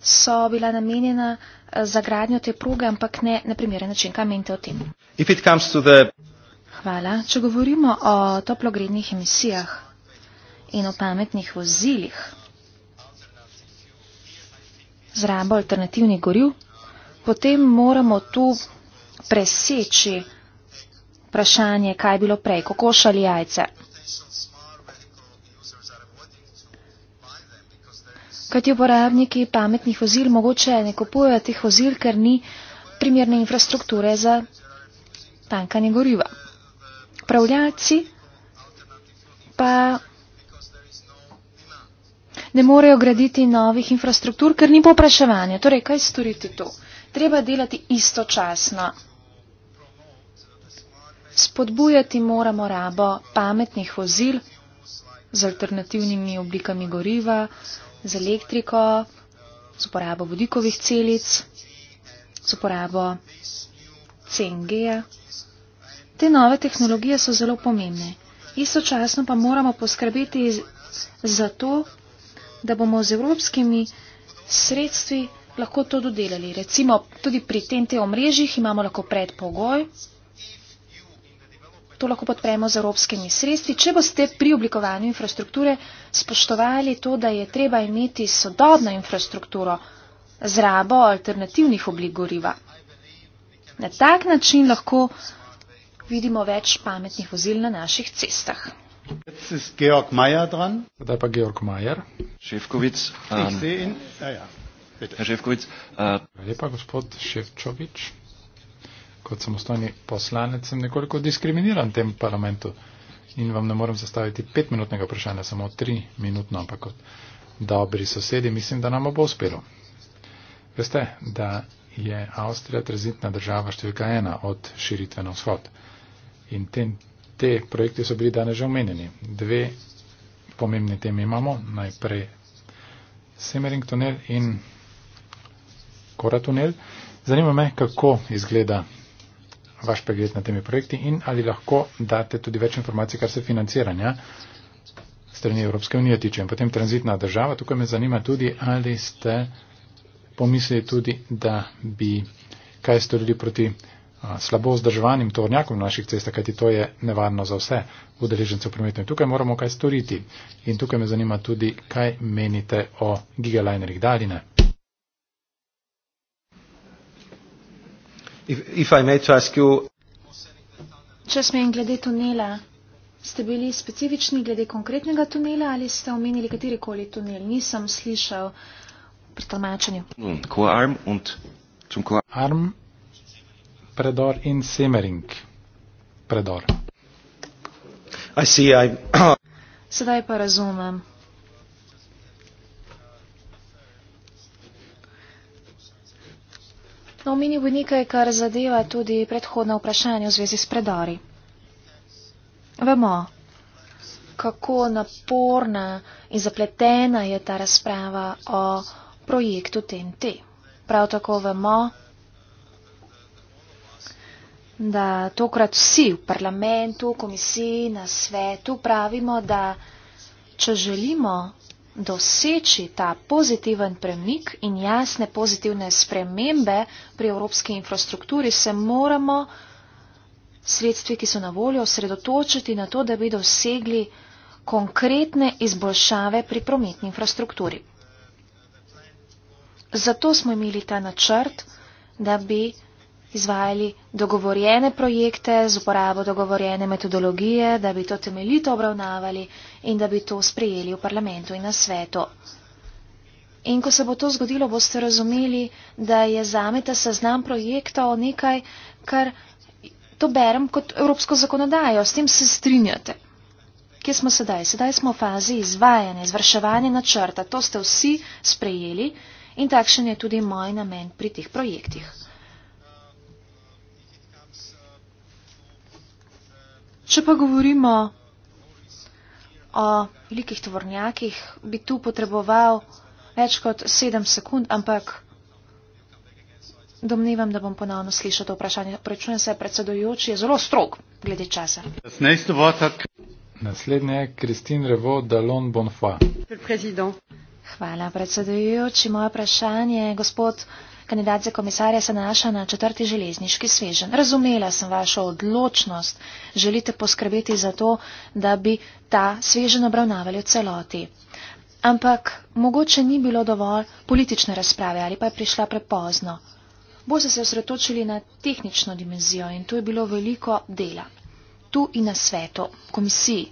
S3: so bila namenjena eh, za gradnjo te proge, ampak ne na primeren način. Kaj menite o tem?
S2: The...
S3: Hvala. Če govorimo o toplogrednih emisijah in o pametnih vozilih, zrabo alternativnih goril, potem moramo tu preseči vprašanje, kaj je bilo prej, kokoš ali jajce. Kajti uporabniki pametnih vozil mogoče ne kupujejo teh vozil, ker ni primerne infrastrukture za tankanje goriva. Pravljalci pa ne morejo graditi novih infrastruktur, ker ni popraševanja. Torej, kaj storiti tu? Treba delati istočasno. Spodbujati moramo rabo pametnih vozil z alternativnimi oblikami goriva, z elektriko, z uporabo vodikovih celic, z uporabo CNG-ja. Te nove tehnologije so zelo pomembne. Istočasno pa moramo poskrbeti za to, da bomo z evropskimi sredstvi lahko to dodelali. Recimo tudi pri TNT omrežjih imamo lahko predpogoj, to lahko podpremo z evropskimi sredstvi, če boste pri oblikovanju infrastrukture spoštovali to, da je treba imeti sodobno infrastrukturo z rabo alternativnih oblik goriva. Na tak način lahko vidimo več pametnih vozil na naših cestah.
S1: Zdaj pa Georg Majer. Šefkovic. Um, Ja, ja. Eh, lepa gospod Ševčovič kot samostojni poslanec sem nekoliko diskriminiran v tem parlamentu in vam ne morem zastaviti petminutnega vprašanja, samo tri minutno, ampak kot dobri sosedi mislim, da nam bo uspelo. Veste, da je Avstrija tranzitna država številka ena od širitve na vzhod. In te, te projekte so bili danes že omenjeni. Dve pomembne teme imamo. Najprej Semering tunel in Kora tunel. Zanima me, kako izgleda vaš pregled na temi projekti in ali lahko date tudi več informacij, kar se financiranja strani Evropske unije tiče. In potem tranzitna država, tukaj me zanima tudi, ali ste pomislili tudi, da bi kaj storili proti slabo vzdrževanim tovornjakom na naših cestah, kajti to je nevarno za vse udeležence v prometu. In tukaj moramo kaj storiti. In tukaj me zanima tudi, kaj menite o gigalinerih, da ali ne. If,
S2: if you,
S3: Če smem glede tunela, ste bili specifični glede konkretnega tunela ali ste omenili katerikoli tunel? Nisem slišal pri tlmačenju.
S1: Arm, predor in semering. Predor. I see, I...
S3: Sedaj pa razumem. No, omenil bi nekaj, kar zadeva tudi predhodno vprašanje v zvezi s predori. Vemo, kako naporna in zapletena je ta razprava o projektu TNT. Prav tako vemo, da tokrat vsi v parlamentu, komisiji, na svetu pravimo, da če želimo doseči ta pozitiven premik in jasne pozitivne spremembe pri evropski infrastrukturi, se moramo sredstvi, ki so na voljo, osredotočiti na to, da bi dosegli konkretne izboljšave pri prometni infrastrukturi. Zato smo imeli ta načrt, da bi izvajali dogovorjene projekte z uporabo dogovorjene metodologije, da bi to temeljito obravnavali in da bi to sprejeli v parlamentu in na svetu. In ko se bo to zgodilo, boste razumeli, da je zame ta seznam projekta o nekaj, kar to berem kot evropsko zakonodajo, s tem se strinjate. Kje smo sedaj? Sedaj smo v fazi izvajanja, izvrševanja načrta. To ste vsi sprejeli in takšen je tudi moj namen pri teh projektih. Če pa govorimo o velikih tovornjakih, bi tu potreboval več kot sedem sekund, ampak domnevam, da bom ponovno slišal to vprašanje. Prečujem se, predsedujoči je zelo strog glede časa.
S1: Naslednja je Kristin Revo, Dalon Bonfa.
S3: Hvala, predsedujoči. Moje vprašanje je, gospod kandidat za komisarja se nanaša na četrti železniški svežen. Razumela sem vašo odločnost, želite poskrbeti za to, da bi ta svežen obravnavali v celoti. Ampak mogoče ni bilo dovolj politične razprave ali pa je prišla prepozno. Boste se osredotočili na tehnično dimenzijo in tu je bilo veliko dela. Tu in na svetu, komisiji.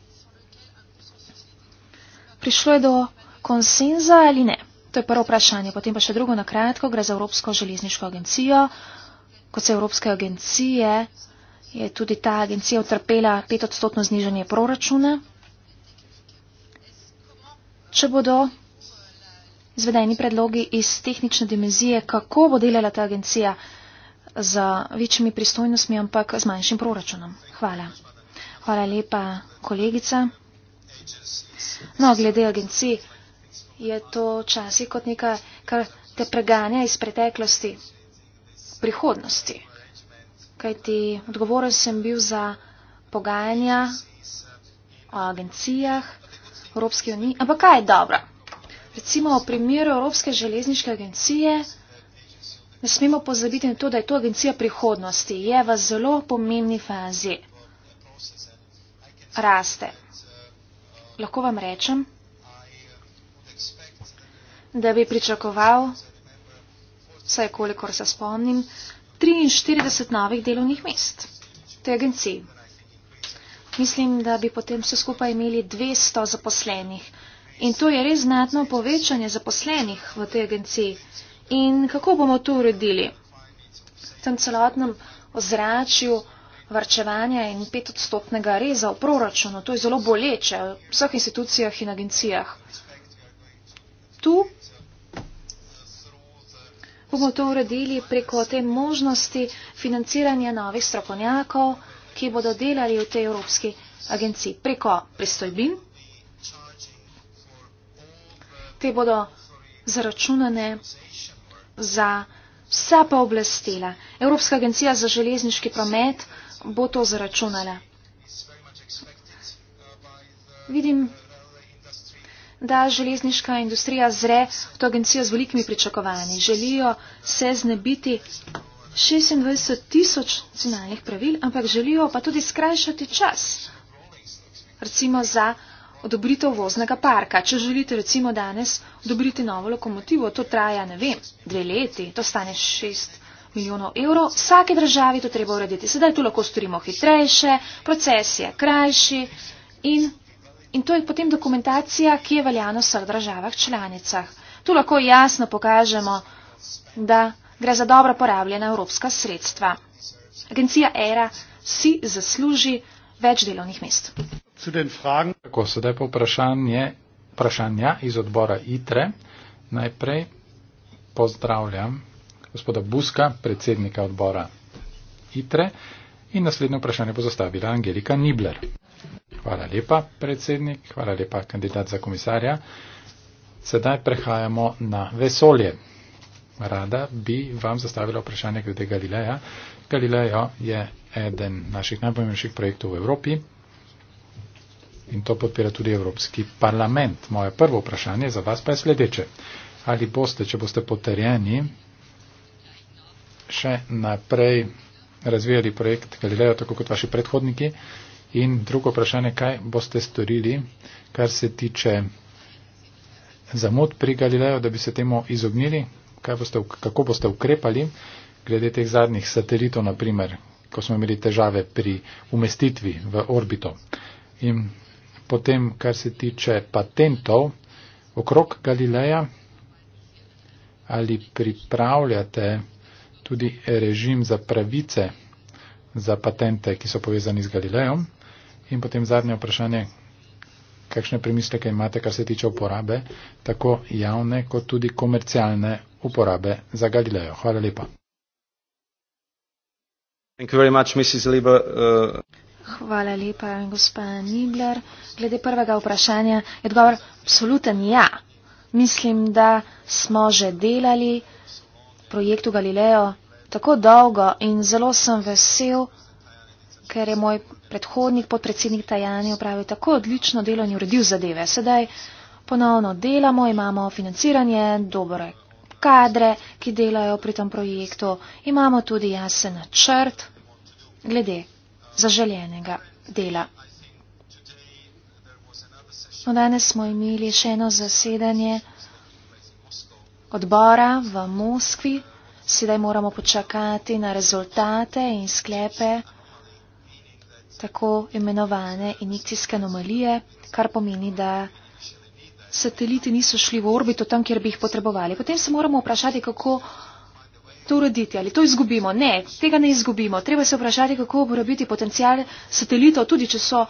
S3: Prišlo je do konsenza ali ne? To je prvo vprašanje. Potem pa še drugo na kratko. Gre za Evropsko železniško agencijo. Kot se Evropske agencije, je tudi ta agencija utrpela petodstotno znižanje proračuna. Če bodo izvedeni predlogi iz tehnične dimenzije, kako bo delala ta agencija z večjimi pristojnostmi, ampak z manjšim proračunom. Hvala. Hvala lepa, kolegica. No, glede agencije je to časi kot nekaj, kar te preganja iz preteklosti, prihodnosti. Kaj ti odgovoren sem bil za pogajanja o agencijah Evropske unije. Ampak kaj je dobro? Recimo v primeru Evropske železniške agencije ne smemo pozabiti na to, da je to agencija prihodnosti. Je v zelo pomembni fazi. Raste. Lahko vam rečem, da bi pričakoval, vsaj kolikor se spomnim, 43 novih delovnih mest v tej agenciji. Mislim, da bi potem vse skupaj imeli 200 zaposlenih. In to je res znatno povečanje zaposlenih v tej agenciji. In kako bomo to uredili? V tem celotnem ozračju varčevanja in petodstotnega reza v proračunu, to je zelo boleče v vseh institucijah in agencijah. Tu bomo to uredili preko te možnosti financiranja novih strokovnjakov, ki bodo delali v tej Evropski agenciji. Preko pristojbin, te bodo zaračunane za vsa pa oblastila. Evropska agencija za železniški promet bo to zaračunala. Vidim, da železniška industrija zre v to agencijo z velikimi pričakovanji. Želijo se znebiti 26 tisoč nacionalnih pravil, ampak želijo pa tudi skrajšati čas, recimo za odobritev voznega parka. Če želite recimo danes odobriti novo lokomotivo, to traja, ne vem, dve leti, to stane šest milijonov evrov. Vsake državi to treba urediti. Sedaj to lahko storimo hitrejše, proces je krajši in In to je potem dokumentacija, ki je veljana v vseh državah članicah. Tu lahko jasno pokažemo, da gre za dobro porabljena evropska sredstva. Agencija ERA si zasluži več delovnih mest.
S1: Tako, sedaj pa vprašanje, vprašanja iz odbora ITRE. Najprej pozdravljam gospoda Buska, predsednika odbora ITRE. In naslednje vprašanje bo zastavila Angelika Nibler. Hvala lepa, predsednik, hvala lepa, kandidat za komisarja. Sedaj prehajamo na vesolje. Rada bi vam zastavila vprašanje glede Galileja. Galilejo je eden naših najpomembnejših projektov v Evropi in to podpira tudi Evropski parlament. Moje prvo vprašanje za vas pa je sledeče. Ali boste, če boste potrjeni, še naprej razvijali projekt Galileja, tako kot vaši predhodniki? In drugo vprašanje, kaj boste storili, kar se tiče zamud pri Galileju, da bi se temu izognili, boste, kako boste ukrepali glede teh zadnjih satelitov, naprimer, ko smo imeli težave pri umestitvi v orbito. In potem, kar se tiče patentov okrog Galileja, ali pripravljate tudi režim za pravice za patente, ki so povezani z Galilejem. In potem zadnje vprašanje, kakšne premisleke imate, kar se tiče uporabe, tako javne, kot tudi komercialne uporabe za Galilejo. Hvala lepa.
S3: Uh, Hvala lepa, gospa Nibler. Glede prvega vprašanja je odgovor absoluten ja. Mislim, da smo že delali projektu Galileo tako dolgo in zelo sem vesel, ker je moj predhodnik, podpredsednik Tajani, upravil tako odlično delo in uredil zadeve. Sedaj ponovno delamo, imamo financiranje, dobre kadre, ki delajo pri tem projektu, imamo tudi jasen načrt glede zaželjenega dela. No, danes smo imeli še eno zasedanje odbora v Moskvi. Sedaj moramo počakati na rezultate in sklepe tako imenovane injekcijske anomalije, kar pomeni, da sateliti niso šli v orbito tam, kjer bi jih potrebovali. Potem se moramo vprašati, kako to urediti. Ali to izgubimo? Ne, tega ne izgubimo. Treba se vprašati, kako uporabiti potencijal satelitov, tudi če so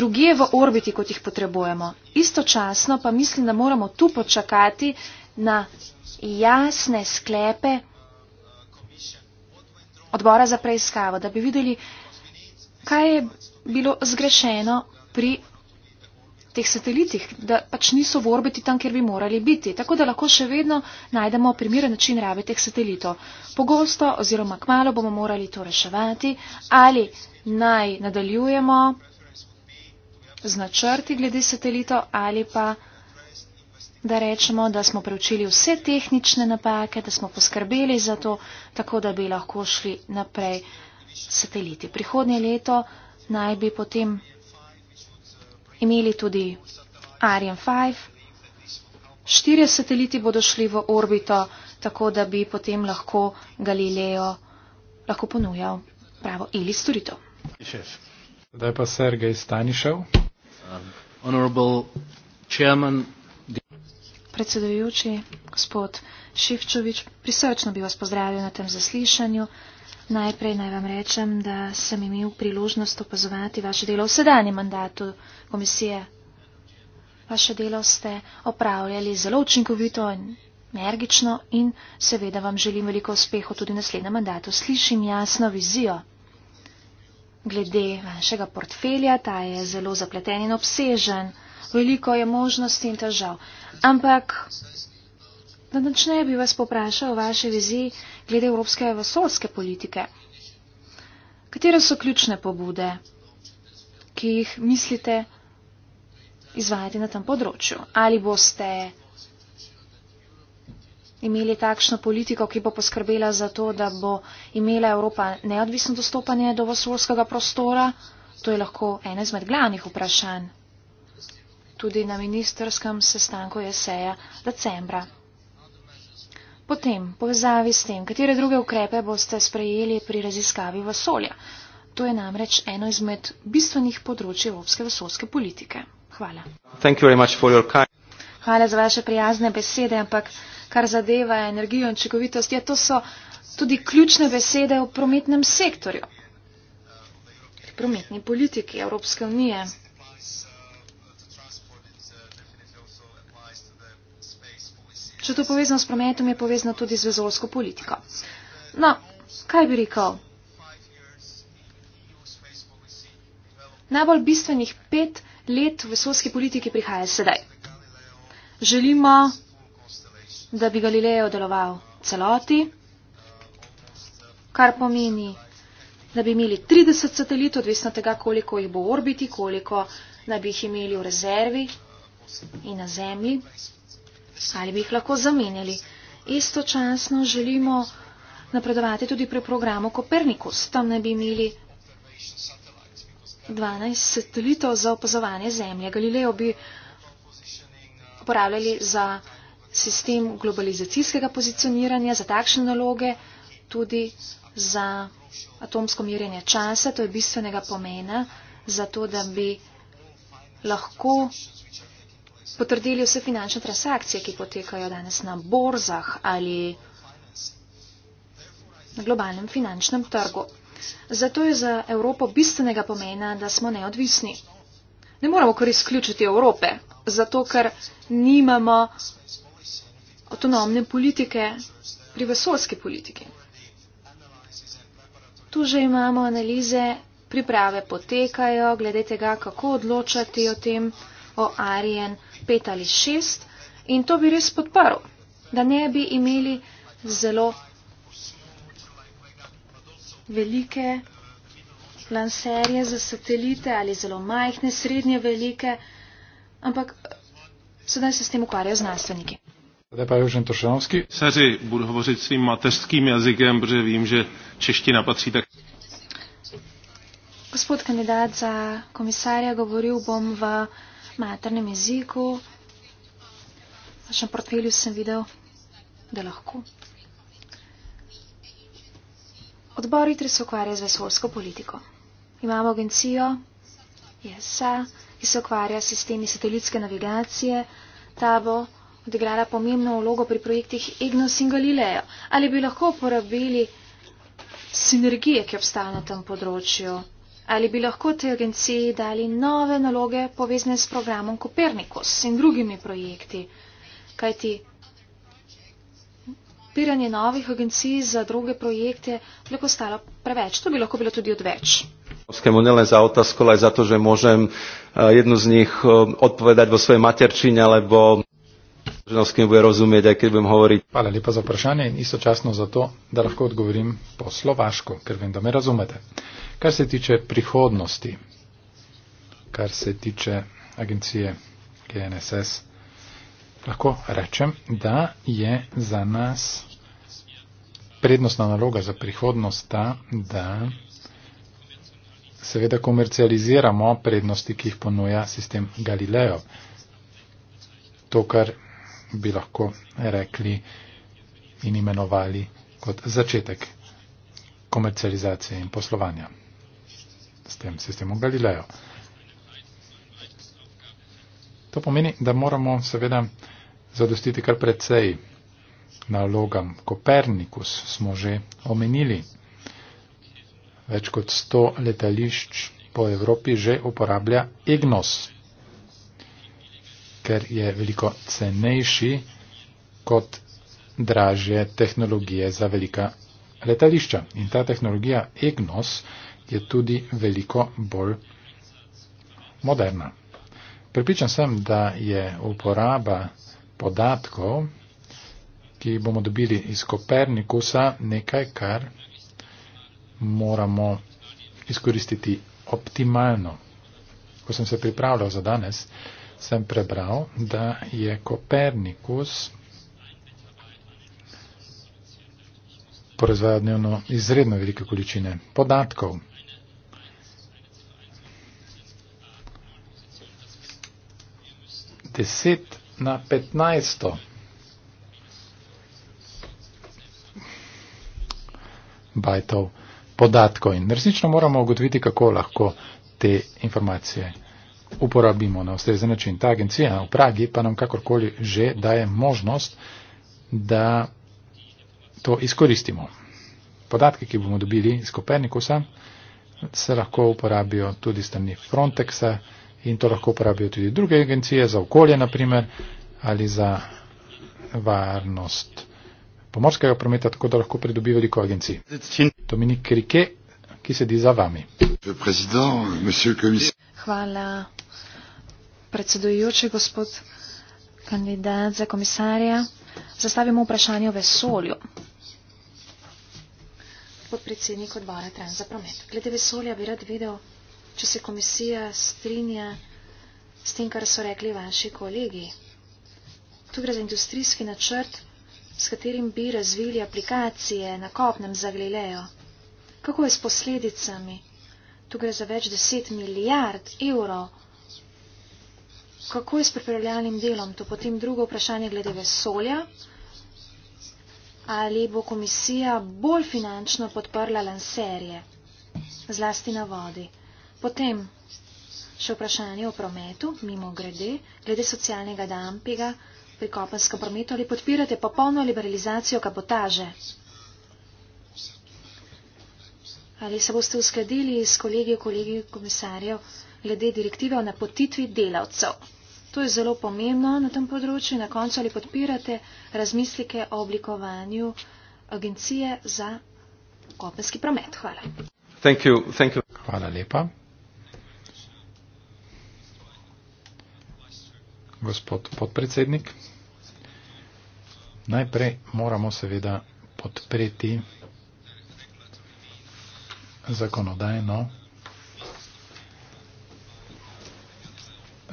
S3: druge v orbiti, kot jih potrebujemo. Istočasno pa mislim, da moramo tu počakati na jasne sklepe odbora za preiskavo, da bi videli, kaj je bilo zgrešeno pri teh satelitih, da pač niso v orbiti tam, kjer bi morali biti. Tako da lahko še vedno najdemo primeren način rabe teh satelitov. Pogosto oziroma kmalo bomo morali to reševati ali naj nadaljujemo z načrti glede satelitov ali pa da rečemo, da smo preučili vse tehnične napake, da smo poskrbeli za to, tako da bi lahko šli naprej sateliti. Prihodnje leto naj bi potem imeli tudi Ariane 5. Štirje sateliti bodo šli v orbito, tako da bi potem lahko Galileo lahko ponujal pravo ili storitev.
S1: Zdaj pa Sergej Stanišev. Um,
S3: Predsedujoči, gospod Šivčovič, prisrčno bi vas pozdravil na tem zaslišanju. Najprej naj vam rečem, da sem imel priložnost opazovati vaše delo v sedanjem mandatu komisije. Vaše delo ste opravljali zelo učinkovito in energično in seveda vam želim veliko uspehov tudi v naslednjem mandatu. Slišim jasno vizijo. Glede vašega portfelja, ta je zelo zapleten in obsežen. Veliko je možnosti in težav. Ampak Na načneje bi vas poprašal o vaše viziji glede evropske vesolske politike. Katere so ključne pobude, ki jih mislite izvajati na tem področju? Ali boste imeli takšno politiko, ki bo poskrbela za to, da bo imela Evropa neodvisno dostopanje do vesolskega prostora? To je lahko ena izmed glavnih vprašanj. Tudi na ministerskem sestanku je seja decembra. Potem, povezavi s tem, katere druge ukrepe boste sprejeli pri raziskavi vesolja. To je namreč eno izmed bistvenih področji evropske vesolske politike. Hvala. Hvala za vaše prijazne besede, ampak kar zadeva energijo in čekovitost, je ja, to so tudi ključne besede v prometnem sektorju, prometni politiki Evropske unije. Če to povezano s prometom, je povezano tudi z vezolsko politiko. No, kaj bi rekel? Najbolj bistvenih pet let v vesolski politiki prihaja sedaj. Želimo, da bi Galileo deloval celoti, kar pomeni, da bi imeli 30 satelitov, odvisno tega, koliko jih bo v orbiti, koliko da bi jih imeli v rezervi in na Zemlji ali bi jih lahko zamenjali. Istočasno želimo napredovati tudi pri programu Kopernikus. Tam ne bi imeli 12 satelitov za opazovanje Zemlje. Galileo bi uporabljali za sistem globalizacijskega pozicioniranja, za takšne naloge, tudi za atomsko merjenje časa. To je bistvenega pomena, zato da bi lahko potrdili vse finančne transakcije, ki potekajo danes na borzah ali na globalnem finančnem trgu. Zato je za Evropo bistvenega pomena, da smo neodvisni. Ne moramo kar izključiti Evrope, zato ker nimamo avtonomne politike pri vesolski politiki. Tu že imamo analize, priprave potekajo, glede tega, kako odločati o tem, o Arjen pet ali šest in to bi res podparil, da ne bi imeli zelo velike lanserje za satelite ali zelo majhne, srednje velike, ampak sedaj se s tem ukvarjajo znanstveniki.
S1: Zdaj pa Jožen Tošanovski. Seři, budu hovořit svým mateřským jazykem, protože vím, že čeština patří tak.
S3: Gospod kandidat za komisarja, govoril bom v maternem jeziku. V vašem portfelju sem videl, da lahko. Odbor jutri se ukvarja z vesolsko politiko. Imamo agencijo ESA, ki se ukvarja s sistemi satelitske navigacije. Ta bo odigrala pomembno vlogo pri projektih Ignos in Galileo. Ali bi lahko uporabili sinergije, ki obstajajo na tem področju? Ali bi lahko te agenciji dali nove naloge povezne s programom Kopernikus in drugimi projekti? Kajti piranje novih agencij za druge projekte bi lahko stalo preveč. To bi lahko bilo tudi odveč.
S2: Skemu nelen za otázku, ale za to, že môžem eh, jednu z nich eh, odpovedať vo svojej materčine, lebo Žinovským bude rozumieť, aj keď budem hovoriť.
S1: Hvala lepa za vprašanie in istočasno za to, da lahko odgovorím po slovášku, ker viem, da me razumete. Kar se tiče prihodnosti, kar se tiče agencije GNSS, lahko rečem, da je za nas prednostna naloga za prihodnost ta, da seveda komercializiramo prednosti, ki jih ponuja sistem Galileo. To, kar bi lahko rekli in imenovali kot začetek komercializacije in poslovanja s tem sistemom Galileo. To pomeni, da moramo seveda zadostiti kar precej nalogam. Kopernikus smo že omenili. Več kot sto letališč po Evropi že uporablja Ignos, ker je veliko cenejši kot dražje tehnologije za velika letališča. In ta tehnologija Ignos je tudi veliko bolj moderna. Prepričan sem, da je uporaba podatkov, ki jih bomo dobili iz Kopernikusa, nekaj, kar moramo izkoristiti optimalno. Ko sem se pripravljal za danes, sem prebral, da je Kopernikus proizvaja dnevno izredno velike količine podatkov. 10 na 15. bajtov podatkov in resnično moramo ugotoviti, kako lahko te informacije uporabimo na ustrezen način. Ta agencija v Pragi pa nam kakorkoli že daje možnost, da to izkoristimo. Podatke, ki bomo dobili iz Kopernikusa, se lahko uporabijo tudi strani Frontexa in to lahko uporabijo tudi druge agencije za okolje, naprimer, ali za varnost pomorskega prometa, tako da lahko pridobi veliko agencij. Dominik Krike, ki sedi za vami.
S3: Hvala, predsedujoči gospod kandidat za komisarja. Zastavimo vprašanje o vesolju. Podpredsednik odbora Trans za promet. Glede vesolja bi rad videl če se komisija strinja s tem, kar so rekli vaši kolegi. Tu gre za industrijski načrt, s katerim bi razvili aplikacije na kopnem za Galileo. Kako je s posledicami? Tu gre za več deset milijard evrov. Kako je s pripravljalnim delom? To potem drugo vprašanje glede vesolja. Ali bo komisija bolj finančno podprla lanserje, zlasti na vodi? Potem še vprašanje o prometu, mimo grede, glede socialnega dampiga pri kopenskem prometu ali podpirate popolno liberalizacijo kabotaže. Ali se boste uskladili s kolegi in kolegi komisarjev glede direktive o napotitvi delavcev? To je zelo pomembno na tem področju. Na koncu ali podpirate razmislike o oblikovanju agencije za kopenski promet? Hvala.
S1: Thank you, thank you. Hvala lepa. gospod podpredsednik. Najprej moramo seveda podpreti zakonodajno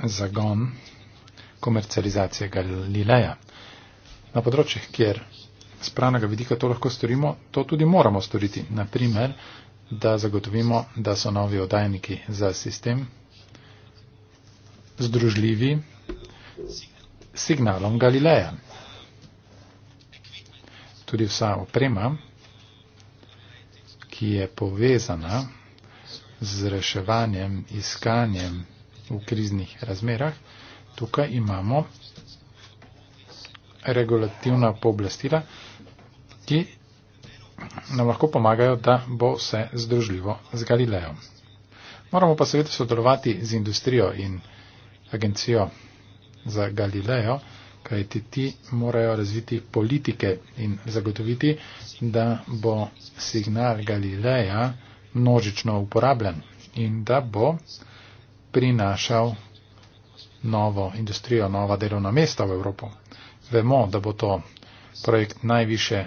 S1: zagon komercializacije Galileja. Na področjih, kjer z pranega vidika to lahko storimo, to tudi moramo storiti. Naprimer, da zagotovimo, da so novi oddajniki za sistem združljivi signalom Galileja. Tudi vsa oprema, ki je povezana z reševanjem, iskanjem v kriznih razmerah, tukaj imamo regulativna pooblastila, ki nam lahko pomagajo, da bo vse združljivo z Galilejem. Moramo pa seveda sodelovati z industrijo in agencijo za Galilejo, kajti ti morajo razviti politike in zagotoviti, da bo signal Galileja množično uporabljen in da bo prinašal novo industrijo, nova delovna mesta v Evropo. Vemo, da bo to projekt najviše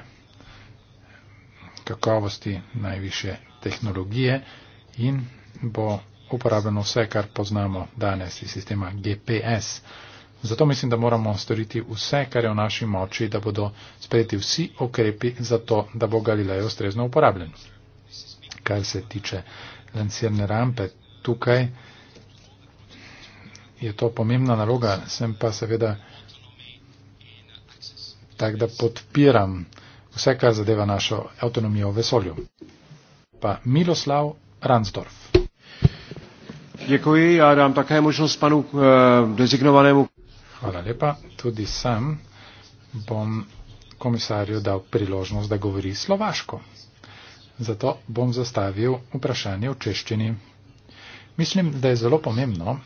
S1: kakovosti, najviše tehnologije in bo uporabljeno vse, kar poznamo danes iz sistema GPS. Zato mislim, da moramo storiti vse, kar je v naši moči, da bodo sprejeti vsi okrepi za to, da bo Galilej ustrezno uporabljen. Kar se tiče lansirne rampe, tukaj je to pomembna naloga, sem pa seveda tak, da podpiram vse, kar zadeva našo avtonomijo v vesolju. Pa Miroslav Ransdorf. Děkuji, já dám také možnost panu eh, dezignovanému. Hvala lepa. Tudi sem bom komisarju dal priložnost, da govori slovaško. Zato bom zastavil vprašanje o češčini. Mislim, da je zelo pomembno,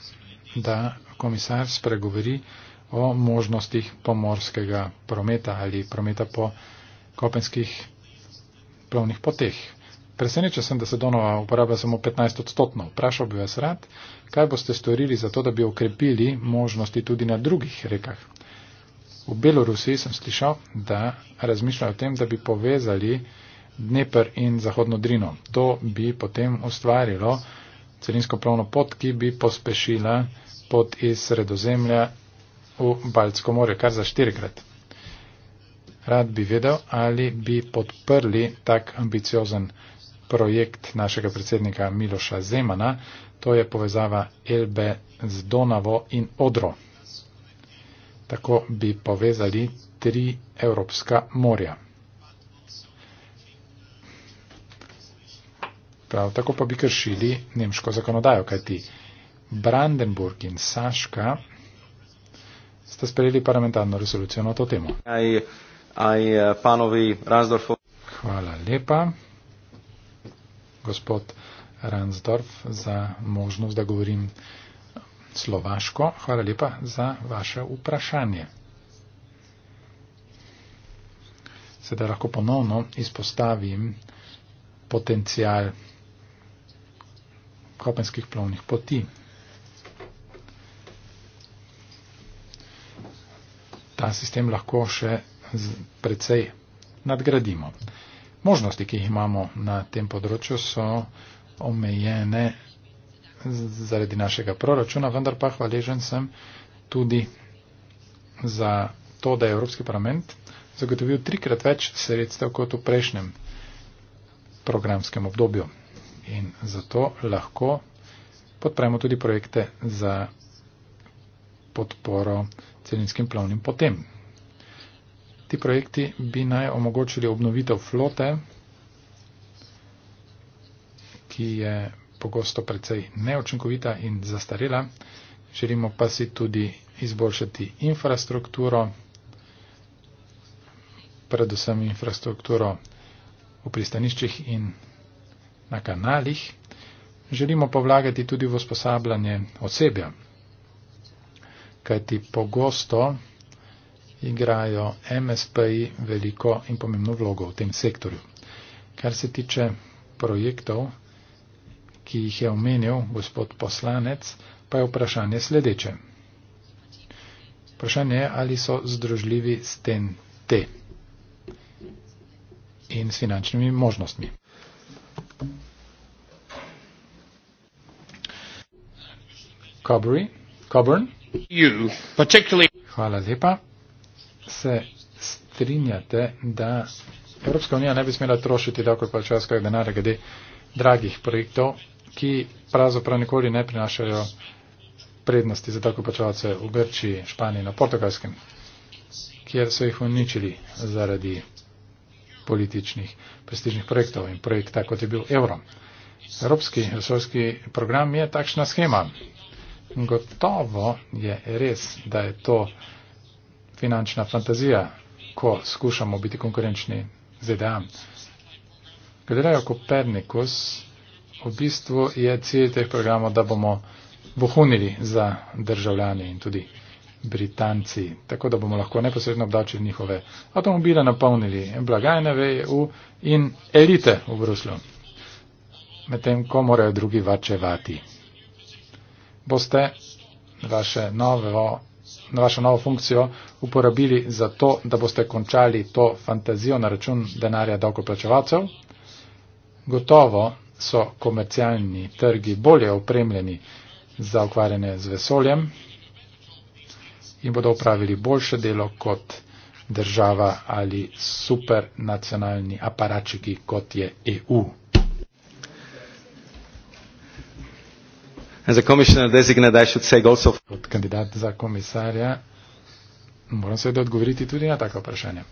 S1: da komisar spregovori o možnostih pomorskega prometa ali prometa po kopenskih plovnih poteh. Preseneča sem, da se Donova uporablja samo 15 odstotno. Vprašal bi vas rad, kaj boste storili za to, da bi okrepili možnosti tudi na drugih rekah. V Belorusiji sem slišal, da razmišljajo o tem, da bi povezali Dnepr in Zahodno Drino. To bi potem ustvarilo celinsko plovno pot, ki bi pospešila pot iz Sredozemlja v Baltsko more, kar za štirikrat. Rad bi vedel, ali bi podprli tak ambiciozen projekt projekt našega predsednika Miloša Zemana, to je povezava Elbe z Donavo in Odro. Tako bi povezali tri evropska morja. Prav tako pa bi kršili nemško zakonodajo, kajti Brandenburg in Saška sta sprejeli parlamentarno resolucijo na to temo.
S2: I, I, uh,
S1: Hvala lepa gospod Ransdorf, za možnost, da govorim slovaško. Hvala lepa za vaše vprašanje. Sedaj lahko ponovno izpostavim potencijal kopenskih plovnih poti. Ta sistem lahko še precej nadgradimo možnosti, ki jih imamo na tem področju, so omejene zaradi našega proračuna, vendar pa hvaležen sem tudi za to, da je Evropski parlament zagotovil trikrat več sredstev kot v prejšnjem programskem obdobju. In zato lahko podpremo tudi projekte za podporo celinskim plovnim potem. Ti projekti bi naj omogočili obnovitev flote, ki je pogosto precej neočinkovita in zastarela. Želimo pa si tudi izboljšati infrastrukturo, predvsem infrastrukturo v pristaniščih in na kanalih. Želimo pa vlagati tudi v usposabljanje osebja, kajti pogosto igrajo MSPI veliko in pomembno vlogo v tem sektorju. Kar se tiče projektov, ki jih je omenil gospod poslanec, pa je vprašanje sledeče. Vprašanje je, ali so združljivi s tem te in s finančnimi možnostmi. Coburn. Hvala lepa se strinjate, da Evropska unija ne bi smela trošiti dolgo plačevalskega denarja glede dragih projektov, ki pravzaprav nikoli ne prinašajo prednosti za tako plačevalce v Grčiji, Španiji, na Portugalskem, kjer so jih uničili zaradi političnih prestižnih projektov in projekta, kot je bil evro. Evropski resorski program je takšna schema. Gotovo je res, da je to finančna fantazija, ko skušamo biti konkurenčni z EDA. Gledajo Kopernikus, v bistvu je cilj teh programov, da bomo vohunili za državljani in tudi Britanci, tako da bomo lahko neposredno obdavčili njihove avtomobile, napolnili blagajne v EU in elite v Bruslu, medtem ko morajo drugi vačevati. Boste vaše novo na vašo novo funkcijo uporabili za to, da boste končali to fantazijo na račun denarja davkoplačevalcev. Gotovo so komercialni trgi bolje opremljeni za ukvarjanje z vesoljem in bodo upravili boljše delo kot država ali supernacionalni aparačiki, kot je EU. As a commissioner designate, I should say also kot kandidat za komisarja moram seveda odgovoriti tudi na tako vprašanje.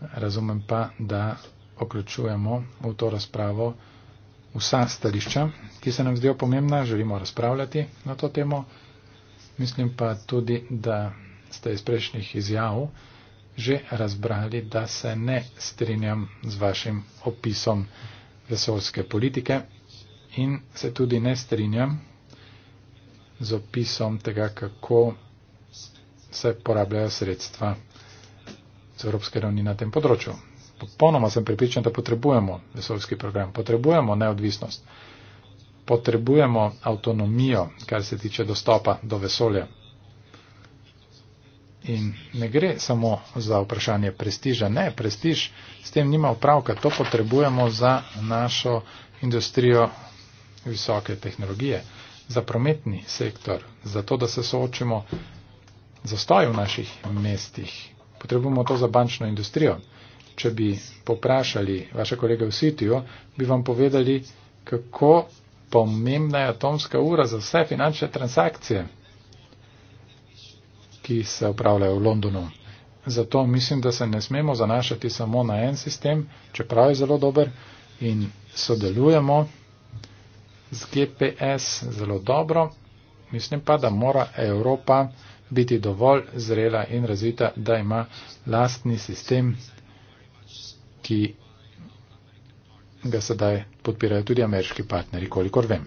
S1: Razumem pa, da vključujemo v to razpravo vsa stališča, ki se nam zdijo pomembna, želimo razpravljati na to temo. Mislim pa tudi, da ste iz prejšnjih izjav že razbrali, da se ne strinjam z vašim opisom vesoljske politike in se tudi ne strinjam z opisom tega, kako se porabljajo sredstva z Evropske ravni na tem področju. Popolnoma sem pripričan, da potrebujemo vesoljski program, potrebujemo neodvisnost, potrebujemo avtonomijo, kar se tiče dostopa do vesolja. In ne gre samo za vprašanje prestiža. Ne, prestiž s tem nima upravka. To potrebujemo za našo industrijo visoke tehnologije, za prometni sektor, za to, da se soočimo zastoj v naših mestih. Potrebujemo to za bančno industrijo. Če bi poprašali vaše kolege v Sitiju, bi vam povedali, kako pomembna je atomska ura za vse finančne transakcije ki se upravljajo v Londonu. Zato mislim, da se ne smemo zanašati samo na en sistem, čeprav je zelo dober in sodelujemo z GPS zelo dobro. Mislim pa, da mora Evropa biti dovolj zrela in razvita, da ima lastni sistem, ki ga sedaj podpirajo tudi ameriški partneri, kolikor vem.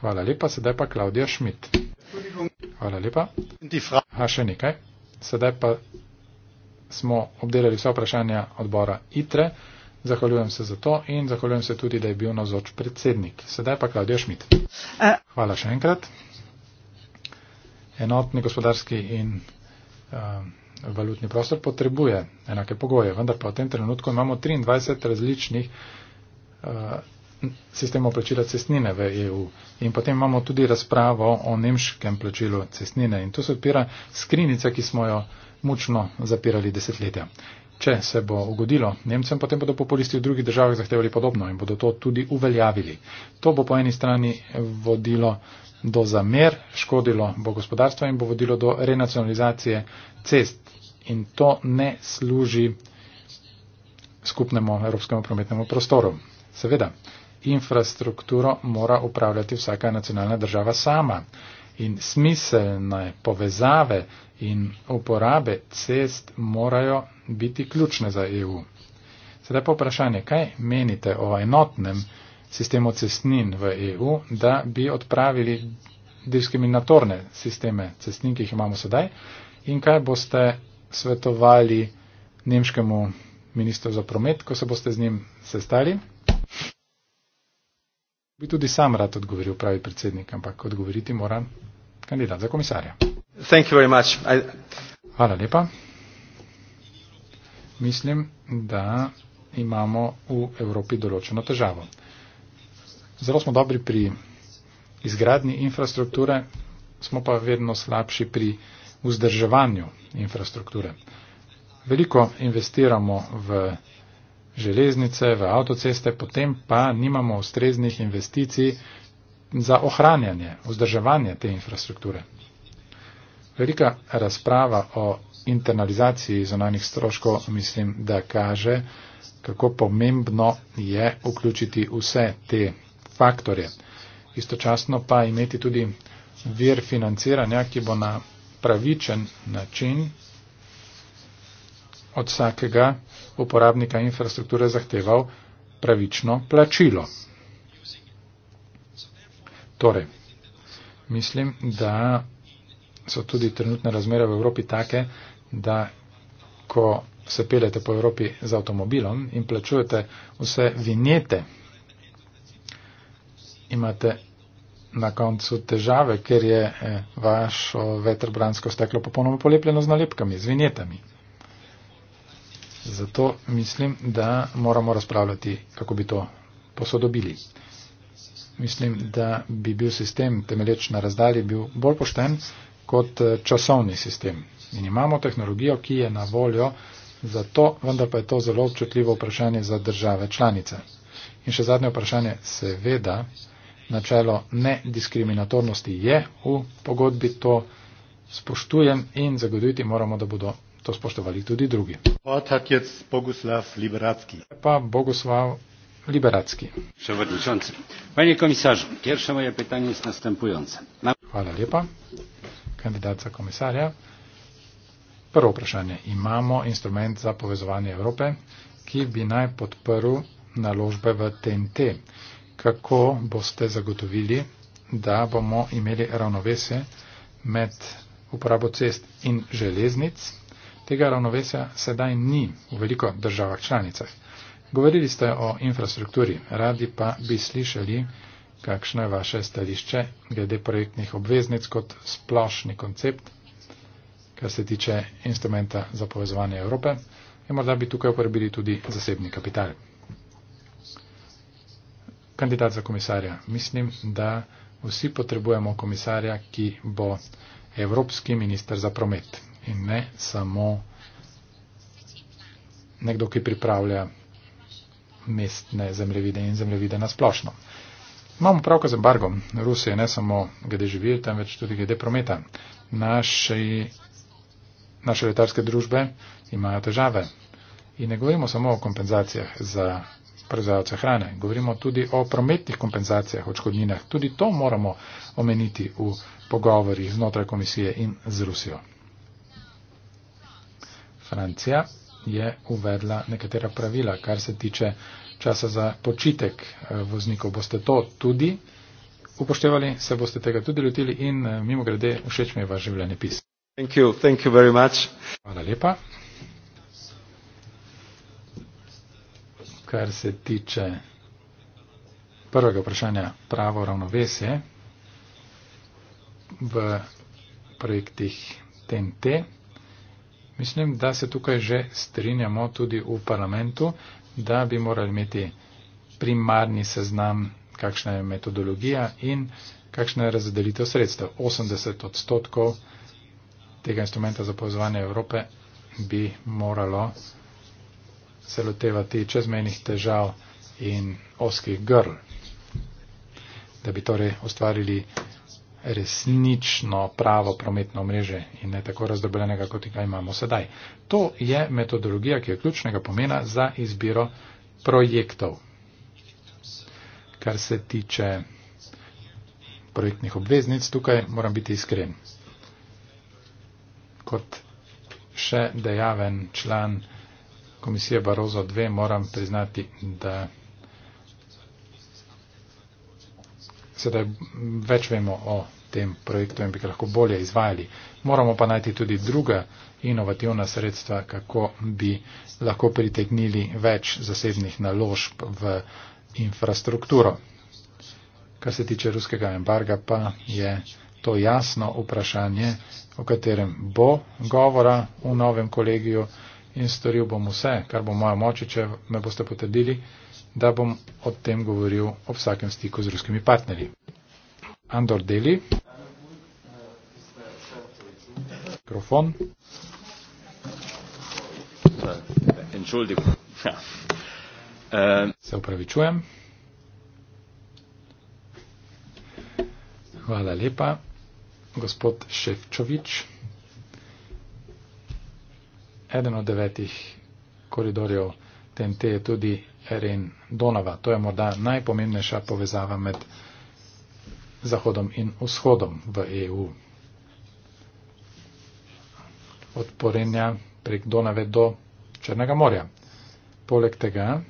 S1: Hvala lepa, sedaj pa Klaudija Schmidt. Hvala lepa. A še nekaj. Sedaj pa smo obdelali vse vprašanja odbora ITRE. Zahvaljujem se za to in zahvaljujem se tudi, da je bil nazoč predsednik. Sedaj pa Klaudija Šmit. Eh. Hvala še enkrat. Enotni gospodarski in uh, valutni prostor potrebuje enake pogoje, vendar pa v tem trenutku imamo 23 različnih uh, sistemu plačila cestnine v EU. In potem imamo tudi razpravo o nemškem plačilu cestnine. In to se odpira skrinica, ki smo jo mučno zapirali desetletja. Če se bo ugodilo Nemcem, potem bodo populisti v drugih državah zahtevali podobno in bodo to tudi uveljavili. To bo po eni strani vodilo do zamer, škodilo bo gospodarstvo in bo vodilo do renacionalizacije cest. In to ne služi skupnemu evropskemu prometnemu prostoru. Seveda, infrastrukturo mora upravljati vsaka nacionalna država sama. In smiselne povezave in uporabe cest morajo biti ključne za EU. Sedaj pa vprašanje, kaj menite o enotnem sistemu cestnin v EU, da bi odpravili diskriminatorne sisteme cestnin, ki jih imamo sedaj in kaj boste svetovali nemškemu ministru za promet, ko se boste z njim sestali. Bi tudi sam rad odgovoril pravi predsednik, ampak odgovoriti mora kandidat za komisarja. I... Hvala lepa. Mislim, da imamo v Evropi določeno težavo. Zelo smo dobri pri izgradnji infrastrukture, smo pa vedno slabši pri vzdrževanju infrastrukture. Veliko investiramo v železnice, v avtoceste, potem pa nimamo ustreznih investicij za ohranjanje, vzdrževanje te infrastrukture. Velika razprava o internalizaciji zonalnih stroškov mislim, da kaže, kako pomembno je vključiti vse te faktorje. Istočasno pa imeti tudi vir financiranja, ki bo na pravičen način od vsakega uporabnika infrastrukture zahteval pravično plačilo. Torej, mislim, da so tudi trenutne razmere v Evropi take, da ko se peljete po Evropi z avtomobilom in plačujete vse vinjete, imate na koncu težave, ker je eh, vaše vetrobransko steklo popolnoma polepljeno z nalepkami, z vinjetami. Zato mislim, da moramo razpravljati, kako bi to posodobili. Mislim, da bi bil sistem temeleč na razdalji bil bolj pošten kot eh, časovni sistem. In imamo tehnologijo, ki je na voljo za to, vendar pa je to zelo občutljivo vprašanje za države članice. In še zadnje vprašanje, seveda, načelo nediskriminatornosti je v pogodbi, to spoštujem in zagotoviti moramo, da bodo to spoštovali tudi drugi. Otakjec Bogoslav Liberacki. Pa Bogoslav Liberacki.
S2: Przewodniczący. Panie komisarzu, pierwsze moje pytanie jest następujące.
S1: Na... Hvala lepa, kandidatca komisarja. Prvo vprašanje. Imamo instrument za povezovanje Evrope, ki bi naj podprl naložbe v TNT. Kako boste zagotovili, da bomo imeli ravnovese med uporabo cest in železnic? Tega ravnovesja sedaj ni v veliko državah članicah. Govorili ste o infrastrukturi, radi pa bi slišali, kakšno je vaše stališče glede projektnih obveznic kot splošni koncept, kar se tiče instrumenta za povezovanje Evrope in morda bi tukaj uporabili tudi zasebni kapital. Kandidat za komisarja. Mislim, da vsi potrebujemo komisarja, ki bo evropski minister za promet in ne samo nekdo, ki pripravlja mestne zemljevide in zemljevide na splošno. Imamo pravko z embargom Rusije, ne samo glede živil, temveč tudi glede prometa. Naši, naše letarske družbe imajo težave. In ne govorimo samo o kompenzacijah za proizvajalce hrane, govorimo tudi o prometnih kompenzacijah, odškodninah. Tudi to moramo omeniti v pogovorih znotraj komisije in z Rusijo. Francija je uvedla nekatera pravila, kar se tiče časa za počitek eh, voznikov. Boste to tudi upoštevali, se boste tega tudi lotili in eh, mimo grede všeč mi je vaš življenje pis. Thank you. Thank you very much. Hvala lepa. Kar se tiče prvega vprašanja pravo ravnovesje v projektih TNT. Mislim, da se tukaj že strinjamo tudi v parlamentu, da bi morali imeti primarni seznam, kakšna je metodologija in kakšna je razdelitev sredstev. 80 odstotkov tega instrumenta za povezovanje Evrope bi moralo se lotevati čezmejnih težav in oskih grl, da bi torej ustvarili resnično pravo prometno mreže in ne tako razdobljenega, kot ga imamo sedaj. To je metodologija, ki je ključnega pomena za izbiro projektov. Kar se tiče projektnih obveznic, tukaj moram biti iskren. Kot še dejaven član komisije Barozo 2 moram priznati, da. sedaj več vemo o tem projektu in bi ga lahko bolje izvajali. Moramo pa najti tudi druga inovativna sredstva, kako bi lahko pritegnili več zasebnih naložb v infrastrukturo. Kar se tiče ruskega embarga, pa je to jasno vprašanje, o katerem bo govora v novem kolegiju in storil bom vse, kar bo moja moči, če me boste potrdili da bom o tem govoril o vsakem stiku z ruskimi partnerji. Andor Deli. Mikrofon. Se upravičujem. Hvala lepa, gospod Ševčovič. Eden od devetih koridorjev TNT je tudi Erin Donova. To je morda najpomembnejša povezava med Zahodom in Vzhodom v EU. Od Porenja prek Donave do Črnega morja. Poleg tega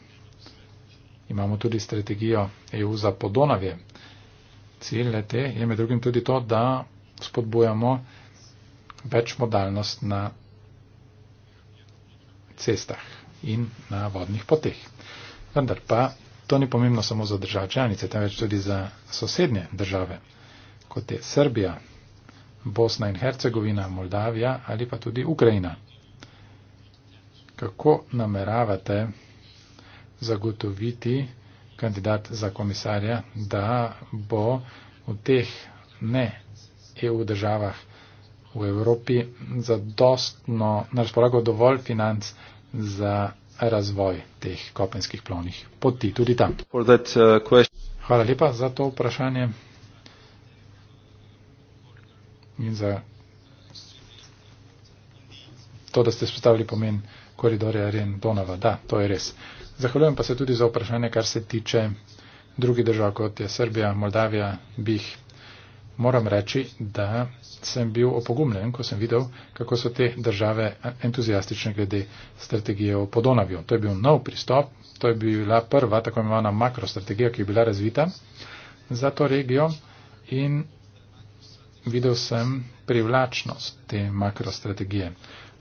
S1: imamo tudi strategijo EU za podonavje. Cilj te je med drugim tudi to, da spodbujamo večmodalnost na cestah in na vodnih poteh. Vendar pa to ni pomembno samo za države članice, temveč tudi za sosednje države, kot je Srbija, Bosna in Hercegovina, Moldavija ali pa tudi Ukrajina. Kako nameravate zagotoviti kandidat za komisarja, da bo v teh ne EU državah v Evropi zadostno, na razpolago dovolj financ za razvoj teh kopenskih plovnih poti tudi tam. Uh, Hvala lepa za to vprašanje in za to, da ste spostavili pomen koridorja Ren-Donava. Da, to je res. Zahvaljujem pa se tudi za vprašanje, kar se tiče drugih držav, kot je Srbija, Moldavija, bi jih moram reči, da sem bil opogumljen, ko sem videl, kako so te države entuzijastične glede strategije o Podonavju. To je bil nov pristop, to je bila prva tako imenovana makrostrategija, ki je bila razvita za to regijo in videl sem privlačnost te makrostrategije.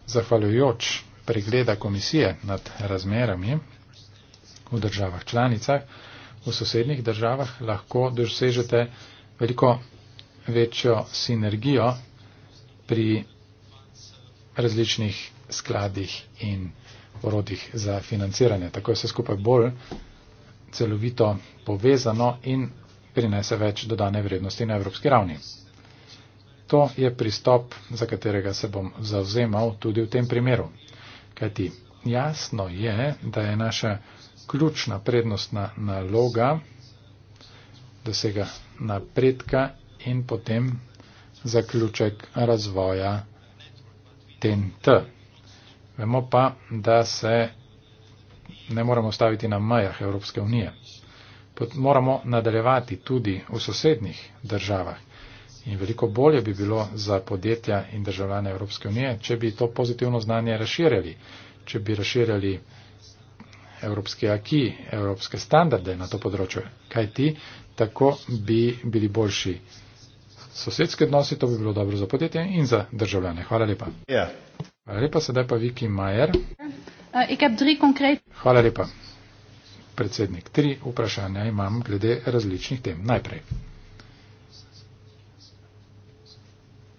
S1: Zahvaljujoč pregleda komisije nad razmerami v državah članicah, v sosednjih državah lahko dosežete veliko večjo sinergijo pri različnih skladih in orodjih za financiranje. Tako je vse skupaj bolj celovito povezano in prinese več dodane vrednosti na evropski ravni. To je pristop, za katerega se bom zauzemal tudi v tem primeru. Kajti jasno je, da je naša ključna prednostna naloga dosega napredka in potem zaključek razvoja TNT. Vemo pa, da se ne moramo staviti na mejah Evropske unije. Pot moramo nadaljevati tudi v sosednjih državah. In veliko bolje bi bilo za podjetja in državljane Evropske unije, če bi to pozitivno znanje razširjali, če bi razširjali evropske aki, evropske standarde na to področje. Kaj ti, tako bi bili boljši sosedske odnose, to bi bilo dobro za podjetje in za državljane. Hvala lepa. Ja. Hvala lepa, sedaj pa Viki Majer.
S3: Uh, eh, konkret...
S1: Hvala lepa, predsednik. Tri vprašanja imam glede različnih tem. Najprej.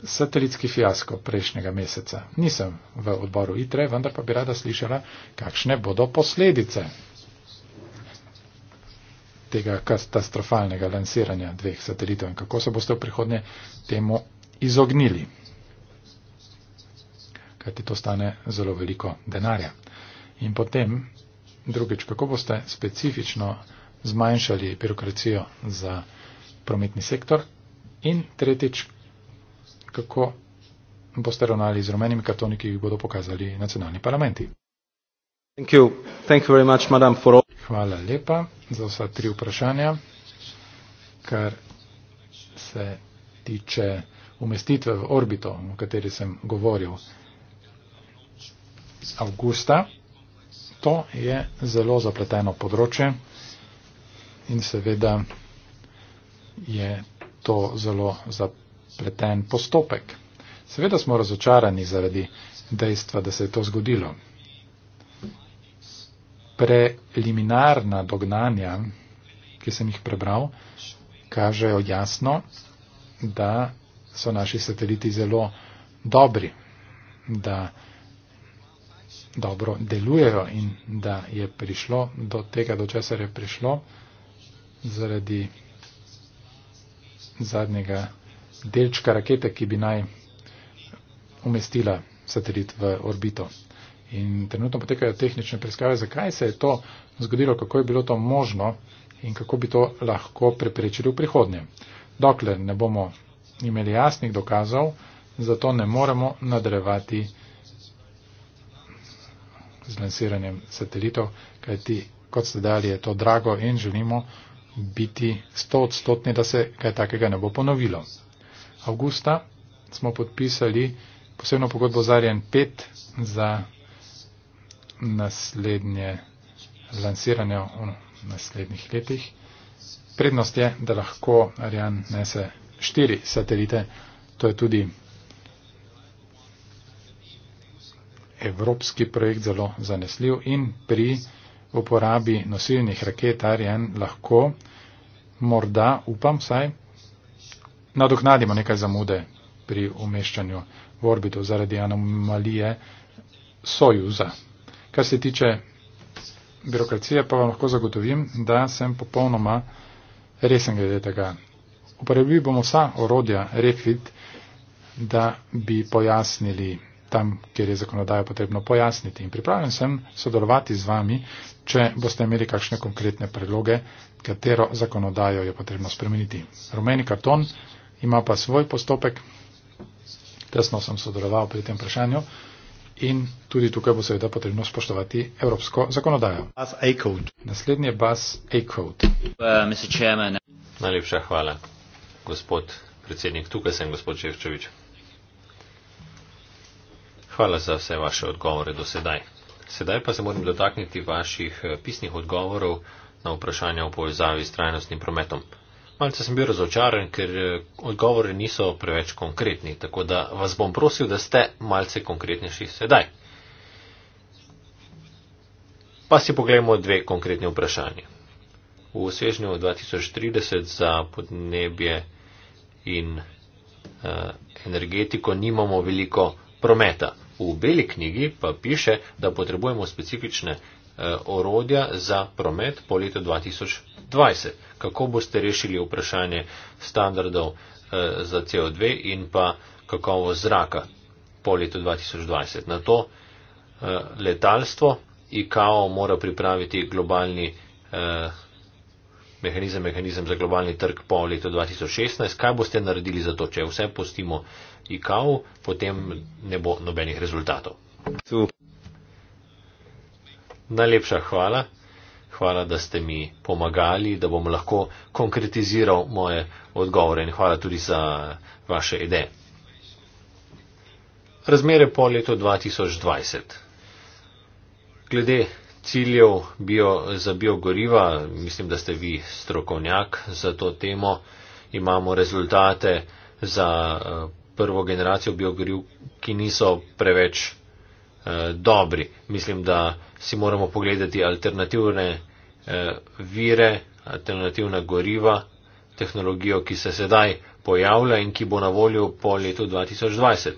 S1: Satelitski fiasko prejšnjega meseca. Nisem v odboru ITRE, vendar pa bi rada slišala, kakšne bodo posledice tega katastrofalnega lansiranja dveh satelitov in kako se boste v prihodnje temu izognili. Kaj ti to stane zelo veliko denarja. In potem, drugič, kako boste specifično zmanjšali birokracijo za prometni sektor. In tretjič, kako boste ravnali z rumenimi katoniki, ki jih bodo pokazali nacionalni parlamenti. Thank you. Thank you much, madam, for... Hvala lepa za vsa tri vprašanja, kar se tiče umestitve v orbito, o kateri sem govoril. Avgusta, to je zelo zapleteno področje in seveda je to zelo zapleten postopek. Seveda smo razočarani zaradi dejstva, da se je to zgodilo preliminarna dognanja, ki sem jih prebral, kažejo jasno, da so naši sateliti zelo dobri, da dobro delujejo in da je prišlo do tega, do česar je prišlo zaradi zadnjega delčka rakete, ki bi naj umestila satelit v orbito. In trenutno potekajo tehnične preiskave, zakaj se je to zgodilo, kako je bilo to možno in kako bi to lahko preprečili v prihodnje. Dokler ne bomo imeli jasnih dokazov, zato ne moremo nadrevati z lansiranjem satelitov, kajti kot ste dali, je to drago in želimo biti sto odstotni, da se kaj takega ne bo ponovilo. Augusta smo podpisali posebno pogodbo za Arjen 5 za naslednje lansiranje v naslednjih letih. Prednost je, da lahko Arjan nese štiri satelite. To je tudi evropski projekt zelo zanesljiv in pri uporabi nosilnih raket Arjan lahko morda, upam vsaj, nadoknadimo nekaj zamude pri umeščanju v orbito zaradi anomalije Sojuza. Kar se tiče birokracije, pa vam lahko zagotovim, da sem popolnoma resen glede tega. Uporabili bomo vsa orodja Refit, da bi pojasnili tam, kjer je zakonodajo potrebno pojasniti. In pripravljen sem sodelovati z vami, če boste imeli kakšne konkretne predloge, katero zakonodajo je potrebno spremeniti. Rumeni karton ima pa svoj postopek, tesno sem sodeloval pri tem vprašanju in tudi tukaj bo seveda potrebno spoštovati evropsko zakonodajo. Naslednji je bas A-code.
S2: Uh, Najlepša hvala, gospod predsednik. Tukaj sem, gospod Ševčevič. Hvala za vse vaše odgovore do sedaj. Sedaj pa se moram dotakniti vaših eh, pisnih odgovorov na vprašanja v povezavi s trajnostnim prometom. Malce sem bil razočaran, ker eh, odgovori niso preveč konkretni, tako da vas bom prosil, da ste malce konkretnejši sedaj. Pa si pogledamo dve konkretni vprašanje. V svežnju 2030 za podnebje in uh, energetiko nimamo veliko prometa. V beli knjigi pa piše, da potrebujemo specifične Eh, orodja za promet po letu 2020. Kako boste rešili vprašanje standardov eh, za CO2 in pa kakovo zraka po letu 2020. Na to eh, letalstvo IKAO mora pripraviti globalni mehanizem, mehanizem za globalni trg po letu 2016. Kaj boste naredili za to, če vse postimo IKAO, potem ne bo nobenih rezultatov. Super. Najlepša hvala. Hvala, da ste mi pomagali, da bom lahko konkretiziral moje odgovore in hvala tudi za vaše ideje. Razmere po letu 2020. Glede ciljev bio, za biogoriva, mislim, da ste vi strokovnjak za to temo. Imamo rezultate za eh, prvo generacijo biogoriv, ki niso preveč eh, dobri. Mislim, da si moramo pogledati alternativne eh, vire, alternativna goriva, tehnologijo, ki se sedaj pojavlja in ki bo na voljo po letu 2020.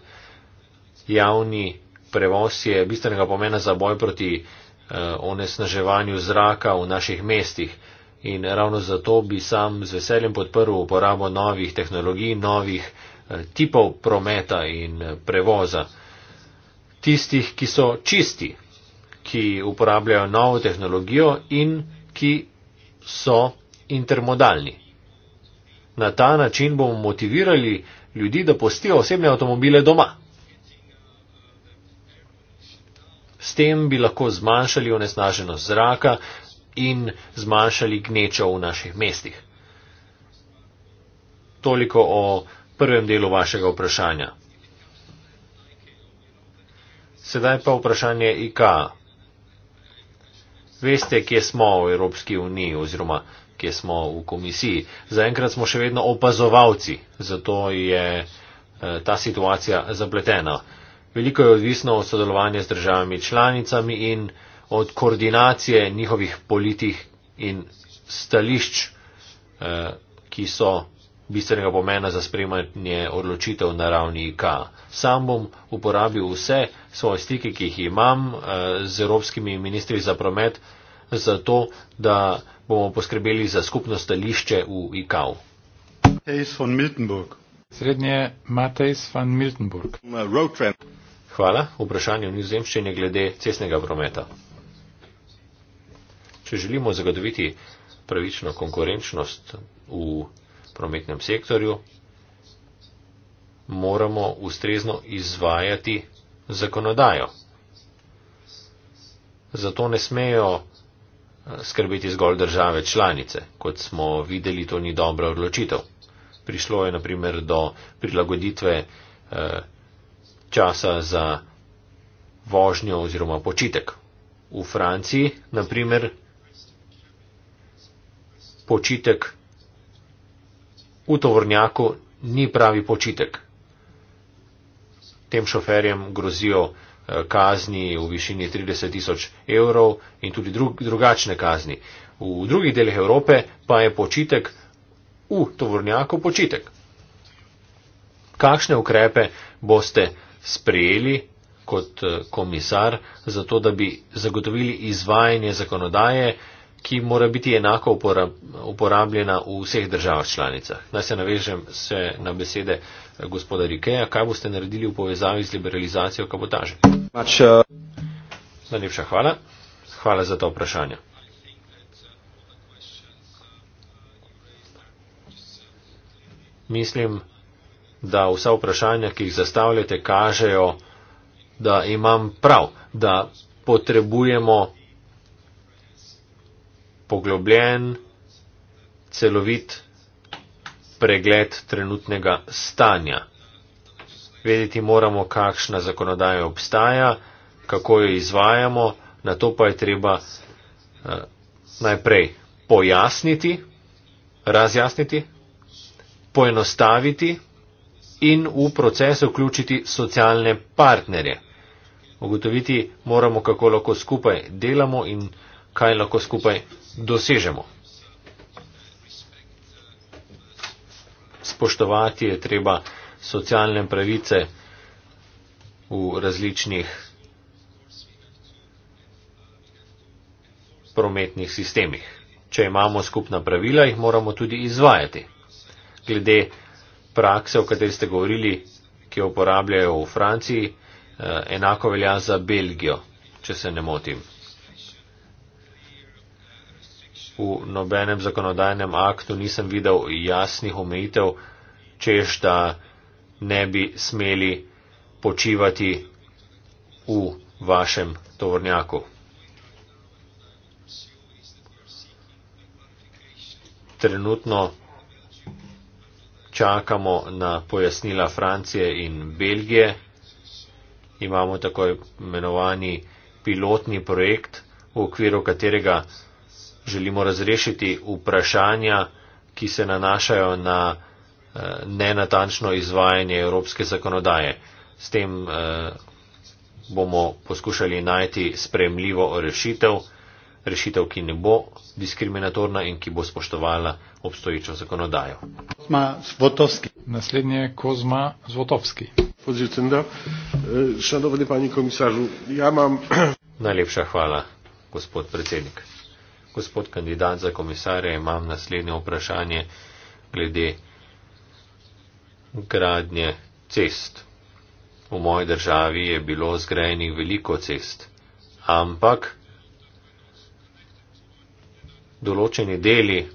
S2: Javni prevoz je bistvenega pomena za boj proti eh, onesnaževanju zraka v naših mestih. In ravno zato bi sam z veseljem podprl uporabo novih tehnologij, novih eh, tipov prometa in eh, prevoza tistih, ki so čisti, ki uporabljajo novo tehnologijo in ki so intermodalni. Na ta način bomo motivirali ljudi, da postijo osebne avtomobile doma. S tem bi lahko zmanjšali onesnaženost zraka in zmanjšali gnečo v naših mestih. Toliko o prvem delu vašega vprašanja. Sedaj pa vprašanje IK. Veste, kje smo v Evropski uniji oziroma kje smo v komisiji. Zaenkrat smo še vedno opazovalci, zato je eh, ta situacija zapletena. Veliko je odvisno od sodelovanja z državami članicami in od koordinacije njihovih politik in stališč, eh, ki so bistvenega pomena za spremanje odločitev na ravni IK sam bom uporabil vse svoje stike, ki jih imam eh, z evropskimi ministri za promet, zato da bomo poskrbeli za skupno stališče v IKAV.
S1: Srednje Matejs van Miltenburg.
S2: Hvala. Vprašanje v nizozemščini glede cestnega prometa. Če želimo zagotoviti pravično konkurenčnost v prometnem sektorju, moramo ustrezno izvajati zakonodajo. Zato ne smejo eh, skrbeti zgolj države članice, kot smo videli, to ni dobra odločitev. Prišlo je naprimer do prilagoditve eh, časa za vožnjo oziroma počitek. V Franciji, naprimer, počitek v tovornjaku ni pravi počitek, tem šoferjem grozijo eh, kazni v višini 30 tisoč evrov in tudi drug, drugačne kazni. V drugih delih Evrope pa je počitek v tovornjaku počitek. Kakšne ukrepe boste sprejeli kot eh, komisar za to, da bi zagotovili izvajanje zakonodaje, ki mora biti enako uporabljena v vseh državah članicah? Naj se navežem se na besede Eh, gospoda Rikeja, kaj boste naredili v povezavi z liberalizacijo kabotaže. Pač, eh, Najlepša hvala. Hvala za ta vprašanja. Mislim, da vsa vprašanja, ki jih zastavljate, kažejo, da imam prav, da potrebujemo poglobljen, celovit pregled trenutnega stanja. Vedeti moramo, kakšna zakonodaja obstaja, kako jo izvajamo, na to pa je treba eh, najprej pojasniti, razjasniti, poenostaviti in v proces vključiti socialne partnerje. Ugotoviti moramo, kako lahko skupaj delamo in kaj lahko skupaj dosežemo. spoštovati je treba socialne pravice v različnih prometnih sistemih. Če imamo skupna pravila, jih moramo tudi izvajati. Glede prakse, o kateri ste govorili, ki jo uporabljajo v Franciji, eh, enako velja za Belgijo, če se ne motim v nobenem zakonodajnem aktu nisem videl jasnih omejitev, čež da ne bi smeli počivati v vašem tovornjaku. Trenutno čakamo na pojasnila Francije in Belgije. Imamo tako imenovani pilotni projekt, v okviru katerega želimo razrešiti vprašanja, ki se nanašajo na eh, nenatančno izvajanje evropske zakonodaje. S tem eh, bomo poskušali najti spremljivo rešitev, rešitev, ki ne bo diskriminatorna in ki bo spoštovala obstoječo zakonodajo.
S1: Kozma Zvotovski. Naslednji je Kozma Zvotovski. Eh, ja
S2: Najlepša hvala, gospod predsednik. Gospod kandidat za komisarja, imam naslednje vprašanje glede gradnje cest. V moji državi je bilo zgrajenih veliko cest, ampak določeni deli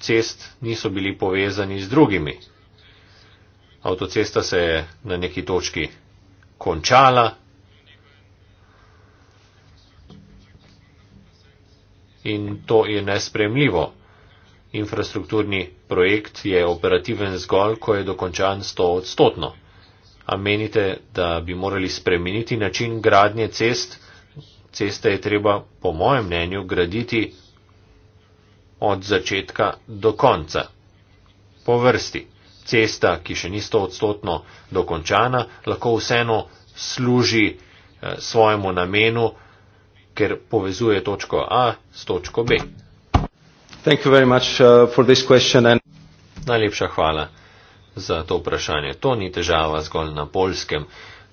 S2: cest niso bili povezani z drugimi. Avtocesta se je na neki točki končala, in to je nespremljivo. Infrastrukturni projekt je operativen zgolj, ko je dokončan 100 odstotno. A menite, da bi morali spremeniti način gradnje cest? Ceste je treba, po mojem mnenju, graditi od začetka do konca. Po vrsti. Cesta, ki še ni 100 odstotno dokončana, lahko vseeno služi eh, svojemu namenu, ker povezuje točko A s točko B. Much, uh, and... Najlepša hvala za to vprašanje. To ni težava zgolj na polskem.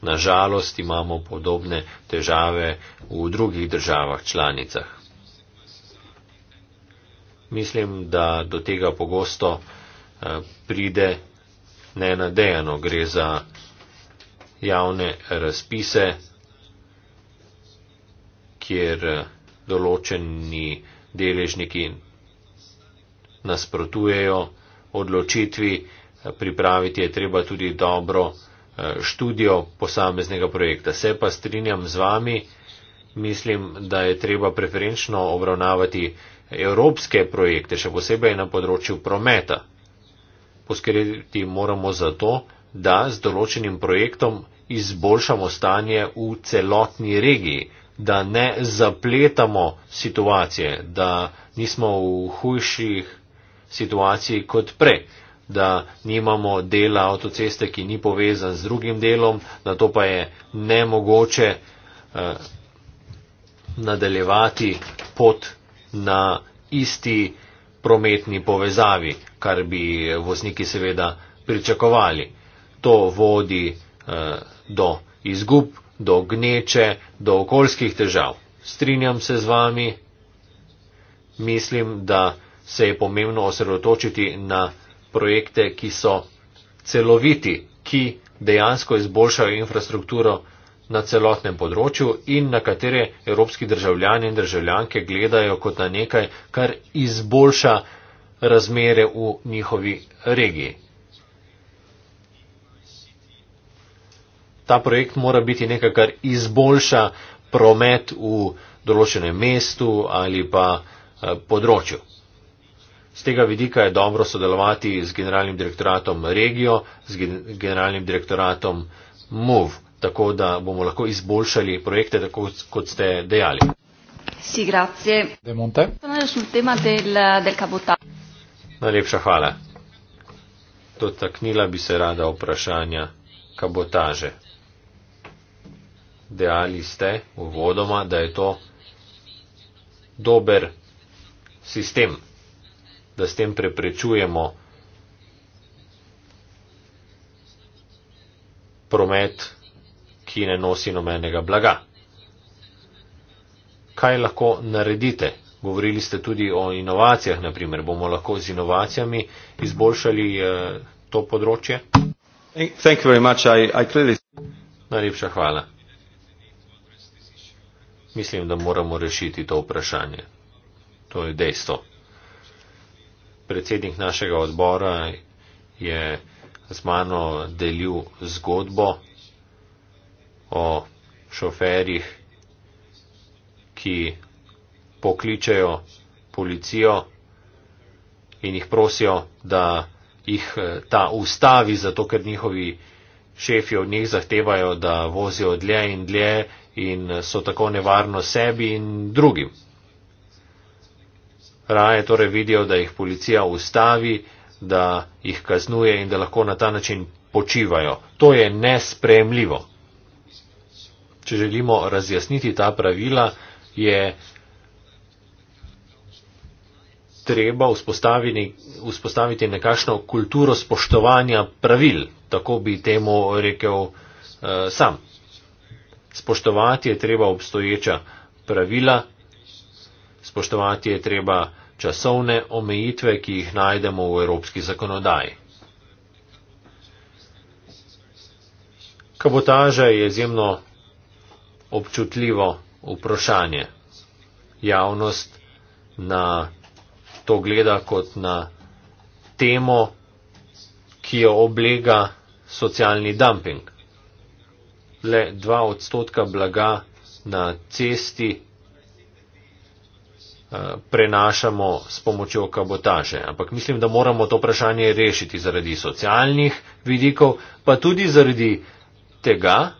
S2: Nažalost imamo podobne težave v drugih državah članicah. Mislim, da do tega pogosto uh, pride nenadejano. Gre za javne razpise, kjer eh, določeni deležniki nasprotujejo odločitvi, eh, pripraviti je treba tudi dobro eh, študijo posameznega projekta. Se pa strinjam z vami, mislim, da je treba preferenčno obravnavati evropske projekte, še posebej na področju prometa. Poskrbeti moramo za to, da z določenim projektom izboljšamo stanje v celotni regiji, da ne zapletamo situacije, da nismo v hujših situacijah kot prej, da nimamo dela avtoceste, ki ni povezan z drugim delom, da to pa je nemogoče eh, nadaljevati pot na isti prometni povezavi, kar bi vozniki seveda pričakovali. To vodi eh, do izgub, do gneče, do okoljskih težav. Strinjam se z vami, mislim, da se je pomembno osredotočiti na projekte, ki so celoviti, ki dejansko izboljšajo infrastrukturo na celotnem področju in na katere evropski državljani in državljanke gledajo kot na nekaj, kar izboljša razmere v njihovi regiji. ta projekt mora biti nekaj, kar izboljša promet v določenem mestu ali pa eh, področju. Z tega vidika je dobro sodelovati z generalnim direktoratom Regio, z generalnim direktoratom MOV, tako da bomo lahko izboljšali projekte, tako kot ste dejali.
S3: Si, grazie. De Monte.
S2: Najlepša hvala. Dotaknila bi se rada vprašanja kabotaže dejali ste uvodoma, da je to dober sistem, da s tem preprečujemo promet, ki ne nosi nobenega blaga. Kaj lahko naredite? Govorili ste tudi o inovacijah, naprimer, bomo lahko z inovacijami izboljšali eh, to področje? Najlepša hvala. Mislim, da moramo rešiti to vprašanje. To je dejstvo. Predsednik našega odbora je z mano delil zgodbo o šoferjih, ki pokličejo policijo in jih prosijo, da jih ta ustavi, zato ker njihovi šefi od njih zahtevajo, da vozijo dlje in dlje in so tako nevarno sebi in drugim. Raje torej vidijo, da jih policija ustavi, da jih kaznuje in da lahko na ta način počivajo. To je nespremljivo. Če želimo razjasniti ta pravila, je treba vzpostaviti nekakšno kulturo spoštovanja pravil, tako bi temu rekel uh, sam. Spoštovati je treba obstoječa pravila, spoštovati je treba časovne omejitve, ki jih najdemo v evropski zakonodaji. Kabotaža je izjemno občutljivo vprašanje. Javnost na to gleda kot na temo, ki jo oblega socialni dumping le 2 odstotka blaga na cesti eh, prenašamo s pomočjo kabotaže. Ampak mislim, da moramo to vprašanje rešiti zaradi socialnih vidikov, pa tudi zaradi tega,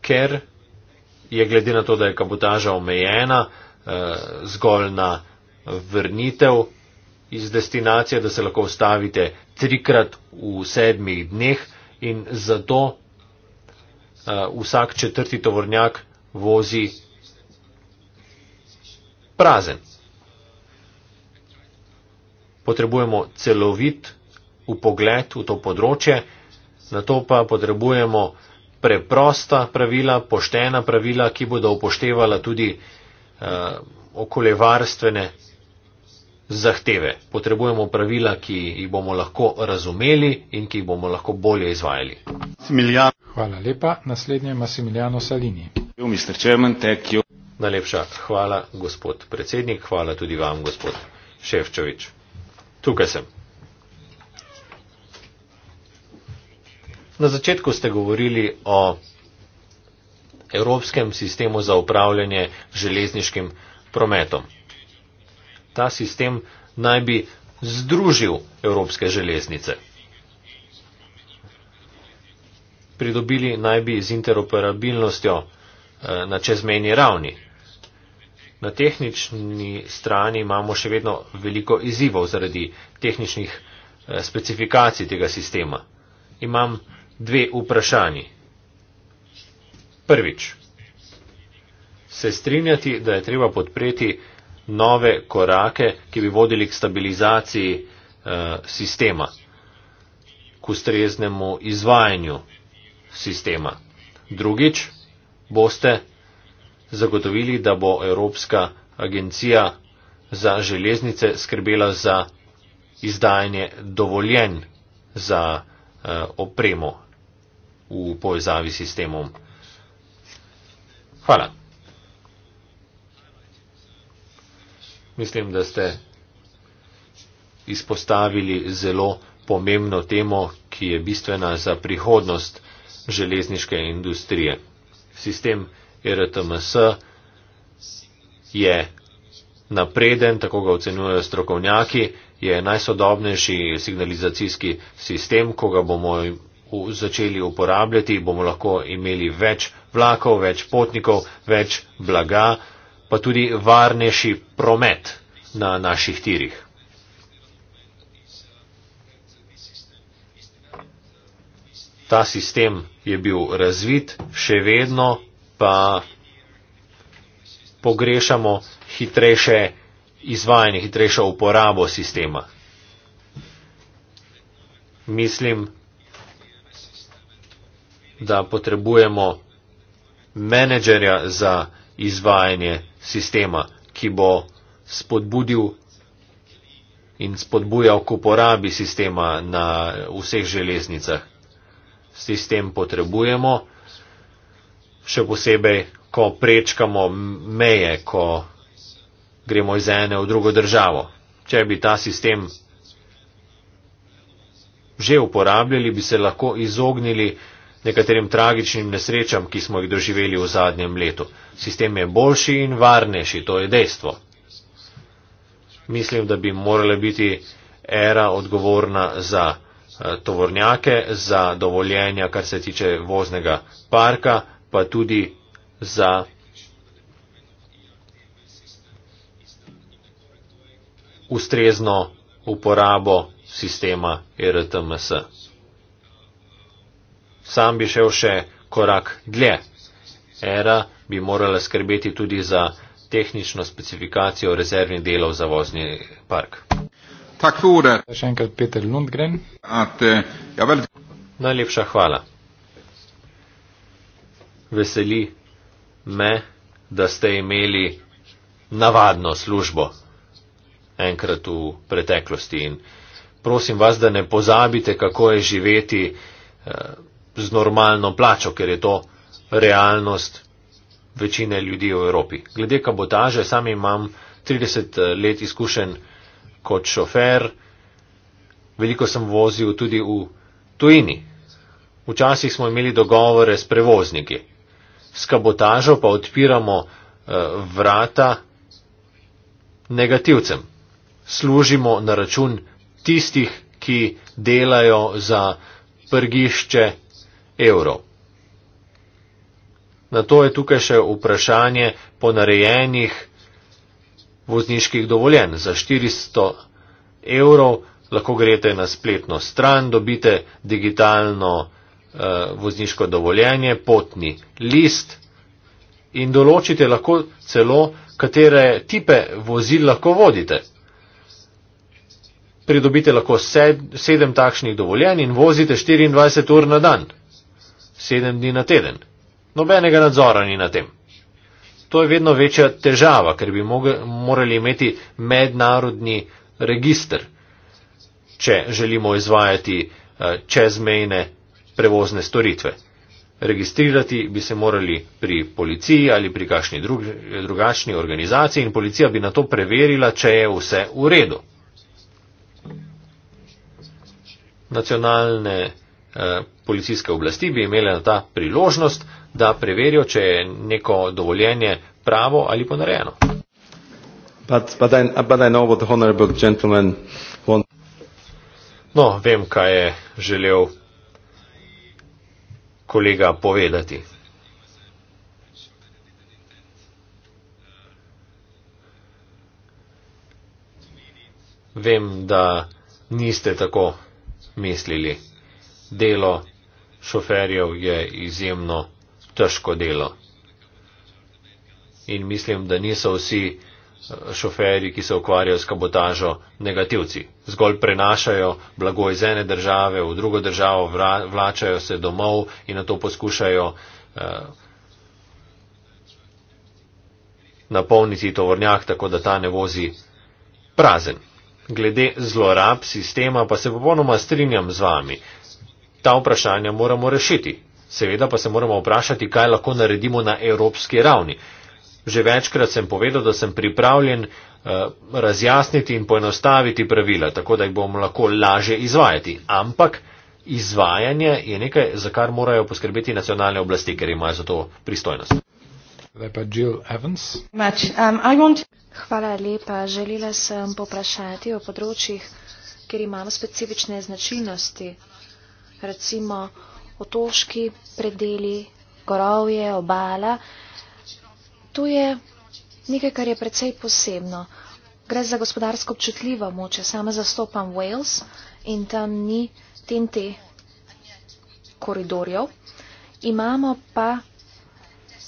S2: ker je glede na to, da je kabotaža omejena eh, zgolj na vrnitev iz destinacije, da se lahko ustavite trikrat v sedmih dneh in zato uh, vsak četrti tovornjak vozi prazen. Potrebujemo celovit upogled v to področje, na to pa potrebujemo preprosta pravila, poštena pravila, ki bodo upoštevala tudi uh, okoljevarstvene zahteve. Potrebujemo pravila, ki jih bomo lahko razumeli in ki jih bomo lahko bolje izvajali.
S1: Similjano. Hvala lepa. Naslednje je Massimiliano Salini.
S2: Najlepša hvala, gospod predsednik. Hvala tudi vam, gospod Ševčovič. Tukaj sem. Na začetku ste govorili o Evropskem sistemu za upravljanje železniškim prometom ta sistem naj bi združil evropske železnice. Pridobili naj bi z interoperabilnostjo eh, na čezmeni ravni. Na tehnični strani imamo še vedno veliko izzivov zaradi tehničnih eh, specifikacij tega sistema. Imam dve vprašanji. Prvič, se strinjati, da je treba podpreti nove korake, ki bi vodili k stabilizaciji eh, sistema, k ustreznemu izvajanju sistema. Drugič boste zagotovili, da bo Evropska agencija za železnice skrbela za izdajanje dovoljen za eh, opremo v povezavi s sistemom. Hvala. Mislim, da ste izpostavili zelo pomembno temo, ki je bistvena za prihodnost železniške industrije. Sistem RTMS je napreden, tako ga ocenjujejo strokovnjaki, je najsodobnejši signalizacijski sistem, ko ga bomo začeli uporabljati, bomo lahko imeli več vlakov, več potnikov, več blaga pa tudi varnejši promet na naših tirih. Ta sistem je bil razvit, še vedno pa pogrešamo hitrejše izvajanje, hitrejšo uporabo sistema. Mislim, da potrebujemo menedžerja za izvajanje sistema, ki bo spodbudil in spodbujal k uporabi sistema na vseh železnicah. Sistem potrebujemo, še posebej, ko prečkamo meje, ko gremo iz ene v drugo državo. Če bi ta sistem že uporabljali, bi se lahko izognili nekaterim tragičnim nesrečam, ki smo jih doživeli v zadnjem letu. Sistem je boljši in varnejši, to je dejstvo. Mislim, da bi morala biti era odgovorna za eh, tovornjake, za dovoljenja, kar se tiče voznega parka, pa tudi za ustrezno uporabo sistema e RTMS sam bi šel še korak dlje. ERA bi morala skrbeti tudi za tehnično specifikacijo rezervnih delov za vozni park.
S1: Ja, še enkrat Peter Lundgren. Eh, ja, Najlepša hvala.
S2: Veseli me, da ste imeli navadno službo enkrat v preteklosti in prosim vas, da ne pozabite, kako je živeti. Uh, z normalno plačo, ker je to realnost večine ljudi v Evropi. Glede kabotaže, sam imam 30 eh, let izkušen kot šofer, veliko sem vozil tudi v tujini. Včasih smo imeli dogovore s prevozniki. S kabotažo pa odpiramo eh, vrata negativcem. Služimo na račun tistih, ki delajo za prgišče evrov. Na to je tukaj še vprašanje ponarejenih vozniških dovoljen. Za 400 evrov lahko grete na spletno stran, dobite digitalno eh, vozniško dovoljenje, potni list in določite lahko celo, katere tipe vozil lahko vodite. Pridobite lahko sed, sedem takšnih dovoljen in vozite 24 ur na dan sedem dni na teden. Nobenega nadzora ni na tem. To je vedno večja težava, ker bi morali imeti mednarodni registr, če želimo izvajati eh, čezmejne prevozne storitve. Registrirati bi se morali pri policiji ali pri kakšni drug, drugačni organizaciji in policija bi na to preverila, če je vse v redu. Nacionalne Eh, policijske oblasti bi imele ta priložnost, da preverijo, če je neko dovoljenje pravo ali ponarejeno. No, vem, kaj je želel kolega povedati. Vem, da niste tako mislili delo šoferjev je izjemno težko delo. In mislim, da niso vsi eh, šoferji, ki se ukvarjajo s kabotažo, negativci. Zgolj prenašajo blago iz ene države v drugo državo, vračajo se domov in na to poskušajo eh, napolniti tovornjak, tako da ta ne vozi prazen. Glede zlorab sistema pa se popolnoma strinjam z vami ta vprašanja moramo rešiti. Seveda pa se moramo vprašati, kaj lahko naredimo na evropski ravni. Že večkrat sem povedal, da sem pripravljen uh, razjasniti in poenostaviti pravila, tako da jih bomo lahko laže izvajati. Ampak izvajanje je nekaj, za kar morajo poskrbeti nacionalne oblasti, ker imajo za to
S1: pristojnost. Lepa Jill Evans.
S3: Um, Hvala lepa. Želela sem poprašati o področjih, kjer imamo specifične značilnosti recimo otoški predeli, gorovje, obala. Tu je nekaj, kar je precej posebno. Gre za gospodarsko občutljivo moče. Sama zastopam Wales in tam ni TNT koridorjev. Imamo pa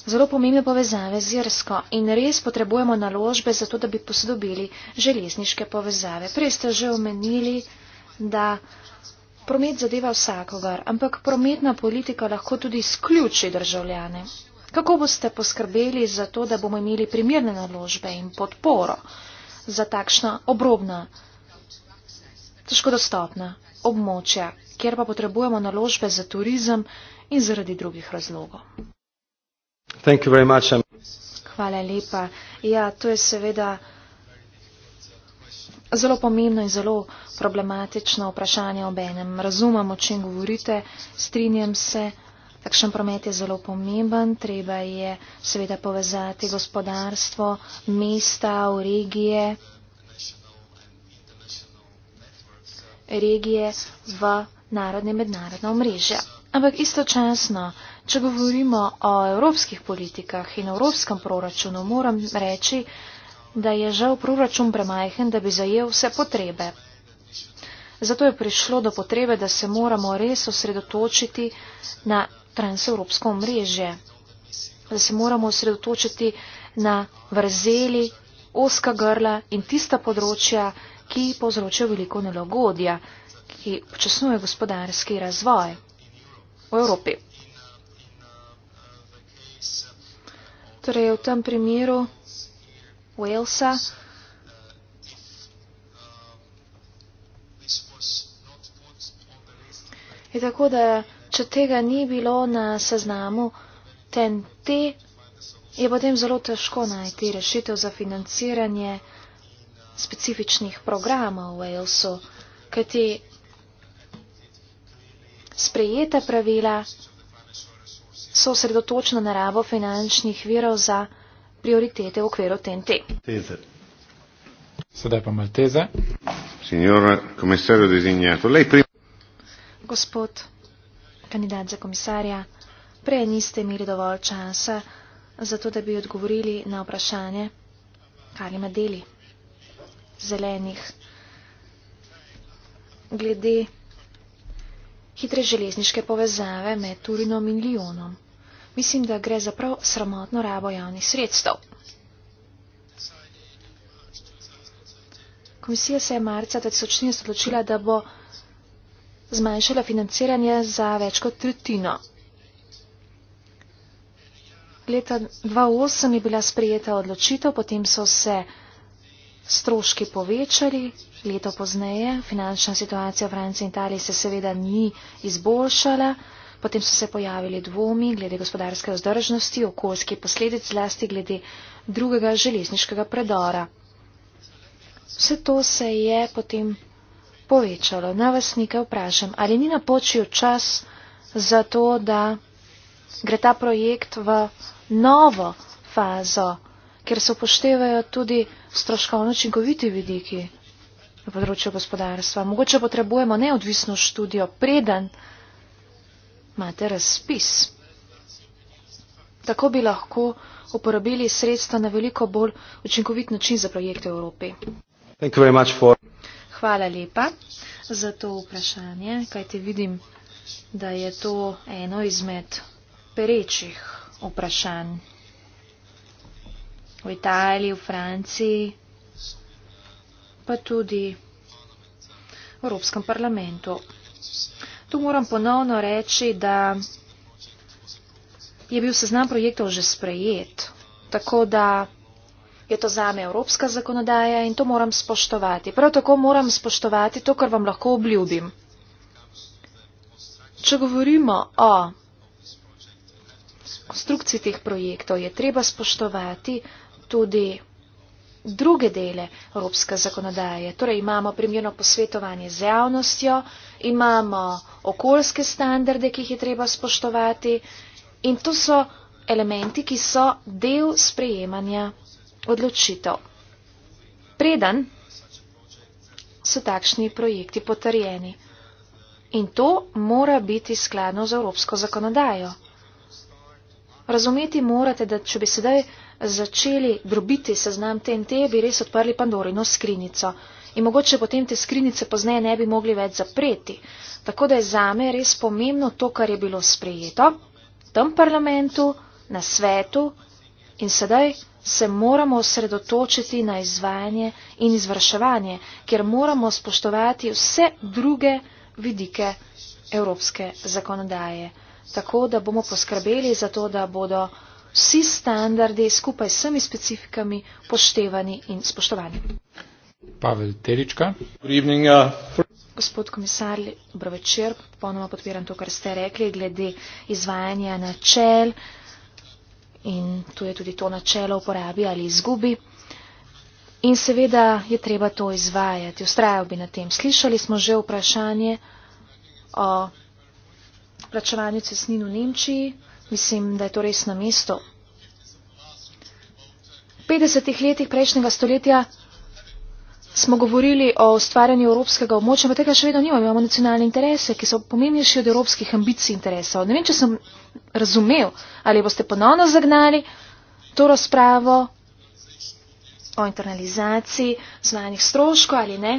S3: zelo pomembne povezave z Irsko in res potrebujemo naložbe za to, da bi posodobili železniške povezave. Prej ste že omenili, da Promet zadeva vsakogar, ampak prometna politika lahko tudi sključi državljane. Kako boste poskrbeli za to, da bomo imeli primirne naložbe in podporo za takšna obrobna, težko dostopna območja, kjer pa potrebujemo naložbe za turizem in zaradi drugih razlogov? Hvala lepa. Ja, to je seveda. Zelo pomembno in zelo problematično vprašanje ob enem. Razumem, o čem govorite, strinjam se, takšen promet je zelo pomemben, treba je seveda povezati gospodarstvo, mesta, regije, regije v narodne mednarodne omrežja. Ampak istočasno, če govorimo o evropskih politikah in evropskem proračunu, moram reči, da je žal proračun premajhen, da bi zajel vse potrebe. Zato je prišlo do potrebe, da se moramo res osredotočiti na transevropsko mrežje, da se moramo osredotočiti na vrzeli, oska grla in tista področja, ki povzročajo veliko nelogodja, ki počasnuje gospodarski razvoj v Evropi. Torej, v tem primeru Walesa. In tako da, če tega ni bilo na seznamu TNT, je potem zelo težko najti rešitev za financiranje specifičnih programov v Walesu, kajti sprejeta pravila so osredotočena na rabo finančnih virov za prioritete v okviru TNT.
S1: Teze. Sedaj pa Malteza.
S3: Gospod kandidat za komisarja, prej niste imeli dovolj časa, zato da bi odgovorili na vprašanje, kar ima deli zelenih glede hitre železniške povezave med Turinom in Lijonom mislim, da gre za prav sramotno rabo javnih sredstev. Komisija se je marca 2014 odločila, da bo zmanjšala financiranje za več kot tretjino. Leta 2008 je bila sprejeta odločitev, potem so se stroški povečali, leto pozneje finančna situacija v Franciji in Italiji se seveda ni izboljšala. Potem so se pojavili dvomi glede gospodarske vzdržnosti, okoljski posledic zlasti glede drugega železniškega predora. Vse to se je potem povečalo. Na vas nekaj vprašam, ali ni napočil čas za to, da gre ta projekt v novo fazo, ker se upoštevajo tudi stroškovno učinkoviti vidiki na področju gospodarstva. Mogoče potrebujemo neodvisno študijo, preden imate razpis. Tako bi lahko uporabili sredstva na veliko bolj učinkovit način za projekte v Evropi. For... Hvala lepa za to vprašanje, kajte vidim, da je to eno izmed perečih vprašanj v Italiji, v Franciji, pa tudi v Evropskem parlamentu. Tu moram ponovno reči, da je bil seznam projektov že sprejet, tako da je to zame evropska zakonodaja in to moram spoštovati. Prav tako moram spoštovati to, kar vam lahko obljubim. Če govorimo o konstrukciji teh projektov, je treba spoštovati tudi druge dele evropske zakonodaje. Torej imamo primerno posvetovanje z javnostjo, imamo okoljske standarde, ki jih je treba spoštovati in to so elementi, ki so del sprejemanja odločitev. Predan so takšni projekti potrjeni in to mora biti skladno z evropsko zakonodajo razumeti morate, da če bi sedaj začeli drobiti seznam TNT, bi res odprli Pandorino skrinico. In mogoče potem te skrinice pozneje ne bi mogli več zapreti. Tako da je zame res pomembno to, kar je bilo sprejeto v tem parlamentu, na svetu in sedaj se moramo osredotočiti na izvajanje in izvrševanje, ker moramo spoštovati vse druge vidike evropske zakonodaje tako da bomo poskrbeli za to, da bodo vsi standardi skupaj s vsemi specifikami poštevani in spoštovani.
S1: Pavel Terička. Uh,
S3: Gospod komisar, dobro večer. Ponoma podpiram to, kar ste rekli, glede izvajanja načel in tu je tudi to načelo uporabi ali izgubi. In seveda je treba to izvajati. Ustrajal bi na tem. Slišali smo že vprašanje o plačevanju cestnin v Nemčiji. Mislim, da je to res na mestu. V 50. letih prejšnjega stoletja smo govorili o ustvarjanju evropskega območja, pa tega še vedno nimamo. Imamo nacionalne interese, ki so pomembnejši od evropskih ambicij interesov. Ne vem, če sem razumel, ali boste ponovno zagnali to razpravo o internalizaciji zvanih stroškov ali ne.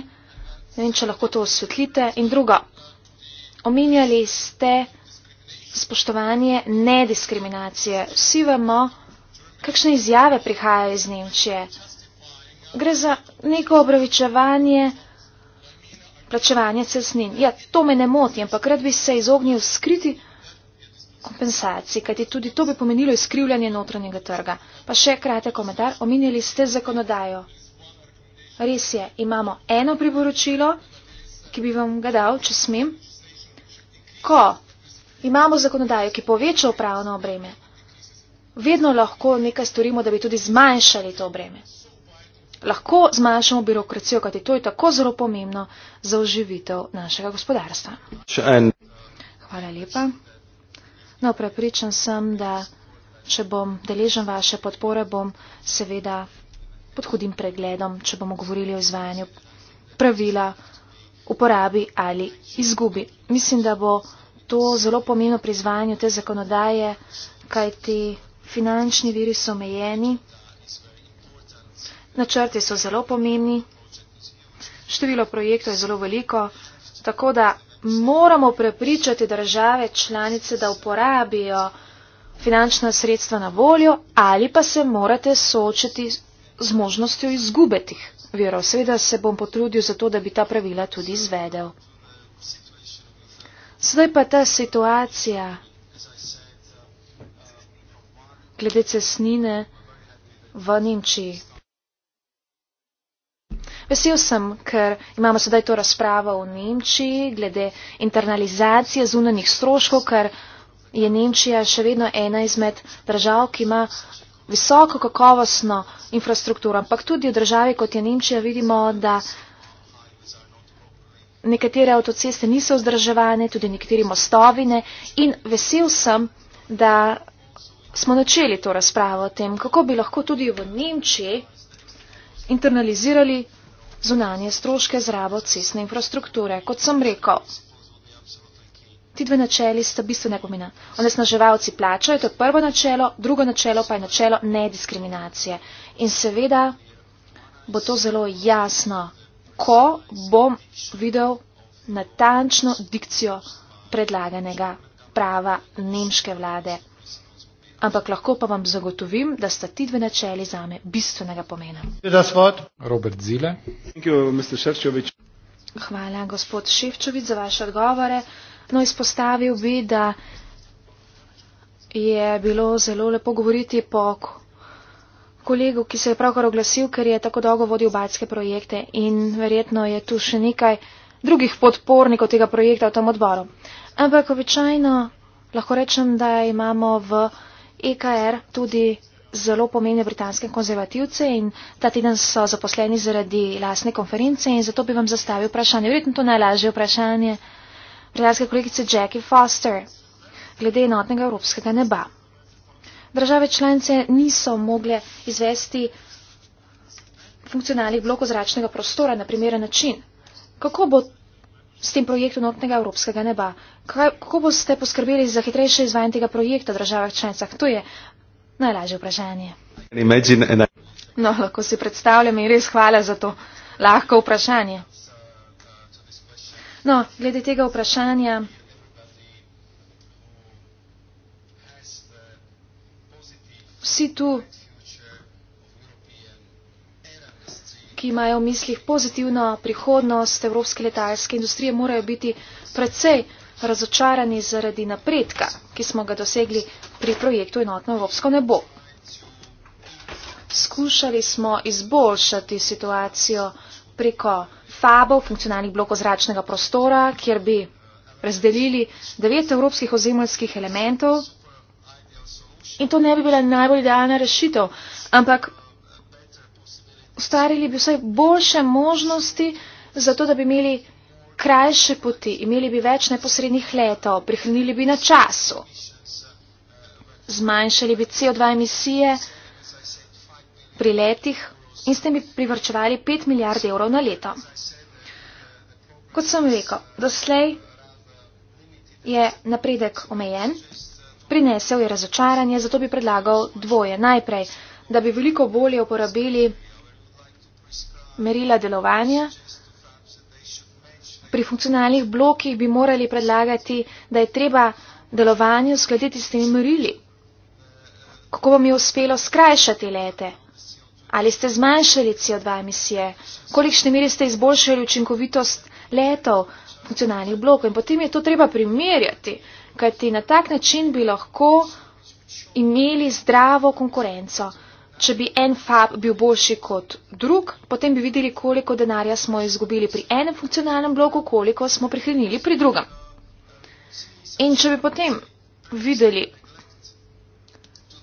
S3: Ne vem, če lahko to osvetlite. In druga, omenjali ste spoštovanje nediskriminacije. Vsi vemo, kakšne izjave prihajajo iz Nemčije. Gre za neko obravičevanje plačevanja cestnin. Ja, to me ne moti, ampak rad bi se izognil skriti kompensaciji, kajti tudi to bi pomenilo izkrivljanje notranjega trga. Pa še kratek komentar, omenili ste zakonodajo. Res je, imamo eno priporočilo, ki bi vam ga dal, če smem. Ko Imamo zakonodajo, ki poveča upravno breme. Vedno lahko nekaj storimo, da bi tudi zmanjšali to breme. Lahko zmanjšamo birokracijo, kajti to je tako zelo pomembno za oživitev našega gospodarstva. Hvala lepa. No, prepričan sem, da če bom deležen vaše podpore, bom seveda pod hudim pregledom, če bomo govorili o izvajanju pravila uporabi ali izgubi. Mislim, da bo to zelo pomembno pri izvajanju te zakonodaje, kaj ti finančni viri so omejeni, načrti so zelo pomembni, število projektov je zelo veliko, tako da moramo prepričati države članice, da uporabijo finančna sredstva na voljo ali pa se morate soočiti z možnostjo izgube tih virov. Seveda se bom potrudil za to, da bi ta pravila tudi izvedel. Zdaj pa ta situacija glede cesnine v Nemčiji. Vesel sem, ker imamo sedaj to razpravo v Nemčiji glede internalizacije zunanih stroškov, ker je Nemčija še vedno ena izmed držav, ki ima visoko kakovostno infrastrukturo. Ampak tudi v državi, kot je Nemčija, vidimo, da nekatere avtoceste niso vzdrževane, tudi nekateri mostovine in vesel sem, da smo načeli to razpravo o tem, kako bi lahko tudi v Nemčiji internalizirali zunanje stroške z rabo cestne infrastrukture. Kot sem rekel, ti dve načeli sta bistvena pomena. Onesnaževalci plačajo, to je prvo načelo, drugo načelo pa je načelo nediskriminacije. In seveda bo to zelo jasno ko bom videl natančno dikcijo predlaganega prava nemške vlade. Ampak lahko pa vam zagotovim, da sta ti dve načeli zame bistvenega pomena.
S1: Robert Zile.
S3: Hvala, gospod Ševčovič, za vaše odgovore. No, izpostavil bi, da je bilo zelo lepo govoriti po kolegu, ki se je pravkar oglasil, ker je tako dolgo vodil bajske projekte in verjetno je tu še nekaj drugih podpornikov tega projekta v tem odboru. Ampak običajno lahko rečem, da imamo v EKR tudi zelo pomembne britanske konzervativce in ta teden so zaposleni zaradi lasne konference in zato bi vam zastavil vprašanje. Verjetno to najlažje vprašanje britanske kolegice Jackie Foster glede enotnega evropskega neba države članice niso mogle izvesti funkcionalnih blokov zračnega prostora na primeren način. Kako bo s tem projektom notnega evropskega neba? Kako boste poskrbeli za hitrejše izvajanje tega projekta v državah članicah? To je najlažje vprašanje. No, lahko si predstavljam in res hvala za to lahko vprašanje. No, glede tega vprašanja. vsi tu, ki imajo v mislih pozitivno prihodnost evropske letalske industrije, morajo biti precej razočarani zaradi napredka, ki smo ga dosegli pri projektu Enotno evropsko nebo. Skušali smo izboljšati situacijo preko FABO, funkcionalnih blokov zračnega prostora, kjer bi razdelili devet evropskih ozemljskih elementov, In to ne bi bila najbolj idealna rešitev, ampak ustvarili bi vsaj boljše možnosti za to, da bi imeli krajše poti, imeli bi več neposrednih letov, prihranili bi na času, zmanjšali bi CO2 emisije pri letih in s tem bi privrčevali 5 milijard evrov na leto. Kot sem rekel, doslej je napredek omejen. Prinesel je razočaranje, zato bi predlagal dvoje. Najprej, da bi veliko bolje uporabili merila delovanja. Pri funkcionalnih blokih bi morali predlagati, da je treba delovanje uskladiti s temi merili. Kako vam je uspelo skrajšati lete? Ali ste zmanjšali CO2 emisije? Kolikšne meri ste izboljšali učinkovitost letov funkcionalnih blokov? In potem je to treba primerjati kajti na tak način bi lahko imeli zdravo konkurenco. Če bi en fab bil boljši kot drug, potem bi videli, koliko denarja smo izgubili pri enem funkcionalnem bloku, koliko smo prihranili pri drugem. In če bi potem videli,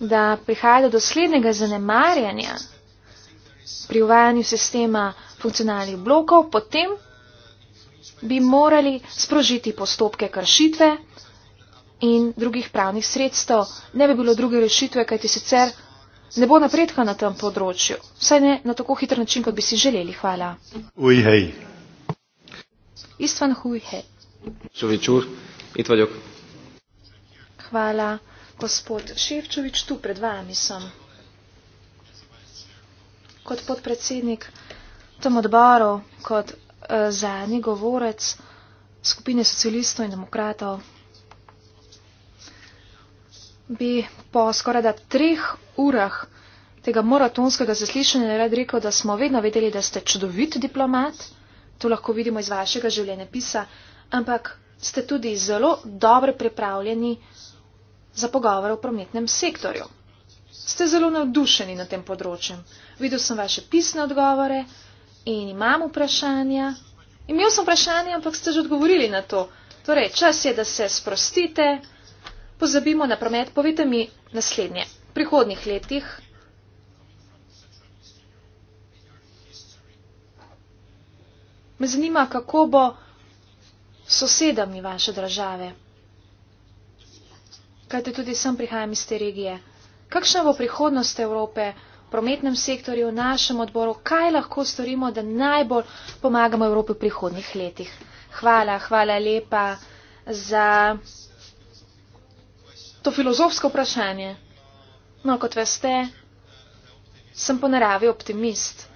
S3: da prihaja do doslednega zanemarjanja pri uvajanju sistema funkcionalnih blokov, potem bi morali sprožiti postopke kršitve in drugih pravnih sredstev. Ne bi bilo druge rešitve, kajti sicer ne bo napredka na tem področju. Vsaj ne na tako hiter način, kot bi si želeli. Hvala. Uj, hej. Istvan Huihe.
S1: Šovičur,
S2: Itvaljok.
S3: Hvala, gospod Ševčovič, tu pred vami sem. Kot podpredsednik tem odboru, kot uh, zadnji govorec skupine socialistov in demokratov, bi po skoraj da treh urah tega maratonskega zaslišanja rad rekel, da smo vedno vedeli, da ste čudovit diplomat, to lahko vidimo iz vašega življenjepisa, ampak ste tudi zelo dobro pripravljeni za pogovore v prometnem sektorju. Ste zelo navdušeni na tem področjem. Videl sem vaše pisne odgovore in imam vprašanja. Imel sem vprašanje, ampak ste že odgovorili na to. Torej, čas je, da se sprostite pozabimo na promet povedami naslednje. V prihodnih letih me zanima, kako bo s sosedami vaše države, kajte tudi sem prihajam iz te regije. Kakšna bo prihodnost Evrope v prometnem sektorju, v našem odboru, kaj lahko storimo, da najbolj pomagamo Evropi v prihodnih letih? Hvala, hvala lepa za to filozofsko vprašanje. No, kot veste, sem po naravi optimist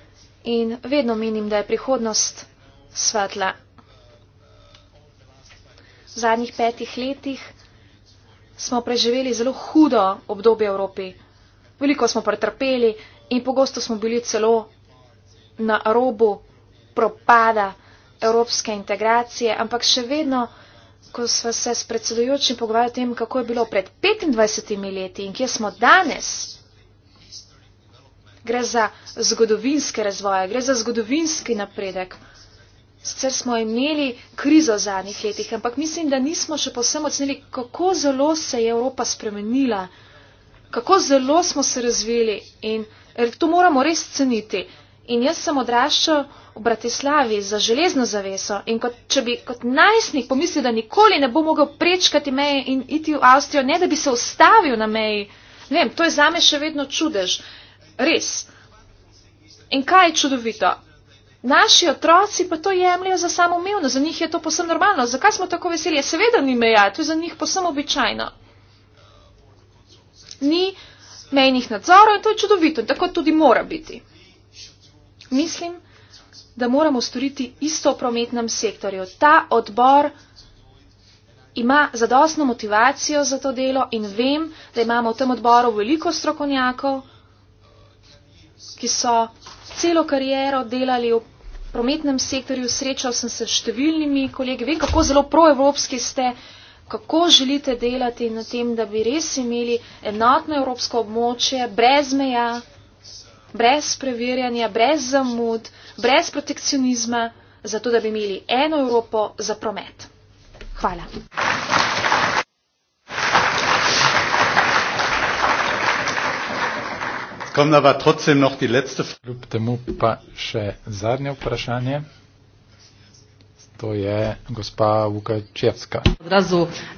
S3: in vedno menim, da je prihodnost svetla. V zadnjih petih letih smo preživeli zelo hudo obdobje Evropi. Veliko smo pretrpeli in pogosto smo bili celo na robu propada evropske integracije, ampak še vedno ko smo se s predsedujočim pogovarjali o tem, kako je bilo pred 25 leti in kje smo danes, gre za zgodovinske razvoje, gre za zgodovinski napredek. Sicer smo imeli krizo v zadnjih letih, ampak mislim, da nismo še posebej ocenili, kako zelo se je Evropa spremenila, kako zelo smo se razvili in to moramo res ceniti. In jaz sem odraščal v Bratislavi za železno zaveso in kot, če bi kot najstnik pomislil, da nikoli ne bo mogel prečkati meje in iti v Avstrijo, ne da bi se ustavil na meji, ne vem, to je zame še vedno čudež. Res. In kaj je čudovito? Naši otroci pa to jemljajo za samoumevno, za njih je to posebno normalno. Zakaj smo tako veseli? Ja, seveda ni meja, to je za njih posebno običajno. Ni mejnih nadzorov in to je čudovito in tako tudi mora biti. Mislim, da moramo storiti isto v prometnem sektorju. Ta odbor ima zadostno motivacijo za to delo in vem, da imamo v tem odboru veliko strokovnjakov, ki so celo kariero delali v prometnem sektorju. Srečal sem se s številnimi kolegi. Vem, kako zelo proevropski ste, kako želite delati na tem, da bi res imeli enotno evropsko območje brez meja brez preverjanja, brez zamud, brez protekcionizma, zato da bi imeli eno Evropo za promet. Hvala.
S1: Kljub temu pa še zadnje vprašanje. To je gospa Vukačevska.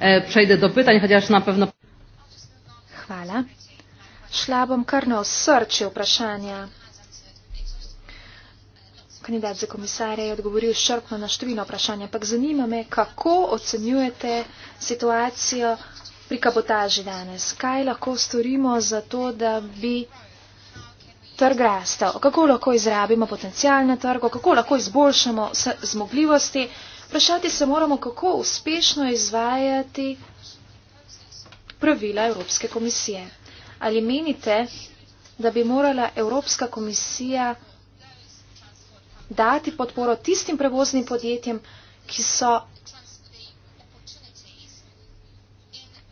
S3: Eh, Hvala šla bom kar na osrčje vprašanja. Kandidat za komisarja je odgovoril šrpno na številno vprašanje, ampak zanima me, kako ocenjujete situacijo pri kapotaži danes. Kaj lahko storimo za to, da bi trg rastel? Kako lahko izrabimo potencijal na trgu? Kako lahko izboljšamo zmogljivosti? Vprašati se moramo, kako uspešno izvajati pravila Evropske komisije. Ali menite, da bi morala Evropska komisija dati podporo tistim prevoznim podjetjem, ki so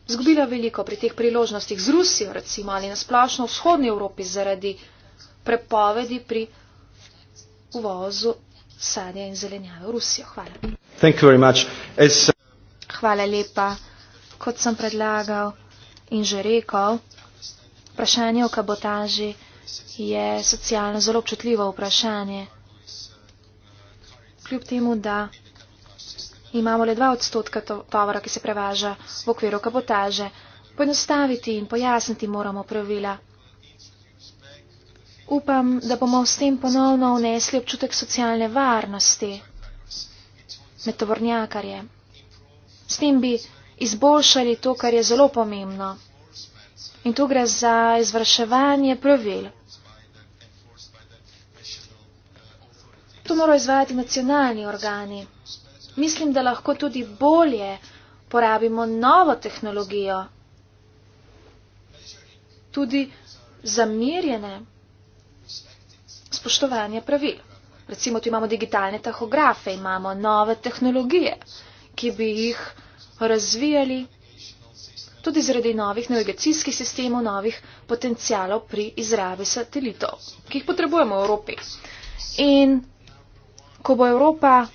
S3: zgubila veliko pri teh priložnostih z Rusijo, recimo, ali na splošno v vzhodni Evropi zaradi prepovedi pri uvozu sadja in zelenjave v Rusijo. Hvala. Thank you very much. As... Hvala lepa, kot sem predlagal in že rekel. Vprašanje o kabotaži je socialno zelo občutljivo vprašanje. Kljub temu, da imamo le dva odstotka tovora, ki se prevaža v okviru kabotaže, poenostaviti in pojasniti moramo pravila. Upam, da bomo s tem ponovno vnesli občutek socialne varnosti med tovornjakarje. S tem bi izboljšali to, kar je zelo pomembno. In tu gre za izvrševanje pravil. To morajo izvajati nacionalni organi. Mislim, da lahko tudi bolje porabimo novo tehnologijo. Tudi zamirjene spoštovanje pravil. Recimo, tu imamo digitalne tahografe, imamo nove tehnologije, ki bi jih razvijali tudi zredi novih navigacijskih sistemov, novih potencijalov pri izrabi satelitov, ki jih potrebujemo v Evropi. In ko bo Evropa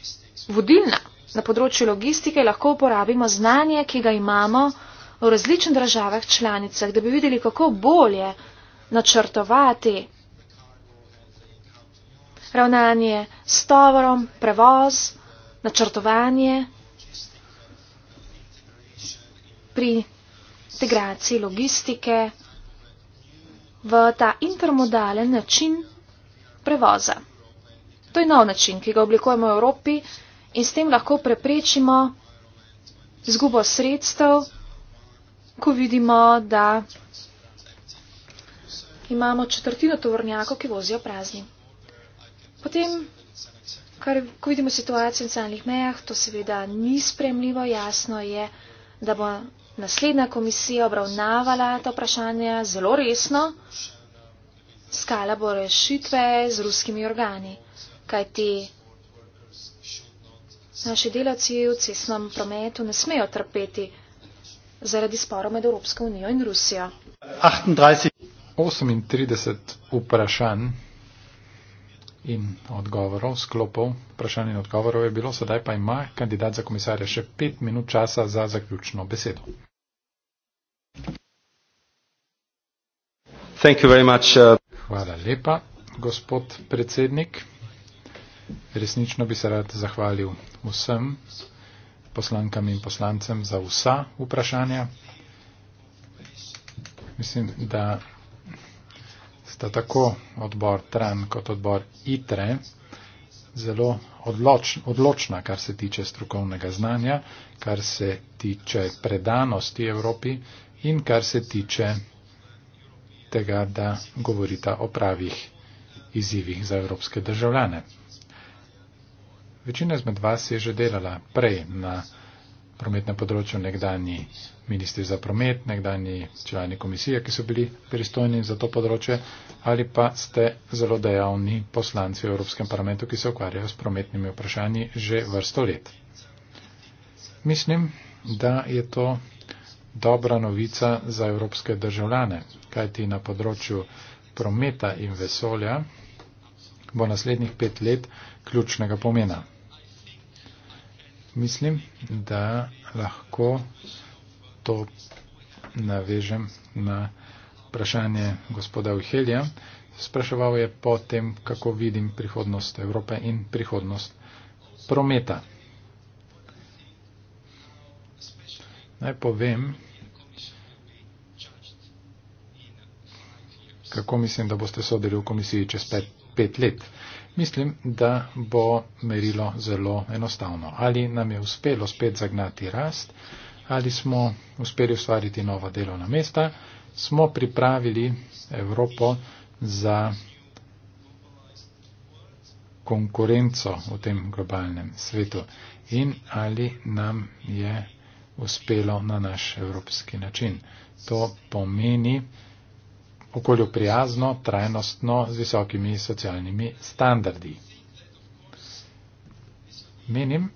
S3: vodilna na področju logistike, lahko uporabimo znanje, ki ga imamo v različnih državah članicah, da bi videli, kako bolje načrtovati ravnanje s tovorom, prevoz, načrtovanje pri integracije logistike v ta intermodalen način prevoza. To je nov način, ki ga oblikujemo v Evropi in s tem lahko preprečimo zgubo sredstev, ko vidimo, da imamo četrtino tovornjakov, ki vozijo prazni. Potem, kar, ko vidimo situacijo v centralnih mejah, to seveda ni spremljivo, jasno je, da bo naslednja komisija obravnavala ta vprašanja zelo resno, skala bo rešitve z ruskimi organi, kajti naši delavci v cestnem prometu ne smejo trpeti zaradi sporov med Evropsko unijo in Rusijo.
S1: 38 vprašanj in odgovorov, sklopov, vprašanj in odgovorov je bilo, sedaj pa ima kandidat za komisarja še pet minut časa za zaključno besedo.
S2: Uh,
S1: Hvala lepa, gospod predsednik. Resnično bi se rad zahvalil vsem poslankam in poslancem za vsa vprašanja. Mislim, da sta tako odbor Tran kot odbor ITRE zelo odločna, odločna, kar se tiče strokovnega znanja, kar se tiče predanosti Evropi in kar se tiče tega, da govorita o pravih izzivih za evropske državljane. Večina izmed vas je že delala prej na prometnem področju, nekdani ministri za promet, nekdani člani komisije, ki so bili pristojni za to področje, ali pa ste zelo dejavni poslanci v Evropskem parlamentu, ki se ukvarjajo s prometnimi vprašanji že vrsto let. Mislim, da je to dobra novica za evropske državljane, kajti na področju prometa in vesolja bo naslednjih pet let ključnega pomena mislim, da lahko to navežem na vprašanje gospoda Uhelja. Spraševal je po tem, kako vidim prihodnost Evrope in prihodnost prometa. Naj povem, kako mislim, da boste sodeli v komisiji čez pet, pet let. Mislim, da bo merilo zelo enostavno. Ali nam je uspelo spet zagnati rast, ali smo uspeli ustvariti nova delovna mesta, smo pripravili Evropo za konkurenco v tem globalnem svetu in ali nam je uspelo na naš evropski način. To pomeni, okolju prijazno, trajnostno, z visokimi socialnimi standardi. Menim,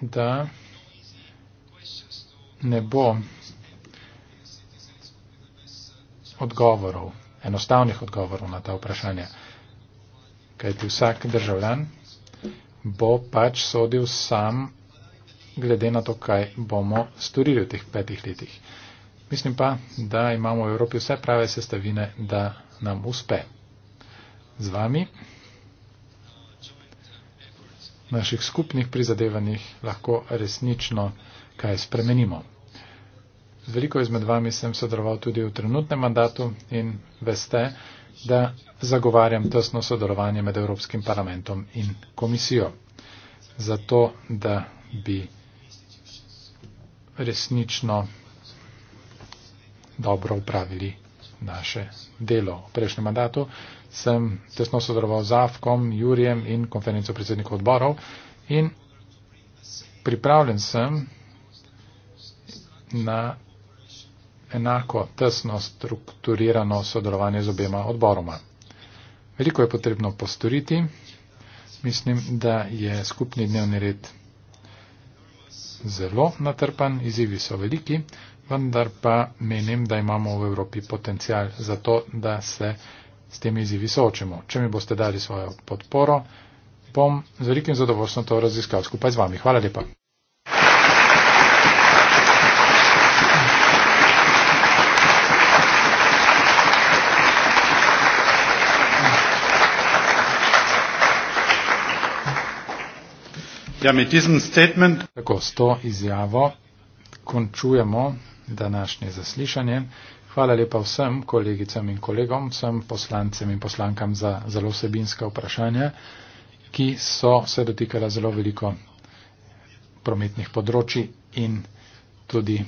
S1: da ne bo odgovorov, enostavnih odgovorov na ta vprašanja, kajti vsak državljan bo pač sodil sam glede na to, kaj bomo storili v teh petih letih. Mislim pa, da imamo v Evropi vse prave sestavine, da nam uspe. Z vami, naših skupnih prizadevanjih, lahko resnično kaj spremenimo. Z veliko izmed vami sem sodeloval tudi v trenutnem mandatu in veste, da zagovarjam tesno sodelovanje med Evropskim parlamentom in komisijo. Zato, da bi resnično dobro upravili naše delo. V prejšnjem mandatu sem tesno sodeloval z AFKOM, Jurijem in konferenco predsednikov odborov in pripravljen sem na enako tesno strukturirano sodelovanje z obema odboroma. Veliko je potrebno postoriti. Mislim, da je skupni dnevni red zelo natrpan, izzivi so veliki vendar pa menim, da imamo v Evropi potencial za to, da se s temi izzivi soočimo. Če mi boste dali svojo podporo, bom z velikim zadovoljstvom to raziskal skupaj z vami. Hvala lepa. Ja, Tako, s to izjavo končujemo današnje zaslišanje. Hvala lepa vsem kolegicam in kolegom, vsem poslancem in poslankam za zelo vsebinska vprašanja, ki so se dotikala zelo veliko prometnih področji in tudi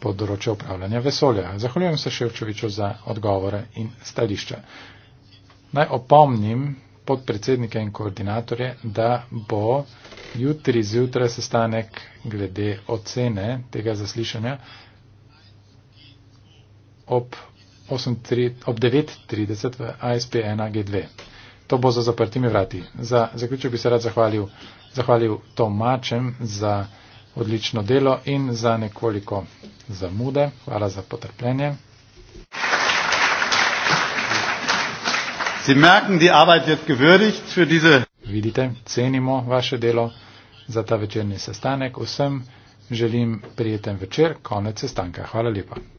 S1: področja upravljanja vesolja. Zahvaljujem se Ševčoviču za odgovore in stališča. Naj opomnim, podpredsednike in koordinatorje, da bo jutri zjutraj sestanek glede ocene tega zaslišanja ob, ob 9.30 v ASP 1G2. To bo za zaprtimi vrati. Za zaključek bi se rad zahvalil, zahvalil Tomačem za odlično delo in za nekoliko zamude. Hvala za potrpljenje. Sie merken, die Arbeit wird gewürdigt für diese. Vidite, cenimo vaše delo za ta večerni sestanek. Vsem želim prijeten večer, konec sestanka. Hvala lepa.